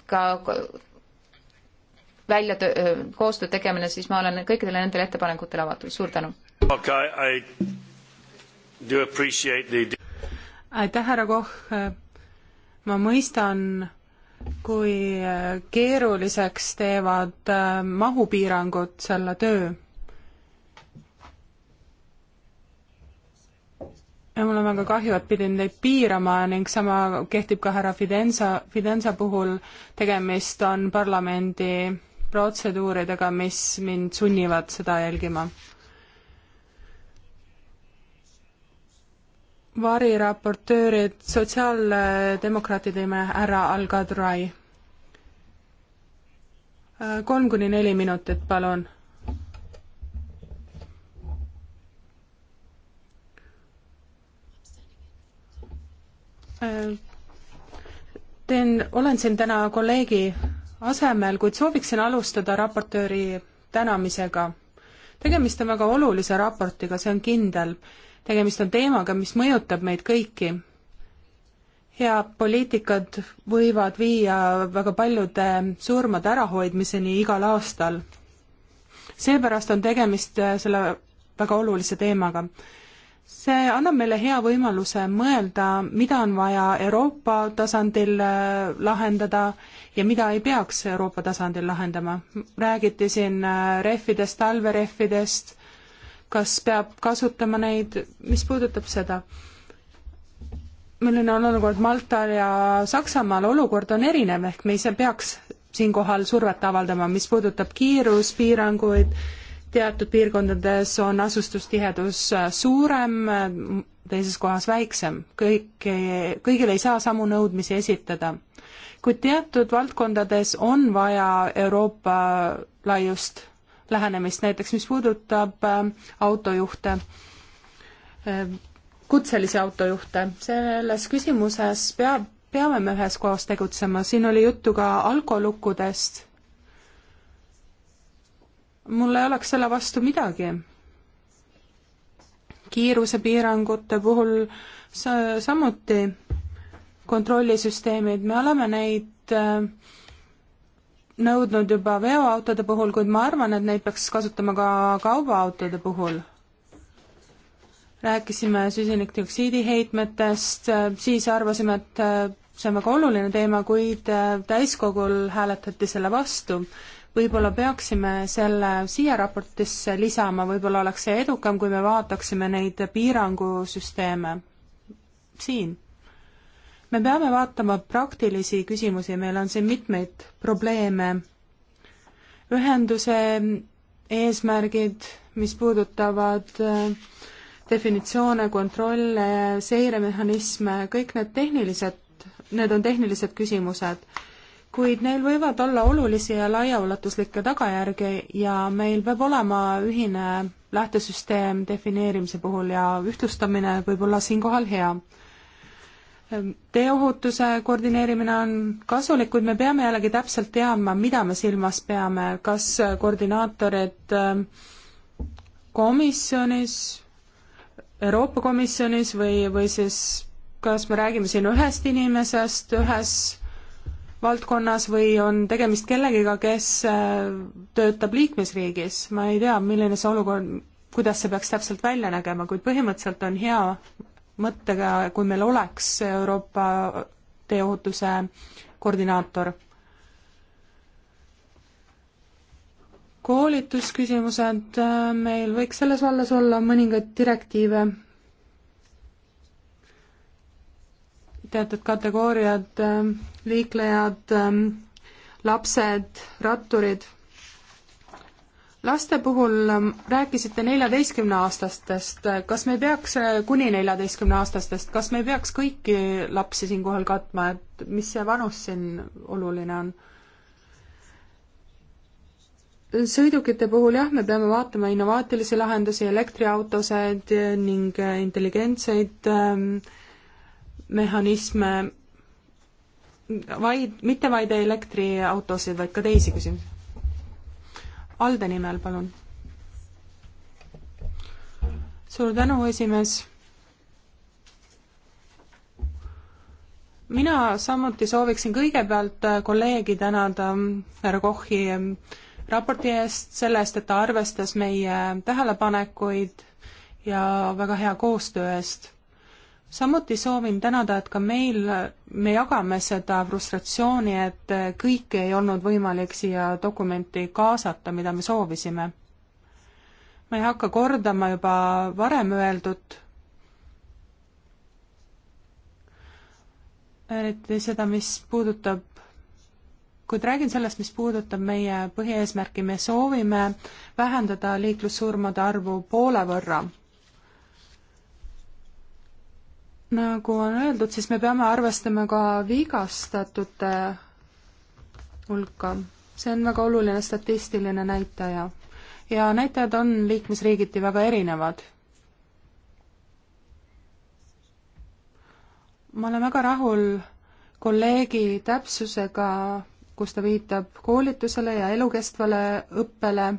ka välja koostöö tegemine, siis ma olen kõikidele nendele ettepanekutele avatud, suur tänu! Okay, the... aitäh, härra Koch. ma mõistan, kui äh, keeruliseks teevad äh, mahupiirangud selle töö. ja mul on väga kahju, et pidin teid piirama ning sama kehtib ka härra Fidenza, Fidenza puhul. tegemist on parlamendi protseduuridega, mis mind sunnivad seda jälgima variraportöörid, sotsiaaldemokraatide nime härra Al-Kadrai. kolm kuni neli minutit, palun. Äh, teen, olen siin täna kolleegi asemel, kuid sooviksin alustada raportööri tänamisega. tegemist on väga olulise raportiga, see on kindel tegemist on teemaga, mis mõjutab meid kõiki. head poliitikad võivad viia väga paljude surmade ärahoidmiseni igal aastal. seepärast on tegemist äh, selle väga olulise teemaga. see annab meile hea võimaluse mõelda, mida on vaja Euroopa tasandil äh, lahendada ja mida ei peaks Euroopa tasandil lahendama. räägiti siin äh, rehvidest, talverehvidest kas peab kasutama neid, mis puudutab seda? milline on olukord Maltal ja Saksamaal, olukord on erinev, ehk me ise peaks siinkohal survet avaldama, mis puudutab kiiruspiiranguid, teatud piirkondades on asustustihedus äh, suurem, äh, teises kohas väiksem, kõik, kõigil ei saa samu nõudmisi esitada. kuid teatud valdkondades on vaja Euroopa laiust lähenemist, näiteks mis puudutab äh, autojuhte, äh, kutselisi autojuhte, selles küsimuses peab, peame me üheskoos tegutsema, siin oli juttu ka alkolukkudest. mul ei oleks selle vastu midagi. kiirusepiirangute puhul sa-, samuti kontrollisüsteemid, me oleme neid äh, nõudnud juba veoautode puhul, kuid ma arvan, et neid peaks kasutama ka kaubaautode puhul. rääkisime süsinikdioksiidi heitmetest, siis arvasime, et äh, see on väga oluline teema, kuid äh, täiskogul hääletati selle vastu. võib-olla peaksime selle siia raportisse lisama, võib-olla oleks see edukam, kui me vaataksime neid piirangusüsteeme siin me peame vaatama praktilisi küsimusi, meil on siin mitmeid probleeme. ühenduse eesmärgid, mis puudutavad äh, definitsioone, kontrolle, seiremehhanisme, kõik need tehnilised, need on tehnilised küsimused, kuid neil võivad olla olulisi ja laiaulatuslikke tagajärgi ja meil peab olema ühine lähtesüsteem defineerimise puhul ja ühtlustamine võib olla siinkohal hea Ehm, teeohutuse koordineerimine on kasulik, kuid me peame jällegi täpselt teadma, mida me silmas peame, kas äh, koordinaatorid ähm, komisjonis, Euroopa Komisjonis või, või siis kas me räägime siin ühest inimesest ühes valdkonnas või on tegemist kellegiga, kes äh, töötab liikmesriigis, ma ei tea, milline see olukord, kuidas see peaks täpselt välja nägema, kuid põhimõtteliselt on hea mõttega, kui meil oleks Euroopa teeohutuse koordinaator. koolitusküsimused, äh, meil võiks selles vallas olla mõningaid direktiive, teatud kategooriad, äh, liiklejad, äh, lapsed, ratturid laste puhul ähm, rääkisite neljateistkümneaastastest, kas me peaks, äh, kuni neljateistkümneaastastest, kas me peaks kõiki lapsi siinkohal katma, et mis see vanus siin oluline on? sõidukite puhul jah, me peame vaatama innovaatilisi lahendusi, elektriautosid ning äh, intelligentseid ähm, mehhanisme, vaid, mitte vaid elektriautosid, vaid ka teisi küsimusi Alde nimel, palun. suur tänu, esimees. mina samuti sooviksin kõigepealt äh, kolleegi tänada ähm, härra Kochi ähm, raporti eest, selle eest, et ta arvestas meie tähelepanekuid ja väga hea koostöö eest samuti soovin tänada, et ka meil, me jagame seda frustratsiooni, et kõike ei olnud võimalik siia dokumenti kaasata, mida me soovisime. ma ei hakka kordama juba varem öeldut, eriti seda, mis puudutab kuid räägin sellest, mis puudutab meie põhieesmärki, me soovime vähendada liiklussurmade arvu poole võrra nagu on öeldud, siis me peame arvestama ka vigastatute hulka. see on väga oluline statistiline näitaja. ja näitajad on liikmesriigiti väga erinevad. ma olen väga rahul kolleegi täpsusega, kus ta viitab koolitusele ja elukestvale õppele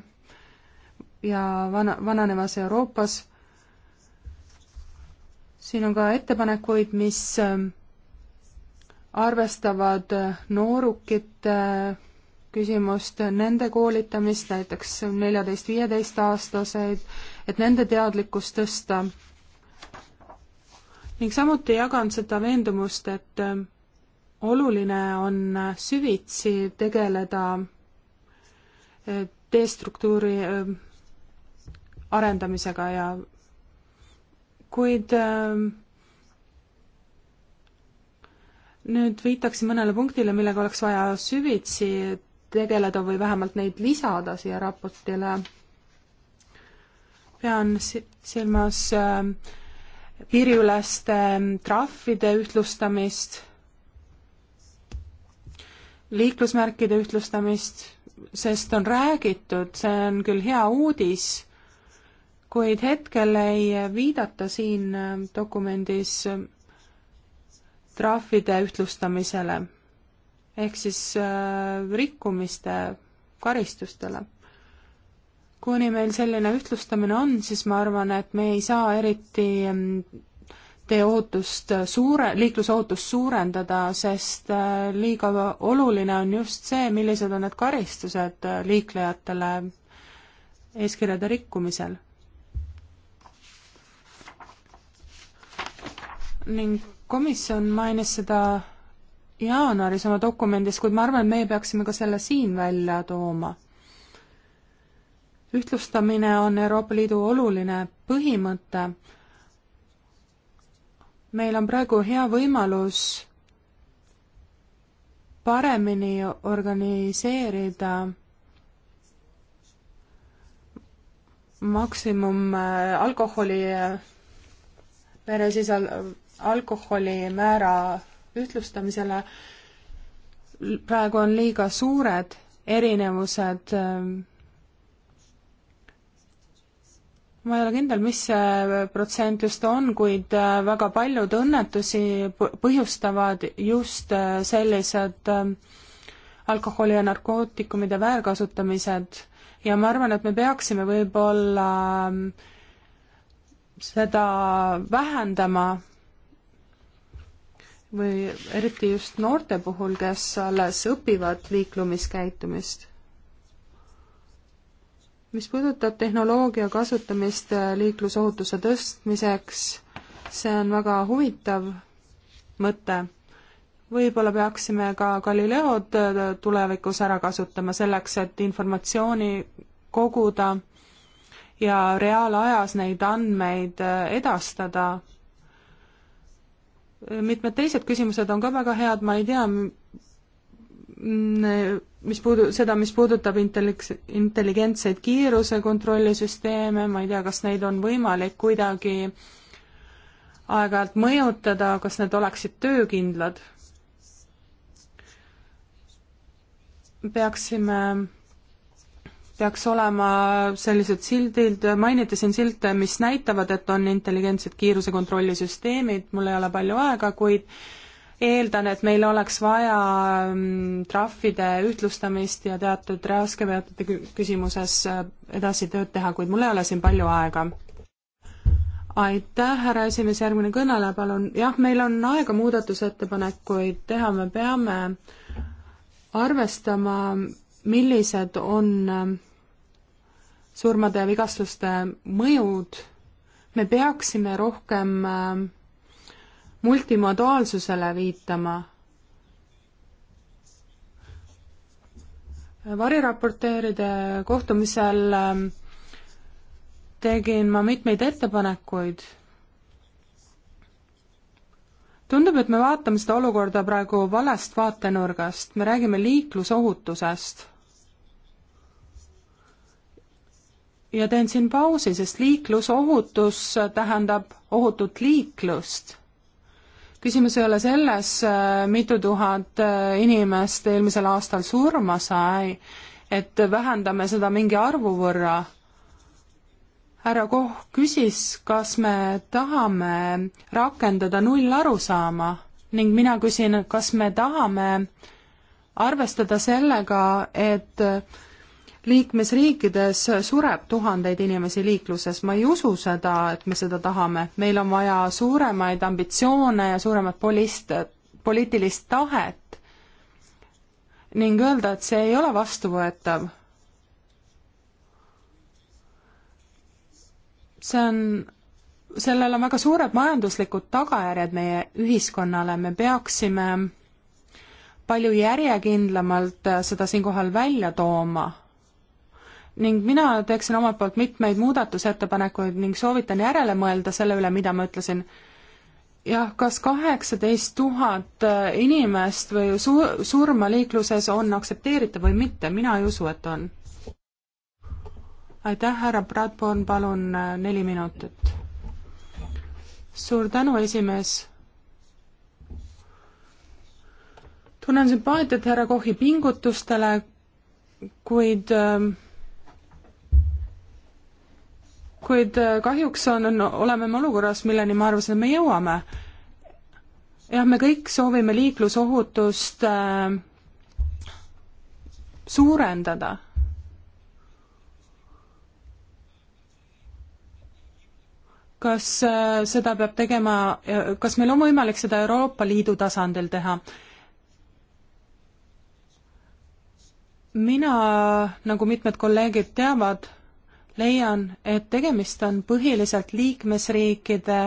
ja vana, vananevas Euroopas siin on ka ettepanekuid, mis ähm, arvestavad äh, noorukite äh, küsimust, nende koolitamist, näiteks neljateist-viieteistaastaseid, et nende teadlikkust tõsta. ning samuti jagan seda veendumust, et ähm, oluline on äh, süvitsi tegeleda destruktuuri ähm, arendamisega ja kuid ähm, nüüd viitaksin mõnele punktile, millega oleks vaja süvitsi tegeleda või vähemalt neid lisada siia raportile. pean silmas ähm, piiriüleste ähm, trahvide ühtlustamist, liiklusmärkide ühtlustamist, sest on räägitud, see on küll hea uudis kuid hetkel ei viidata siin äh, dokumendis äh, trahvide ühtlustamisele ehk siis äh, rikkumiste karistustele. kuni meil selline ühtlustamine on, siis ma arvan, et me ei saa eriti mm, teeohutust suure, liiklusohutust suurendada, sest liiga oluline on just see, millised on need karistused liiklejatele eeskirjade rikkumisel. ning komisjon mainis seda jaanuaris oma dokumendis, kuid ma arvan, et meie peaksime ka selle siin välja tooma. ühtlustamine on Euroopa Liidu oluline põhimõte. meil on praegu hea võimalus paremini organiseerida maksimum äh, alkoholi veresisal-, äh, alkoholimäära ühtlustamisele, praegu on liiga suured erinevused. ma ei ole kindel, mis see protsent just on, kuid väga paljud õnnetusi põhjustavad just sellised ähm, alkoholi ja narkootikumide väärkasutamised ja ma arvan, et me peaksime võib-olla ähm, seda vähendama või eriti just noorte puhul, kes alles õpivad liiklumiskäitumist. mis puudutab tehnoloogia kasutamist liiklusohutuse tõstmiseks, see on väga huvitav mõte. võib-olla peaksime ka Galileod tulevikus ära kasutama selleks, et informatsiooni koguda ja reaalajas neid andmeid edastada mitmed teised küsimused on ka väga head, ma ei tea, mis puudu-, seda, mis puudutab intelliks-, intelligentseid kiiruse kontrollisüsteeme, ma ei tea, kas neid on võimalik kuidagi aeg-ajalt mõjutada, kas need oleksid töökindlad? peaksime peaks olema sellised sildid, mainiti siin silte, mis näitavad, et on intelligentsed kiirusekontrollisüsteemid, mul ei ole palju aega, kuid eeldan, et meil oleks vaja mm, trahvide ühtlustamist ja teatud raskeveotite küsimuses äh, edasi tööd teha, kuid mul ei ole siin palju aega. aitäh, härra esimees, järgmine kõneleja, palun. jah, meil on aega muudatusettepanekuid teha, me peame arvestama millised on äh, surmade ja vigastuste mõjud, me peaksime rohkem äh, multimodaalsusele viitama. variraporteeride kohtumisel äh, tegin ma mitmeid ettepanekuid. tundub, et me vaatame seda olukorda praegu valest vaatenurgast, me räägime liiklusohutusest ja teen siin pausi, sest liiklusohutus tähendab ohutut liiklust. küsimus ei ole selles, mitu tuhat inimest eelmisel aastal surma sai, et vähendame seda mingi arvu võrra. härra Koh küsis, kas me tahame rakendada nullarusaama ning mina küsin, kas me tahame arvestada sellega, et liikmesriikides sureb tuhandeid inimesi liikluses, ma ei usu seda, et me seda tahame, meil on vaja suuremaid ambitsioone ja suuremat polist-, poliitilist tahet ning öelda, et see ei ole vastuvõetav. see on, sellel on väga suured majanduslikud tagajärjed meie ühiskonnale, me peaksime palju järjekindlamalt seda siinkohal välja tooma ning mina teeksin omalt poolt mitmeid muudatusettepanekuid ning soovitan järele mõelda selle üle, mida ma ütlesin. jah, kas kaheksateist tuhat äh, inimest või su-, surma liikluses on aktsepteeritav või mitte, mina ei usu, et on. aitäh, härra Bradborn, palun äh, neli minutit. suur tänu, esimees. tunnen sümpaatiat härra Kohi pingutustele, kuid äh, kuid äh, kahjuks on, on, oleme me olukorras, milleni ma arvasin, et me jõuame. jah, me kõik soovime liiklusohutust äh, suurendada. kas äh, seda peab tegema, kas meil on võimalik seda Euroopa Liidu tasandil teha? mina, nagu mitmed kolleegid teavad leian, et tegemist on põhiliselt liikmesriikide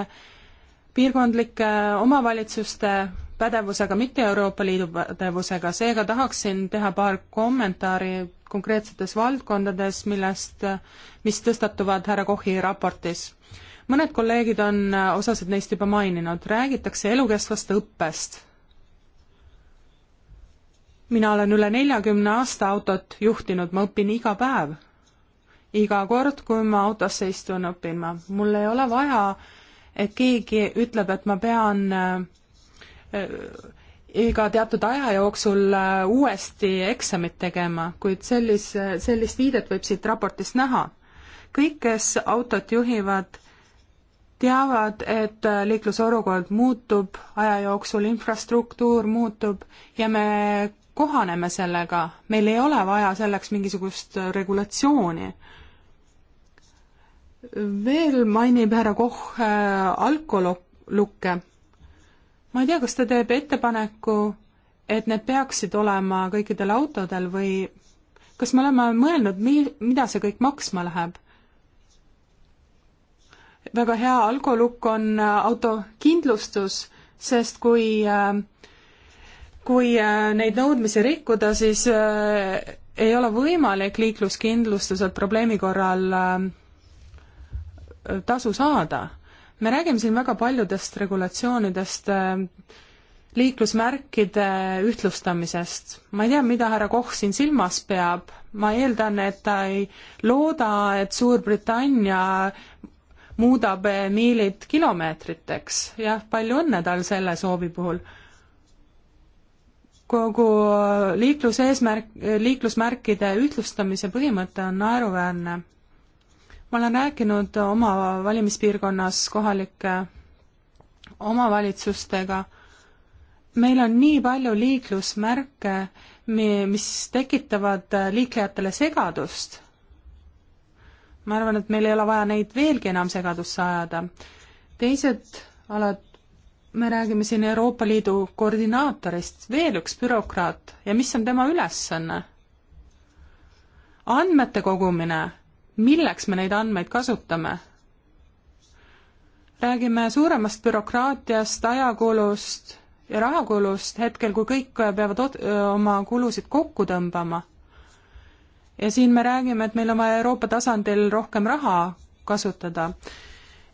piirkondlike omavalitsuste pädevusega, mitte Euroopa Liidu pädevusega, seega tahaksin teha paar kommentaari konkreetsetes valdkondades, millest, mis tõstatuvad härra Kochi raportis. mõned kolleegid on osasid neist juba maininud, räägitakse elukestvast õppest. mina olen üle neljakümne aasta autot juhtinud, ma õpin iga päev iga kord, kui ma autosse istun, õpin ma. mul ei ole vaja, et keegi ütleb, et ma pean äh, iga teatud aja jooksul äh, uuesti eksamit tegema, kuid sellis, sellist viidet võib siit raportist näha. kõik, kes autot juhivad, teavad, et äh, liiklusolukord muutub aja jooksul, infrastruktuur muutub ja me kohaneme sellega, meil ei ole vaja selleks mingisugust regulatsiooni veel mainib härra Koch äh, alkolukke. ma ei tea, kas ta teeb ettepaneku, et need peaksid olema kõikidel autodel või kas me oleme mõelnud, mi-, mida see kõik maksma läheb? väga hea alkolukk on äh, auto kindlustus, sest kui, äh, kui neid nõudmisi rikkuda, siis ei ole võimalik liikluskindlustuselt probleemi korral äh, tasu saada. me räägime siin väga paljudest regulatsioonidest, äh, liiklusmärkide ühtlustamisest. ma ei tea, mida härra Koch siin silmas peab, ma eeldan, et ta ei looda, et Suurbritannia muudab äh, miilid kilomeetriteks, jah, palju õnne tal selle soovi puhul. kogu liikluse eesmärk, liiklusmärkide ühtlustamise põhimõte on naeruväärne ma olen rääkinud oma valimispiirkonnas kohalike omavalitsustega, meil on nii palju liiklusmärke, mis tekitavad äh, liiklejatele segadust. ma arvan, et meil ei ole vaja neid veelgi enam segadusse ajada. teised alad me räägime siin Euroopa Liidu koordinaatorist, veel üks bürokraat ja mis on tema ülesanne? andmete kogumine, milleks me neid andmeid kasutame. räägime suuremast bürokraatiast, ajakulust ja rahakulust hetkel, kui kõik peavad oma kulusid kokku tõmbama. ja siin me räägime, et meil on vaja Euroopa tasandil rohkem raha kasutada.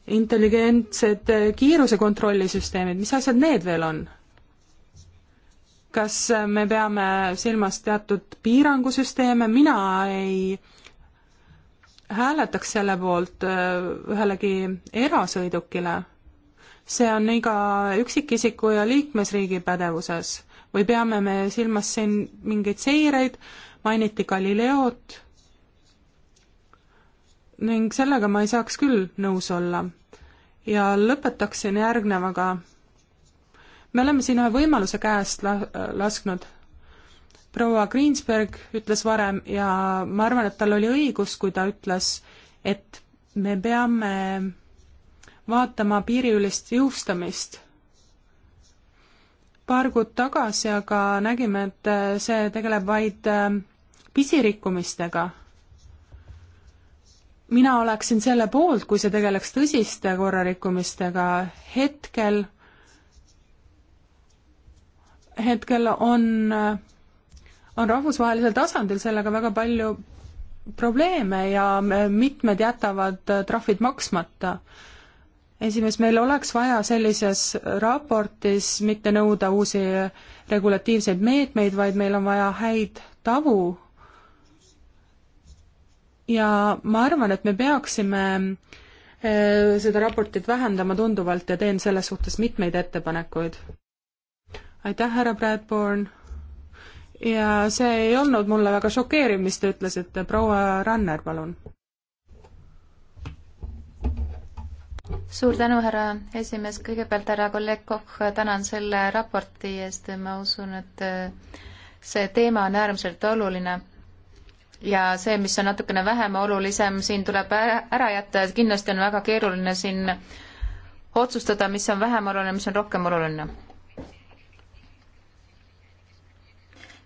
intelligentsed kiirusekontrollisüsteemid, mis asjad need veel on? kas me peame silmas teatud piirangusüsteeme, mina ei äh, hääletaks selle poolt äh, ühelegi erasõidukile, see on iga üksikisiku ja liikmesriigi pädevuses või peame me silmas siin mingeid seireid, mainiti Galileot ning sellega ma ei saaks küll nõus olla. ja lõpetaksin järgnevaga. me oleme siin ühe võimaluse käest la-, lasknud proua Greensberg ütles varem ja ma arvan, et tal oli õigus, kui ta ütles, et me peame vaatama piiriülist jõustamist. paar kuud tagasi aga nägime, et see tegeleb vaid äh, pisirikkumistega. mina oleksin selle poolt, kui see tegeleks tõsiste korrarikkumistega, hetkel hetkel on äh, on rahvusvahelisel tasandil sellega väga palju probleeme ja mitmed jätavad trahvid maksmata. esimees, meil oleks vaja sellises raportis mitte nõuda uusi regulatiivseid meetmeid, vaid meil on vaja häid tavu. ja ma arvan, et me peaksime eh, seda raportit vähendama tunduvalt ja teen selles suhtes mitmeid ettepanekuid. aitäh, härra Bradburn! ja see ei olnud mulle väga šokeeriv, mis te ütlesite, proua Ranner, palun. suur tänu, härra esimees, kõigepealt härra kolleeg Koch, tänan selle raporti eest, ma usun, et äh, see teema on äärmiselt oluline. ja see, mis on natukene vähem olulisem, siin tuleb ära, ära jätta, et kindlasti on väga keeruline siin otsustada, mis on vähem oluline, mis on rohkem oluline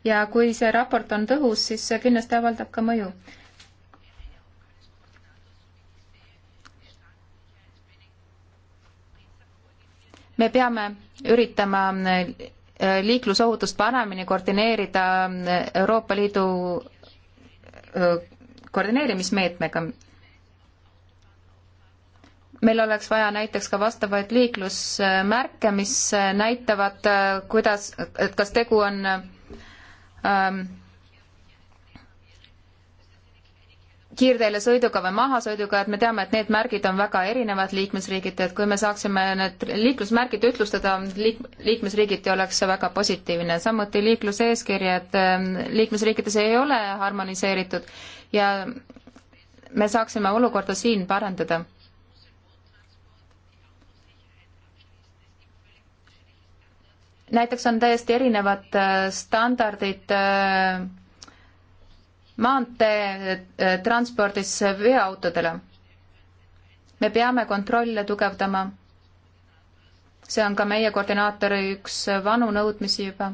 ja kui see raport on tõhus, siis see kindlasti avaldab ka mõju. me peame üritama äh, liiklusohutust paremini koordineerida äh, Euroopa Liidu äh, koordineerimismeetmega. meil oleks vaja näiteks ka vastavaid liiklusmärke, mis näitavad, kuidas, et kas tegu on ähm, kiirteele sõiduga või mahasõiduga, et me teame, et need märgid on väga erinevad liikmesriigiti, et kui me saaksime need liiklusmärgid ütlustada liik-, liikmesriigiti, oleks see väga positiivne. samuti liikluseeskirjad ähm, liikmesriikides ei ole harmoniseeritud ja me saaksime olukorda siin parandada. näiteks on täiesti erinevad äh, standardid äh, maanteetranspordis äh, veoautodele. me peame kontrolle tugevdama. see on ka meie koordinaatori üks vanu nõudmisi juba.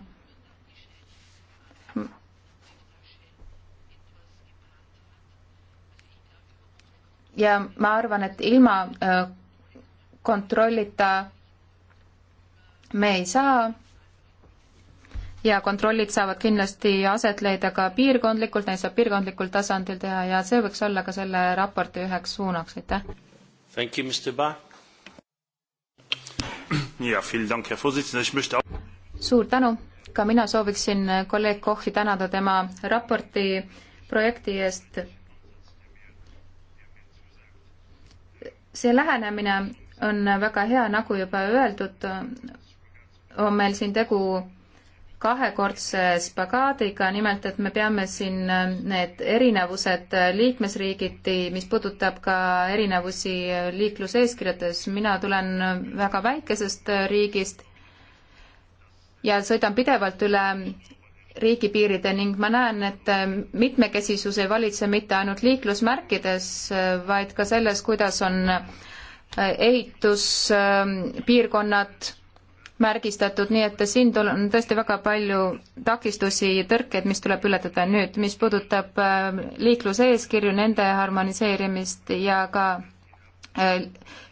ja ma arvan, et ilma kontrollita me ei saa ja kontrollid saavad kindlasti aset leida ka piirkondlikult, neid saab piirkondlikul tasandil teha ja see võiks olla ka selle raporti üheks suunaks, aitäh. Thank you, Mr Ba. [clears throat] ja, vielen Dank, Herr Vorsitzender, ich möchte auch suur tänu, ka mina sooviksin kolleeg Kochi tänada tema raporti projekti eest. see lähenemine on väga hea, nagu juba öeldud, on meil siin tegu kahekordse spagaadiga, nimelt et me peame siin äh, need erinevused äh, liikmesriigiti, mis puudutab ka erinevusi äh, liikluseeskirjades, mina tulen väga väikesest riigist ja sõidan pidevalt üle riigipiiride ning ma näen, et mitmekesisus ei valitse mitte ainult liiklusmärkides, vaid ka selles, kuidas on ehituspiirkonnad äh, märgistatud, nii et siin on tõesti väga palju takistusi ja tõrkeid, mis tuleb ületada nüüd, mis puudutab äh, liikluseeskirju, nende harmoniseerimist ja ka äh,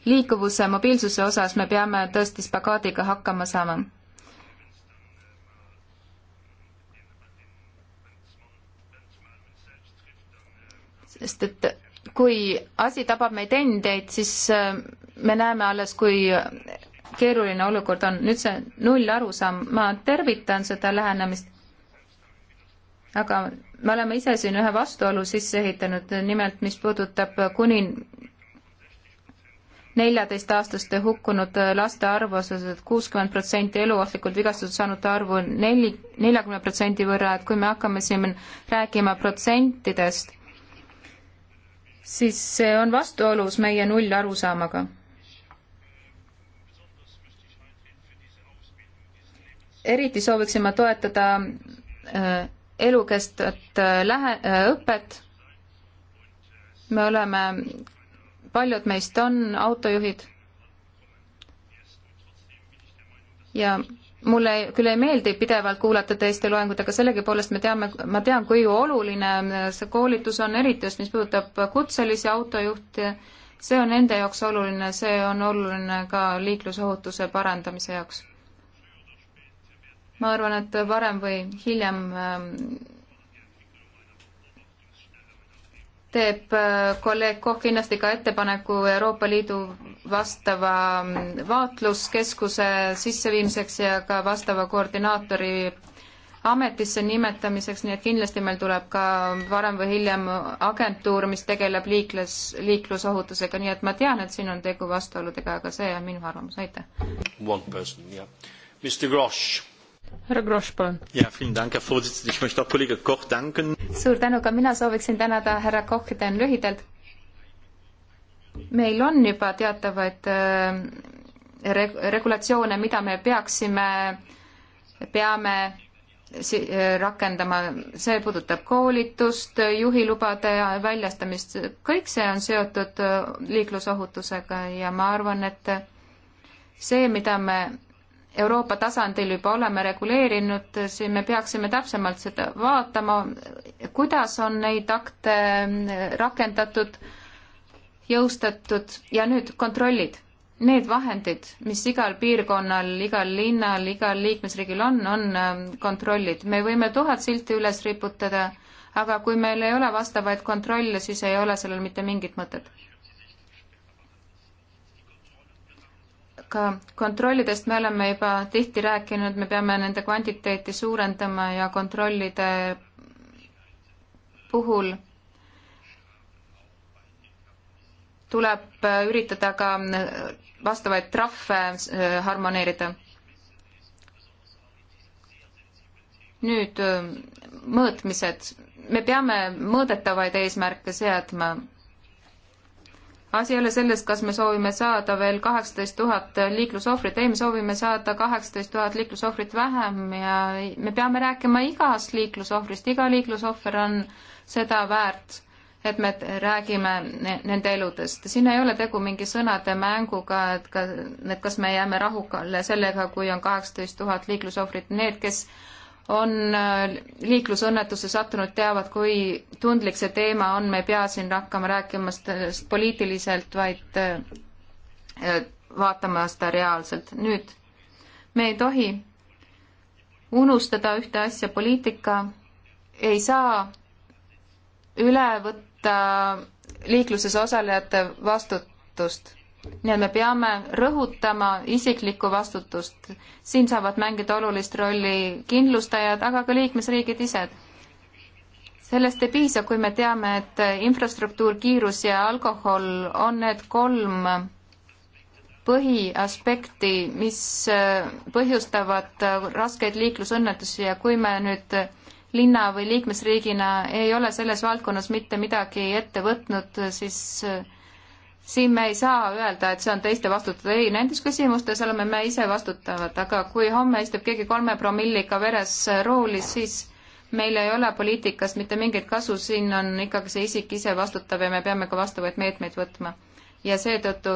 liikuvuse, mobiilsuse osas me peame tõesti spagaadiga hakkama saama. sest et kui asi tabab meid endeid, siis äh, me näeme alles, kui keeruline olukord on. nüüd see null arusaam, ma tervitan seda lähenemist, aga me oleme ise siin ühe vastuolu sisse ehitanud, nimelt mis puudutab kuni neljateistaastaste hukkunud laste arvu osas, et kuuskümmend protsenti eluohtlikult vigastused saanute arvu neli, neljakümne protsendi võrra, et kui me hakkame siin rääkima protsentidest, siis see on vastuolus meie null arusaamaga eriti sooviksin ma toetada äh, elukestvat äh, lähe-, äh, õpet. me oleme, paljud meist on autojuhid. ja mulle küll ei meeldi pidevalt kuulata teiste loengut, aga sellegipoolest me teame, ma tean, kui oluline see koolitus on, eriti just mis puudutab kutselisi autojuhte, see on nende jaoks oluline, see on oluline ka liiklusohutuse parandamise jaoks ma arvan, et varem või hiljem ähm, teeb äh, kolleeg Koch kindlasti ka ettepaneku Euroopa Liidu vastava ähm, vaatluskeskuse sisseviimiseks ja ka vastava koordinaatori ametisse nimetamiseks, nii et kindlasti meil tuleb ka varem või hiljem agentuur, mis tegeleb liikles, liiklusohutusega, nii et ma tean, et siin on tegu vastuoludega, aga see on minu arvamus, aitäh. One person, jah yeah.. Mr Grosch härra Grosch, palun. suur tänu ka mina sooviksin tänada härra Kochi, teen lühidalt. meil on juba teatavaid äh, reg-, regulatsioone, mida me peaksime, peame si-, äh, rakendama, see puudutab koolitust, juhilubade väljastamist, kõik see on seotud äh, liiklusohutusega ja ma arvan, et see, mida me Euroopa tasandil juba oleme reguleerinud, siin me peaksime täpsemalt seda vaatama, kuidas on neid akte rakendatud, jõustatud ja nüüd kontrollid. Need vahendid, mis igal piirkonnal, igal linnal, igal liikmesriigil on, on ähm, kontrollid. me võime tuhat silti üles riputada, aga kui meil ei ole vastavaid kontrolle, siis ei ole sellel mitte mingit mõtet ka kontrollidest me oleme juba tihti rääkinud, me peame nende kvantiteeti suurendama ja kontrollide puhul tuleb üritada ka vastavaid trahve äh, harmoneerida. nüüd äh, mõõtmised. me peame mõõdetavaid eesmärke seadma asi ei ole selles, kas me soovime saada veel kaheksateist tuhat liiklusohvrit, ei, me soovime saada kaheksateist tuhat liiklusohvrit vähem ja me peame rääkima igast liiklusohvrist, iga liiklusohver on seda väärt, et me räägime nende eludest. siin ei ole tegu mingi sõnade mänguga, et ka, et kas me jääme rahukale sellega, kui on kaheksateist tuhat liiklusohvrit, need, kes on äh, liiklusõnnetusse sattunud, teavad, kui tundlik see teema on, me ei pea siin hakkama rääkima sellest poliitiliselt, vaid äh, vaatama seda reaalselt. nüüd, me ei tohi unustada ühte asja, poliitika ei saa üle võtta liikluses osalejate vastutust nii et me peame rõhutama isiklikku vastutust. siin saavad mängida olulist rolli kindlustajad, aga ka liikmesriigid ise. sellest ei piisa, kui me teame, et infrastruktuur, kiirus ja alkohol on need kolm põhiaspekti, mis äh, põhjustavad äh, raskeid liiklusõnnetusi ja kui me nüüd linna või liikmesriigina ei ole selles valdkonnas mitte midagi ette võtnud, siis äh, siin me ei saa öelda, et see on teiste vastutada, ei, nendes küsimustes oleme me ise vastutavad, aga kui homme istub keegi kolme promilliga veres roolis, siis meil ei ole poliitikast mitte mingit kasu, siin on ikkagi see isik ise vastutav ja me peame ka vastavaid meetmeid võtma. ja seetõttu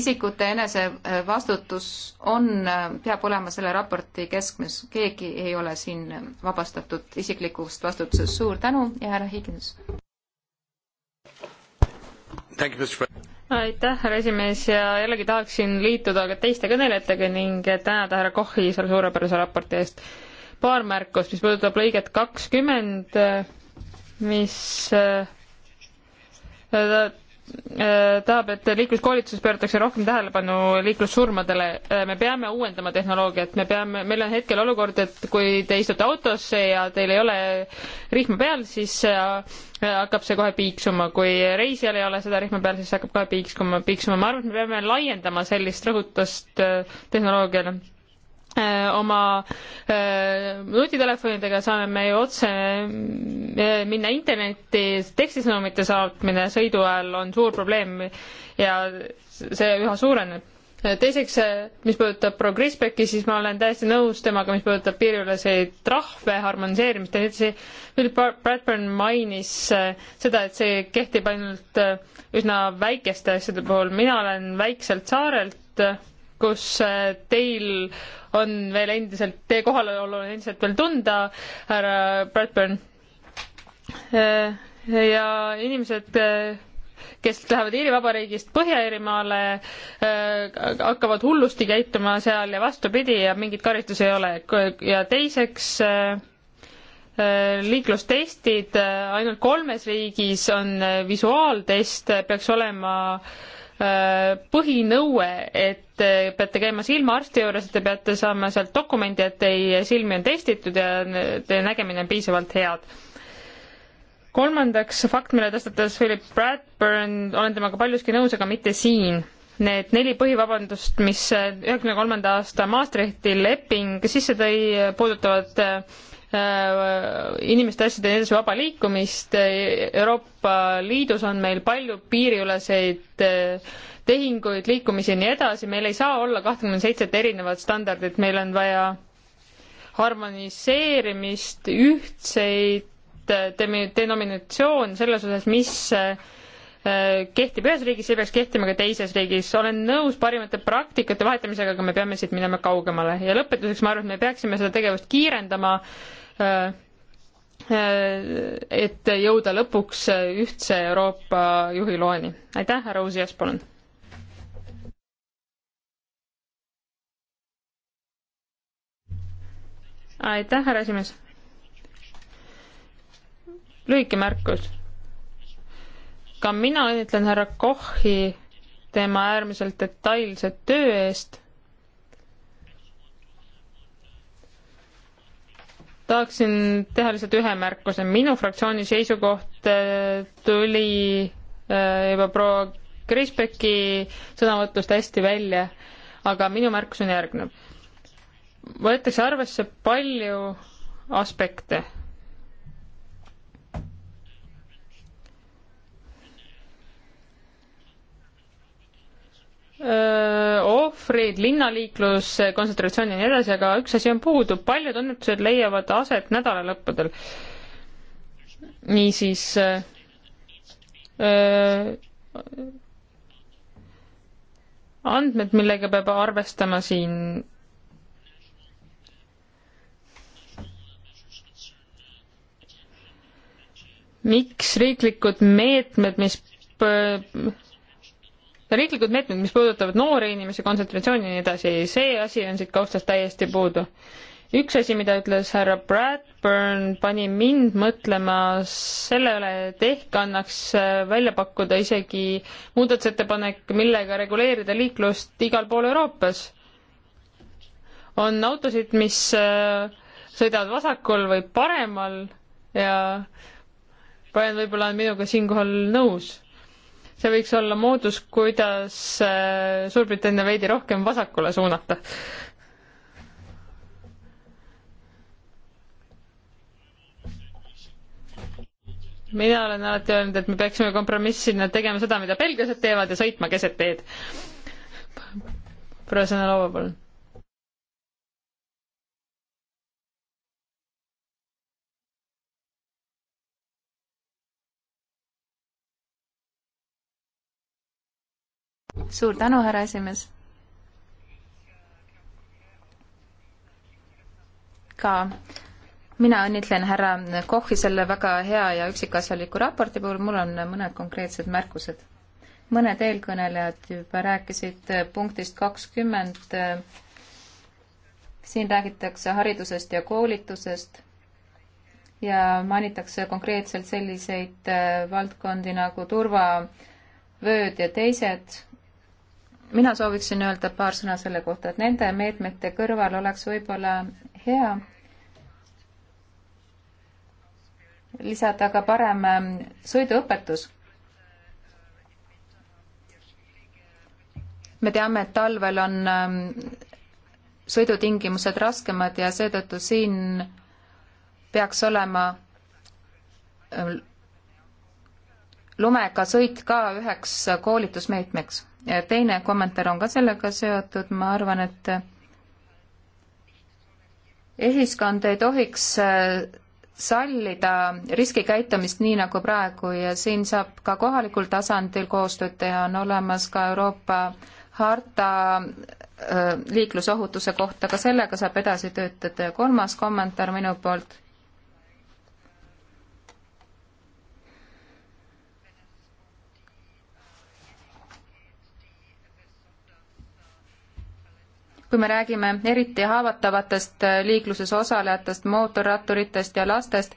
isikute enese äh, vastutus on, äh, peab olema selle raporti keskmes, keegi ei ole siin vabastatud isiklikust vastutusest. suur tänu ja härra Higins! aitäh, härra esimees ja jällegi tahaksin liituda ka teiste kõnelejatega ning tänada härra Kochi selle suurepärase raporti eest. paar märkust, mis puudutab lõiget kakskümmend, mis äh, Äh, tahab, et liikluskoolituses pööratakse rohkem tähelepanu liiklussurmadele. Äh, me peame uuendama tehnoloogiat, me peame, meil on hetkel olukord, et kui te istute autosse ja teil ei ole rihma peal, siis äh, hakkab see kohe piiksuma, kui reisijal ei ole seda rihma peal, siis hakkab kohe piiksuma, piiksuma. ma arvan, et me peame laiendama sellist rõhutust tehnoloogiale Äh, oma äh, nutitelefonidega saame me ju otse äh, minna internetti, tekstisõnumite saatmine sõidu ajal on suur probleem ja see üha suureneb. teiseks, mis puudutab Progressbacki, siis ma olen täiesti nõus temaga, mis puudutab piiriüleseid trahve, harmoniseerimist ja nii edasi. Philip Bradburn mainis seda, et see kehtib ainult üsna väikeste asjade puhul. mina olen väikselt saarelt kus äh, teil on veel endiselt, teie kohalolu on endiselt veel tunda, härra Bradburn. Äh, ja inimesed, äh, kes lähevad Iiri Vabariigist Põhja-Iirimaale, hakkavad hullusti käituma seal ja vastupidi ja mingeid karistusi ei ole. ja teiseks liiklustestid ainult kolmes riigis on visuaaltest, peaks olema äh, põhinõue, et peate käima silmaarsti juures, te peate saama sealt dokumendi, et teie silmi on testitud ja teie nägemine on piisavalt head. kolmandaks fakt, mille tõstatas Philip Bradburn, olen temaga paljuski nõus, aga mitte siin. Need neli põhivabandust, mis üheksakümne kolmanda aasta Maastrichti leping sisse tõi, puudutavad Äh, inimeste asjade ja nii edasi vaba liikumist. Euroopa Liidus on meil palju piiriüleseid äh, tehinguid, liikumisi ja nii edasi, meil ei saa olla kahtekümmend seitset erinevat standardit, meil on vaja harmoniseerimist, ühtseid äh, denominatsioon selles osas, mis kehtib ühes riigis, see peaks kehtima ka teises riigis. olen nõus parimate praktikate vahetamisega, aga me peame siit minema kaugemale ja lõpetuseks ma arvan, et me peaksime seda tegevust kiirendama Äh, äh, et jõuda lõpuks ühtse Euroopa juhiloani. aitäh, härra Uusias, palun! aitäh, härra esimees! lühike märkus. ka mina õnnitlen härra Kochi tema äärmiselt detailse töö eest tahaksin teha lihtsalt ühe märkuse. minu fraktsiooni seisukoht äh, tuli äh, juba proua Krispeki sõnavõtust hästi välja, aga minu märkus on järgnev. võetakse arvesse palju aspekte ohvrid, linnaliiklus, kontsentratsioon ja nii edasi, aga üks asi on puudu, paljud õnnetused leiavad aset nädalalõppudel. niisiis öö, andmed, millega peab arvestama siin miks riiklikud meetmed, mis riiklikud meetmed, mis puudutavad noori inimesi, kontsentratsiooni ja nii edasi, see asi on siit kaustast täiesti puudu. üks asi, mida ütles härra Bradburn, pani mind mõtlema selle üle, et ehk annaks välja pakkuda isegi muudatusettepanek, millega reguleerida liiklust igal pool Euroopas. on autosid, mis äh, sõidavad vasakul või paremal ja Brian võib-olla on minuga siinkohal nõus see võiks olla moodus, kuidas äh, Suurbritannia veidi rohkem vasakule suunata. mina olen alati öelnud, et me peaksime kompromissina tegema seda, mida belglased teevad ja sõitma keset teed. proua Sõnalova, palun suur tänu, härra esimees. ka mina õnnitlen härra Kochi selle väga hea ja üksikasjaliku raporti puhul, mul on mõned konkreetsed märkused. mõned eelkõnelejad juba rääkisid punktist kakskümmend. siin räägitakse haridusest ja koolitusest ja mainitakse konkreetselt selliseid valdkondi nagu turvavööd ja teised mina sooviksin öelda paar sõna selle kohta, et nende meetmete kõrval oleks võib-olla hea lisada ka parem ähm, sõiduõpetus. me teame, et talvel on ähm, sõidutingimused raskemad ja seetõttu siin peaks olema ähm, lumega sõit ka üheks koolitusmeetmeks teine kommentaar on ka sellega seotud, ma arvan, et ühiskond ei tohiks äh, sallida riskikäitumist nii nagu praegu ja siin saab ka kohalikul tasandil koostööd teha, on olemas ka Euroopa harta äh, liiklusohutuse kohta, ka sellega saab edasi töötada ja kolmas kommentaar minu poolt kui me räägime eriti haavatavatest äh, liikluses osalejatest, mootorratturitest ja lastest,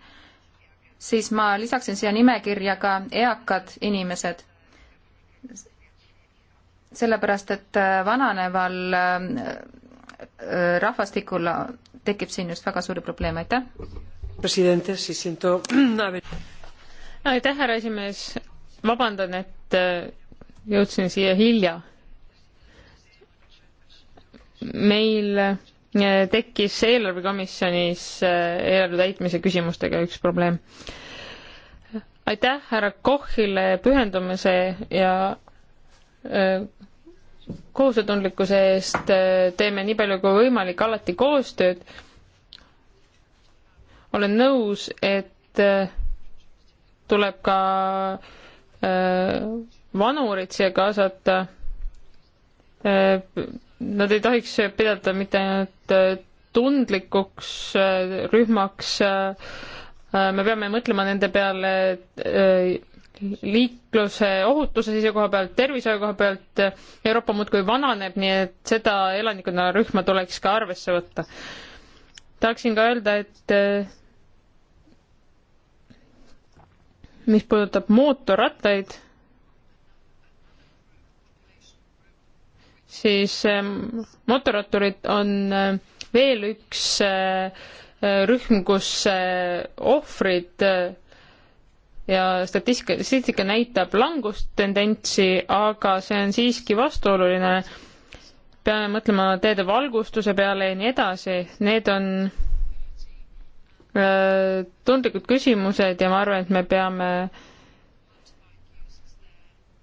siis ma lisaksin siia nimekirja ka eakad inimesed. sellepärast, et äh, vananeval äh, rahvastikul tekib siin just väga suuri probleeme, aitäh! [clears throat] aitäh, härra esimees, vabandan, et jõudsin siia hilja meil äh, tekkis eelarvekomisjonis äh, eelarve täitmise küsimustega üks probleem. aitäh härra Kochile pühendumise ja äh, kohusetundlikkuse eest, teeme nii palju kui võimalik alati koostööd. olen nõus, et tuleb ka vanurid siia kaasata nad ei tohiks pidada mitte ainult äh, tundlikuks äh, rühmaks, äh, me peame mõtlema nende peale liikluse ohutuse seisukoha pealt, tervishoiu koha pealt, Euroopa muudkui vananeb, nii et seda elanikkonnarühma tuleks ka arvesse võtta. tahaksin ka öelda, et mis puudutab mootorrattaid siis ähm, motorratturid on äh, veel üks äh, äh, rühm, kus ohvrid ja statistika, statistika näitab langustendentsi, aga see on siiski vastuoluline. peame mõtlema teede valgustuse peale ja nii edasi, need on tundlikud küsimused ja ma arvan, et me peame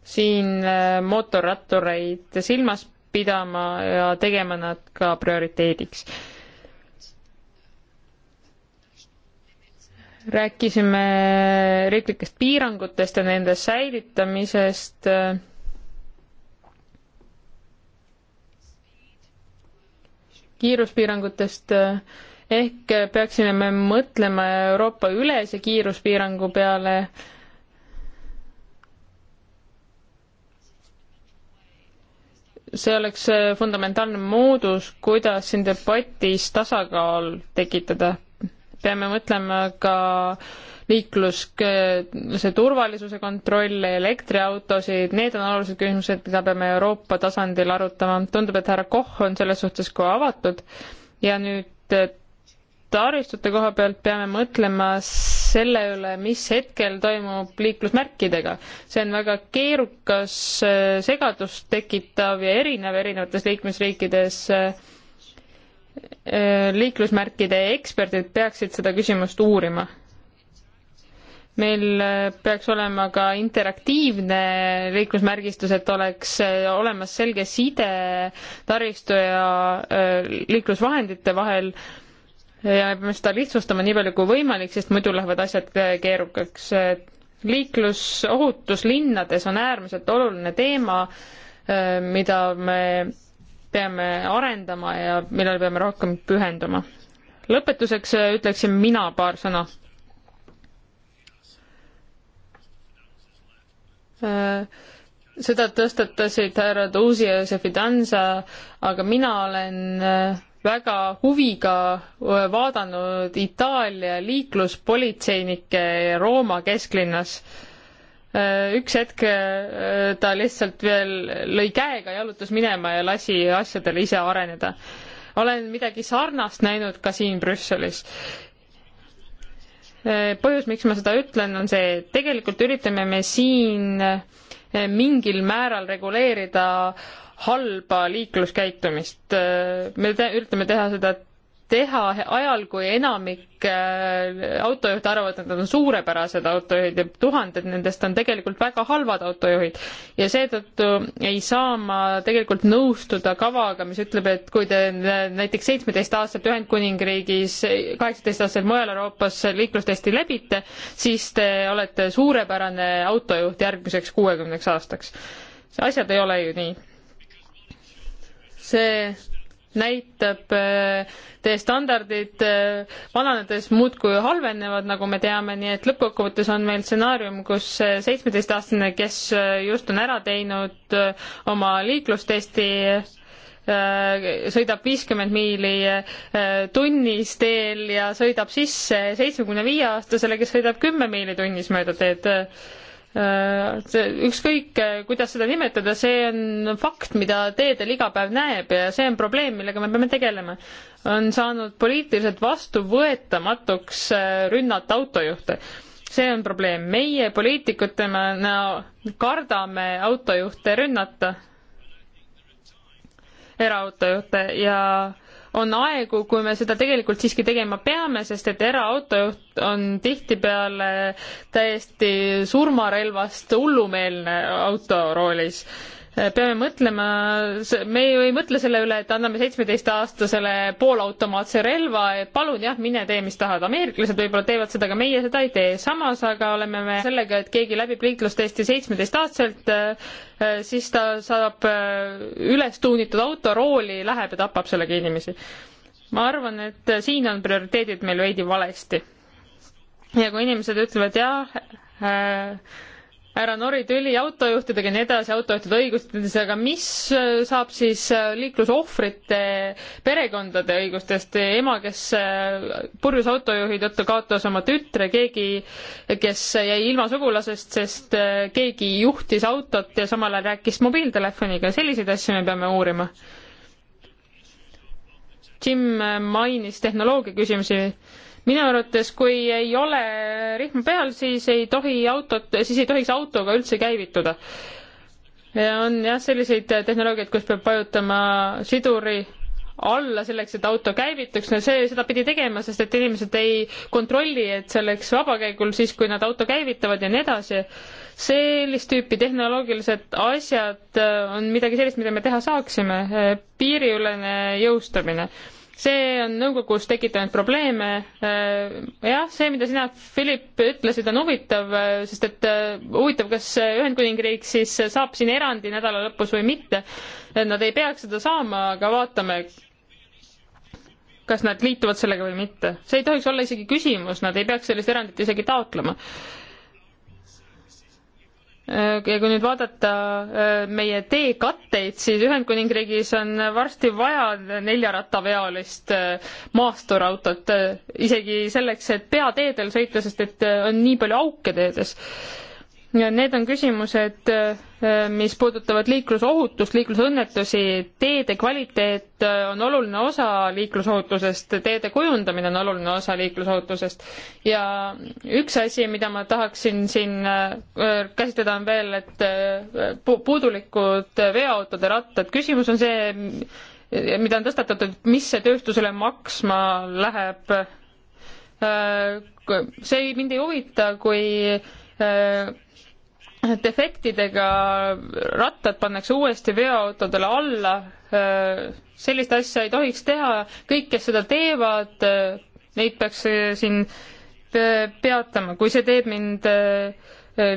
siin mootorrattureid silmas pidama ja tegema nad ka prioriteediks. rääkisime riiklikest piirangutest ja nende säilitamisest kiiruspiirangutest ehk peaksime me mõtlema Euroopa ülese kiiruspiirangu peale see oleks fundamentaalne moodus, kuidas siin debatis tasakaal tekitada. peame mõtlema ka liikluse turvalisuse kontrolli, elektriautosid, need on olulised küsimused, mida peame Euroopa tasandil arutama. tundub, et härra Koch on selles suhtes ka avatud ja nüüd taristute koha pealt peame mõtlema selle üle, mis hetkel toimub liiklusmärkidega. see on väga keerukas, äh, segadust tekitav ja erinev erinevates liikmesriikides. Äh, äh, liiklusmärkide eksperdid peaksid seda küsimust uurima. meil peaks olema ka interaktiivne liiklusmärgistus, et oleks olemas selge side taristu ja liiklusvahendite vahel ja me peame seda lihtsustama nii palju kui võimalik, sest muidu lähevad asjad keerukaks. liiklusohutus linnades on äärmiselt oluline teema, mida me peame arendama ja millele peame rohkem pühenduma. lõpetuseks ütleksin mina paar sõna. seda tõstatasid härrad Uusi ja Sefidanza, aga mina olen väga huviga vaadanud Itaalia liikluspolitseinike Rooma kesklinnas. üks hetk ta lihtsalt veel lõi käega, jalutas minema ja lasi asjadel ise areneda. olen midagi sarnast näinud ka siin Brüsselis põhjus, miks ma seda ütlen, on see, et tegelikult üritame me siin mingil määral reguleerida halba liikluskäitumist. me te üritame teha seda teha ajal, kui enamik äh, autojuhte arvavad, et nad on suurepärased autojuhid ja tuhanded nendest on tegelikult väga halvad autojuhid. ja seetõttu ei saa ma tegelikult nõustuda kavaga, mis ütleb, et kui te näiteks seitsmeteistaastaselt Ühendkuningriigis, kaheksateistaastaselt mujal Euroopas liiklustesti läbite, siis te olete suurepärane autojuht järgmiseks kuuekümneks aastaks. asjad ei ole ju nii see näitab äh, teie standardid äh, vananedes muudkui halvenevad, nagu me teame, nii et lõppkokkuvõttes on meil stsenaarium, kus seitsmeteistaastane, kes äh, just on ära teinud oma liiklustesti, sõidab viiskümmend miili tunnis teel ja sõidab sisse seitsmekümne viie aastasele, kes sõidab kümme miili tunnis mööda teed Äh, see ükskõik, äh, kuidas seda nimetada, see on fakt, mida teedel iga päev näeb ja see on probleem, millega me peame tegelema. on saanud poliitiliselt vastuvõetamatuks äh, rünnata autojuhte. see on probleem. meie poliitikutena no, kardame autojuhte rünnata, eraautojuhte ja on aegu, kui me seda tegelikult siiski tegema peame, sest et eraautojuht on tihtipeale täiesti surmarelvast hullumeelne autoroolis peame mõtlema, me ju ei mõtle selle üle, et anname seitsmeteistaastasele poolautomaatse relva, et palun jah, mine tee, mis tahad. ameeriklased võib-olla teevad seda, aga meie seda ei tee. samas aga oleme me sellega, et keegi läbib liiklustesti seitsmeteistaastaselt, äh, siis ta saab äh, üles tuunitud auto rooli, läheb ja tapab sellega inimesi. ma arvan, et siin on prioriteedid meil veidi valesti. ja kui inimesed ütlevad jah äh,, härra Nori tüli autojuhtidega ja nii edasi, autojuhtide õigustest, aga mis äh, saab siis äh, liiklusohvrite perekondade õigustest, ema, kes äh, purjus autojuhi tõttu kaotas oma tütre, keegi, kes jäi ilma sugulasest, sest keegi juhtis autot ja samal ajal rääkis mobiiltelefoniga, selliseid asju me peame uurima. Jim mainis tehnoloogia küsimusi minu arvates, kui ei ole rihm peal, siis ei tohi autot, siis ei tohiks autoga üldse käivituda. ja on jah, selliseid tehnoloogiaid, kus peab vajutama siduri alla selleks, et auto käivituks, no see, seda pidi tegema, sest et inimesed ei kontrolli, et see oleks vabakäigul siis, kui nad auto käivitavad ja nii edasi. sellist tüüpi tehnoloogilised asjad äh, on midagi sellist, mida me teha saaksime, äh, piiriülene jõustamine see on nõukogus tekitanud probleeme. Äh, jah, see, mida sina, Philip, ütlesid, on huvitav, äh, sest et äh, huvitav, kas Ühendkuningriik siis saab siin erandi nädala lõpus või mitte. et nad ei peaks seda saama, aga vaatame, kas nad liituvad sellega või mitte. see ei tohiks olla isegi küsimus, nad ei peaks sellist erandit isegi taotlema Äh, ja kui nüüd vaadata äh, meie teekatteid, siis Ühendkuningriigis on varsti vaja neljarattaveolist äh, maasturautot, isegi selleks, et peateedel sõita, sest et on nii palju auke teedes Need on küsimused, äh, mis puudutavad liiklusohutust, liiklusõnnetusi, teede kvaliteet äh, on oluline osa liiklusohutusest, teede kujundamine on oluline osa liiklusohutusest ja üks asi, mida ma tahaksin siin äh, käsitleda, on veel, et puudulikud veoautode rattad. küsimus on see, mida on tõstatatud, mis see tööstusele maksma läheb. see mind ei huvita, kui defektidega rattad pannakse uuesti veoautodele alla, äh, sellist asja ei tohiks teha, kõik, kes seda teevad, äh, neid peaks äh, siin peatama, kui see teeb mind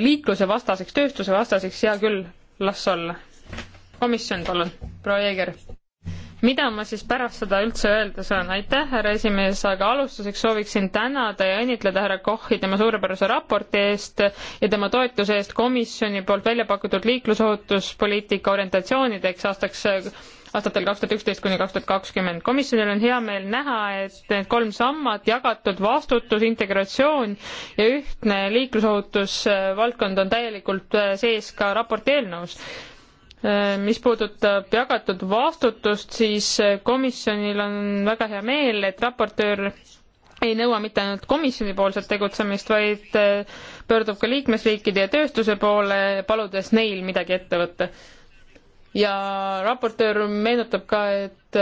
liikluse vastaseks, tööstuse vastaseks, hea küll, las olla. komisjon, palun, proua Jeeger mida ma siis pärast seda üldse öelda saan? aitäh, härra esimees, aga alustuseks sooviksin tänada ja õnnitleda härra Kochi tema suurepärase raporti eest ja tema toetuse eest komisjoni poolt välja pakutud liiklusohutuspoliitika orientatsioonideks aastaks aastatel kaks tuhat üksteist kuni kaks tuhat kakskümmend. komisjonil on hea meel näha, et need kolm sammat, jagatud vastutus, integratsioon ja ühtne liiklusohutusvaldkond on täielikult äh, sees ka raporti eelnõus Äh, mis puudutab jagatud vastutust, siis äh, komisjonil on väga hea meel, et raportöör ei nõua mitte ainult komisjonipoolset tegutsemist, vaid äh, pöördub ka liikmesriikide ja tööstuse poole, paludes neil midagi ette võtta. ja raportöör meenutab ka, et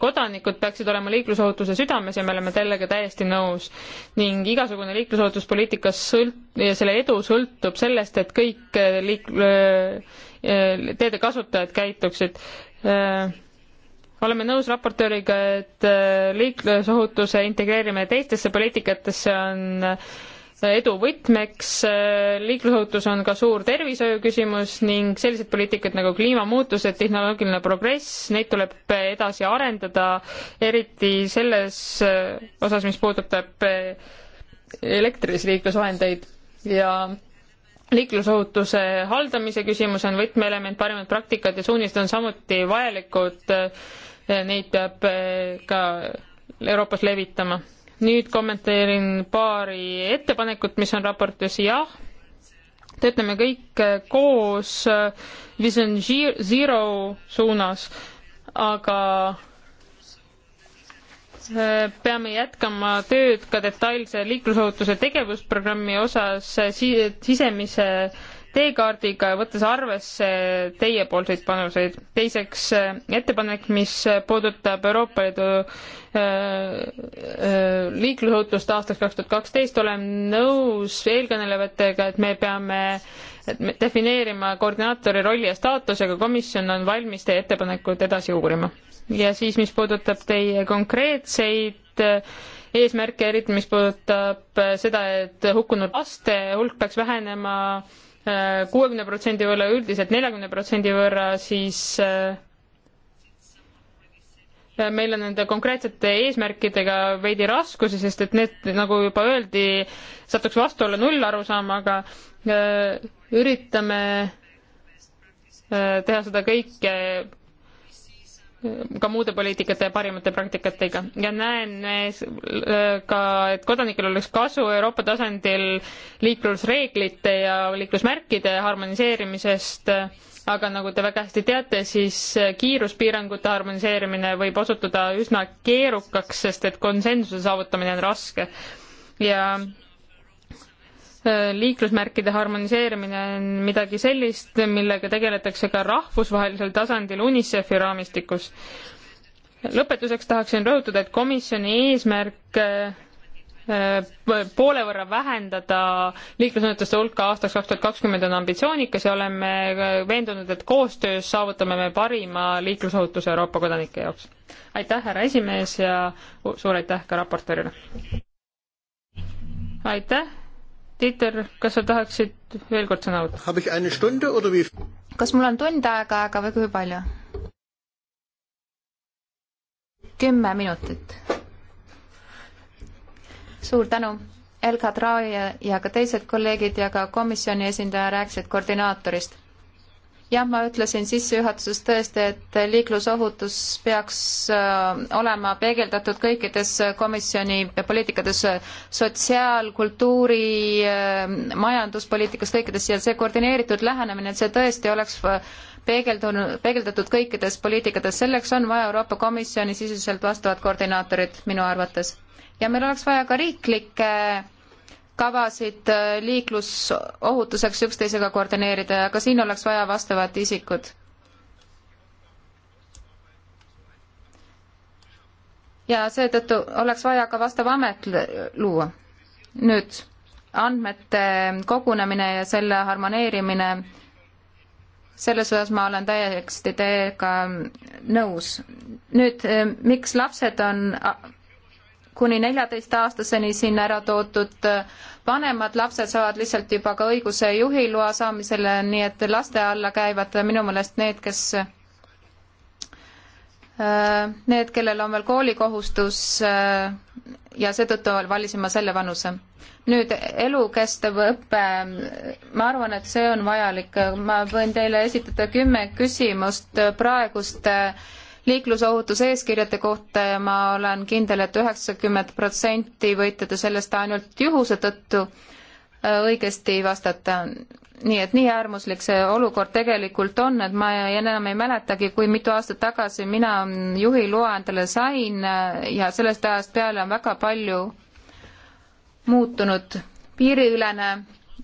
kodanikud peaksid olema liiklusohutuse südames ja me oleme sellega täiesti nõus. ning igasugune liiklusohutuspoliitikas sõlt- ja selle edu sõltub sellest, et kõik liik-, Eh, teede kasutajad käituksid. Eh, oleme nõus raportööriga, et eh, liiklusohutuse integreerimine teistesse poliitikatesse on edu võtmeks. liiklusohutus on ka suur tervishoiu küsimus ning sellised poliitikad nagu kliimamuutused, tehnoloogiline progress, neid tuleb edasi arendada, eriti selles osas, mis puudutab elektrilisi liiklusvahendeid ja liiklusohutuse haldamise küsimus on võtmeelement, parimad praktikad ja suunised on samuti vajalikud, neid peab eh, ka Euroopas levitama. nüüd kommenteerin paari ettepanekut, mis on raportis, jah, töötame kõik eh, koos eh, Vision Zero suunas, aga Äh, peame jätkama tööd ka detailse liiklusohutuse tegevusprogrammi osas äh, sisemise teekaardiga, võttes arvesse teiepoolseid panuseid. teiseks äh, ettepanek, mis puudutab Euroopa Liidu liiklusohutust aastaks kaks tuhat kaksteist, olen nõus eelkõnelevatega, et me peame defineerima koordinaatori rolli ja staatusega, komisjon on valmis teie ettepanekut edasi uurima ja siis, mis puudutab teie konkreetseid eh, eesmärke, eriti mis puudutab eh, seda, et hukkunud laste hulk peaks vähenema eh, kuuekümne protsendi võrra, üldiselt neljakümne protsendi võrra, siis meil on nende konkreetsete eesmärkidega veidi raskusi, sest et need, nagu juba öeldi, satuks vastuolla nullarusaamaga. üritame teha seda kõike ka muude poliitikate ja parimate praktikatega ja näen äh, ka, et kodanikel oleks kasu Euroopa tasandil liiklusreeglite ja liiklusmärkide harmoniseerimisest, aga nagu te väga hästi teate, siis kiiruspiirangute harmoniseerimine võib osutuda üsna keerukaks, sest et konsensuse saavutamine on raske. ja Äh, liiklusmärkide harmoniseerimine on midagi sellist, millega tegeletakse ka rahvusvahelisel tasandil UNICEF-i raamistikus. lõpetuseks tahaksin rõhutada, et komisjoni eesmärk äh, äh, poole võrra vähendada liiklusõnnetuste hulka aastaks kaks tuhat kakskümmend on ambitsioonikas ja oleme veendunud, et koostöös saavutame me parima liiklusohutuse Euroopa kodanike jaoks. aitäh, härra esimees ja suur aitäh ka raportöörile! aitäh Dieter, kas sa tahaksid veel kord sõna võtta? kas mul on tund aega, aga või kui palju? kümme minutit. suur tänu. Elka Trau ja, ja ka teised kolleegid ja ka komisjoni esindaja rääkisid koordinaatorist jah, ma ütlesin sissejuhatuses tõesti, et liiklusohutus peaks äh, olema peegeldatud kõikides komisjoni poliitikates, sotsiaal, kultuuri, äh, majanduspoliitikas, kõikides ja see koordineeritud lähenemine, et see tõesti oleks äh, peegeldunud, peegeldatud kõikides poliitikates, selleks on vaja Euroopa Komisjoni siseselt vastavat koordinaatorit minu arvates. ja meil oleks vaja ka riiklikke kavasid äh, liiklusohutuseks üksteisega koordineerida ja ka siin oleks vaja vastavat isikut. ja seetõttu oleks vaja ka vastav amet luua. nüüd andmete kogunemine ja selle harmoneerimine, selles osas ma olen täiesti teiega nõus. nüüd, äh, miks lapsed on kuni neljateistaastaseni siin ära toodud vanemad lapsed saavad lihtsalt juba ka õiguse juhiloa saamisele, nii et laste alla käivad minu meelest need, kes äh, Need, kellel on veel koolikohustus äh, ja seetõttu valisime selle vanuse. nüüd elukestev õpe, ma arvan, et see on vajalik, ma võin teile esitada kümme küsimust praeguste äh, liiklusohutuse eeskirjade kohta ja ma olen kindel et, et üheksakümmend protsenti võite te sellest ainult juhuse tõttu äh, õigesti vastata. nii et nii äärmuslik see olukord tegelikult on, et ma enam ei mäletagi, kui mitu aastat tagasi mina juhiloa endale sain äh, ja sellest ajast peale on väga palju muutunud piiriülene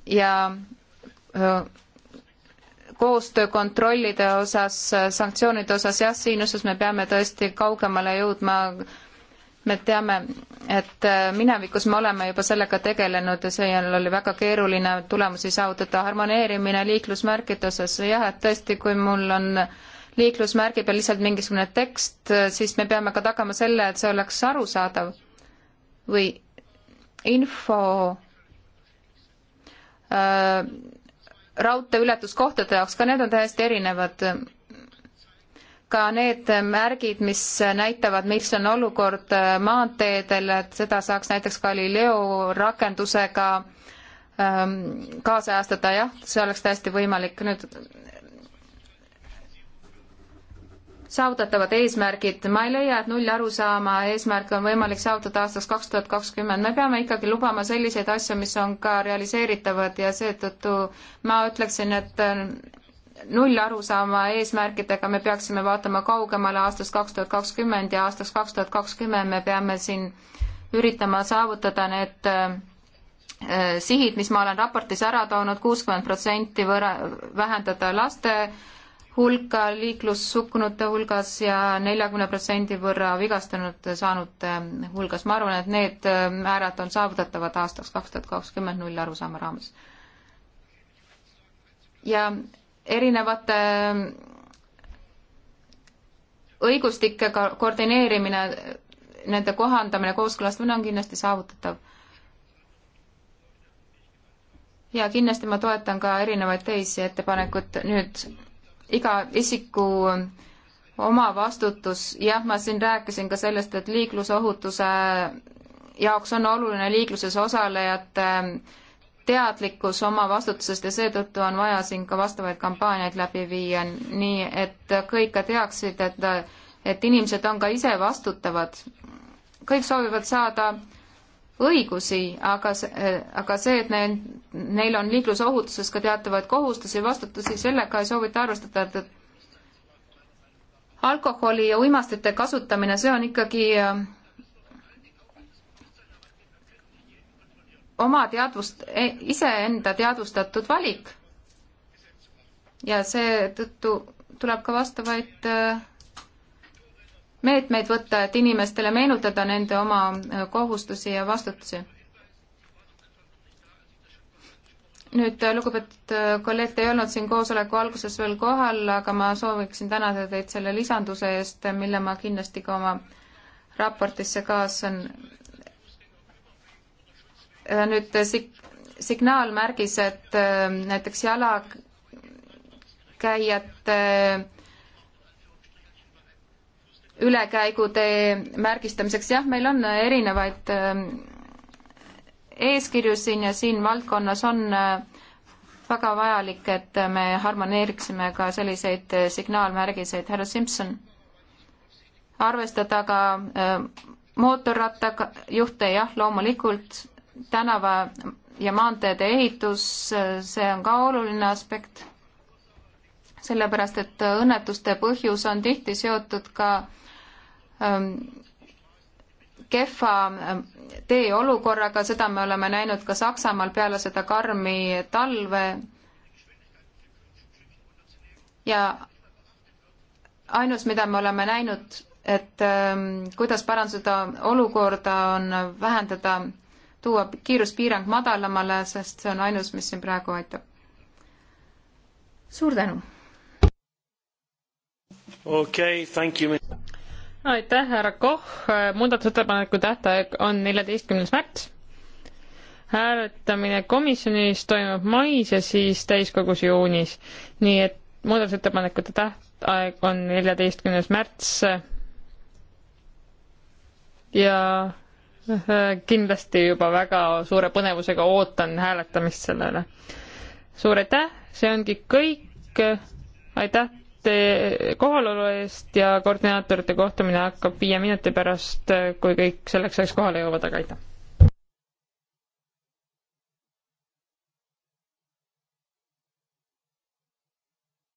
ja öö, äh, koostöö kontrollide osas, sanktsioonide osas, jah, siin osas me peame tõesti kaugemale jõudma. me teame, et äh, minevikus me oleme juba sellega tegelenud ja seal oli väga keeruline tulemusi saavutada. harmoneerimine liiklusmärkide osas, jah, et tõesti, kui mul on liiklusmärgi peal lihtsalt mingisugune tekst, siis me peame ka tagama selle, et see oleks arusaadav või info öö, äh, raudteeületuskohtade jaoks, ka need on täiesti erinevad. ka need märgid, mis näitavad, mis on olukord maanteedel, et seda saaks näiteks Galileo rakendusega ähm, kaasajastada, jah, see oleks täiesti võimalik. nüüd saavutatavad eesmärgid, ma ei leia, et null arusaama eesmärke on võimalik saavutada aastaks kaks tuhat kakskümmend, me peame ikkagi lubama selliseid asju, mis on ka realiseeritavad ja seetõttu ma ütleksin, et äh, null arusaama eesmärkidega me peaksime vaatama kaugemale aastast kaks tuhat kakskümmend ja aastaks kaks tuhat kakskümmend me peame siin üritama saavutada need äh, äh, sihid, mis ma olen raportis ära toonud, kuuskümmend protsenti võrra, vähendada laste hulka liiklushukkunute hulgas ja neljakümne protsendi võrra vigastanud saanute hulgas. ma arvan, et need määrad on saavutatavad aastaks kaks tuhat kakskümmend null arusaama raames. ja erinevate õigustike koordineerimine, nende kohandamine, kooskõlastamine on kindlasti saavutatav ja kindlasti ma toetan ka erinevaid teisi ettepanekuid. nüüd iga isiku oma vastutus, jah, ma siin rääkisin ka sellest, et liiklusohutuse jaoks on oluline liikluses osalejate teadlikkus oma vastutusest ja seetõttu on vaja siin ka vastavaid kampaaniaid läbi viia, nii et kõik ka teaksid, et, et inimesed on ka ise vastutavad. kõik soovivad saada äh, õigusi, aga see, äh, aga see, et neil, neil on liiklusohutuses ka teatavaid kohustusi ja vastutusi, sellega ei soovita arvestada, et alkoholi ja uimastite kasutamine, see on ikkagi äh, oma teadvust, e, iseenda teadvustatud valik. ja seetõttu tuleb ka vastavaid äh, meetmeid võtta, et inimestele meenutada nende oma äh, kohustusi ja vastutusi. nüüd, äh, lugupeetud äh, kolleeg, te ei olnud siin koosoleku alguses veel kohal, aga ma sooviksin tänada teid selle lisanduse eest, mille ma kindlasti ka oma raportisse kaasan. nüüd sig-, signaalmärgis, et näiteks jalakäijate äh, ülekäigutee märgistamiseks, jah, meil on erinevaid ähm, eeskirju siin ja siin valdkonnas on äh, väga vajalik, et me harmoneeriksime ka selliseid äh, signaalmärgiseid. härra Simson, arvestada ka äh, mootorrattaga juhte, jah, loomulikult tänava ja maanteede ehitus, see on ka oluline aspekt, sellepärast et õnnetuste põhjus on tihti seotud ka Ähm, kehva ähm, teeolukorraga, seda me oleme näinud ka Saksamaal peale seda karmi talve. ja ainus, mida me oleme näinud, et ähm, kuidas parandada olukorda, on vähendada, tuua kiiruspiirang madalamale, sest see on ainus, mis siin praegu aitab. suur tänu! okei okay,, thank you aitäh, härra Koch, muudatusettepaneku tähtaeg on neljateistkümnes märts. hääletamine komisjonis toimub mais ja siis täiskogus juunis. nii et muudatusettepanekute tähtaeg on neljateistkümnes märts. ja äh, kindlasti juba väga suure põnevusega ootan hääletamist sellele. suur aitäh, see ongi kõik. aitäh kohalolu eest ja koordinaatorite kohtumine hakkab viie minuti pärast, kui kõik selleks ajaks kohale jõuavad, aga aitäh!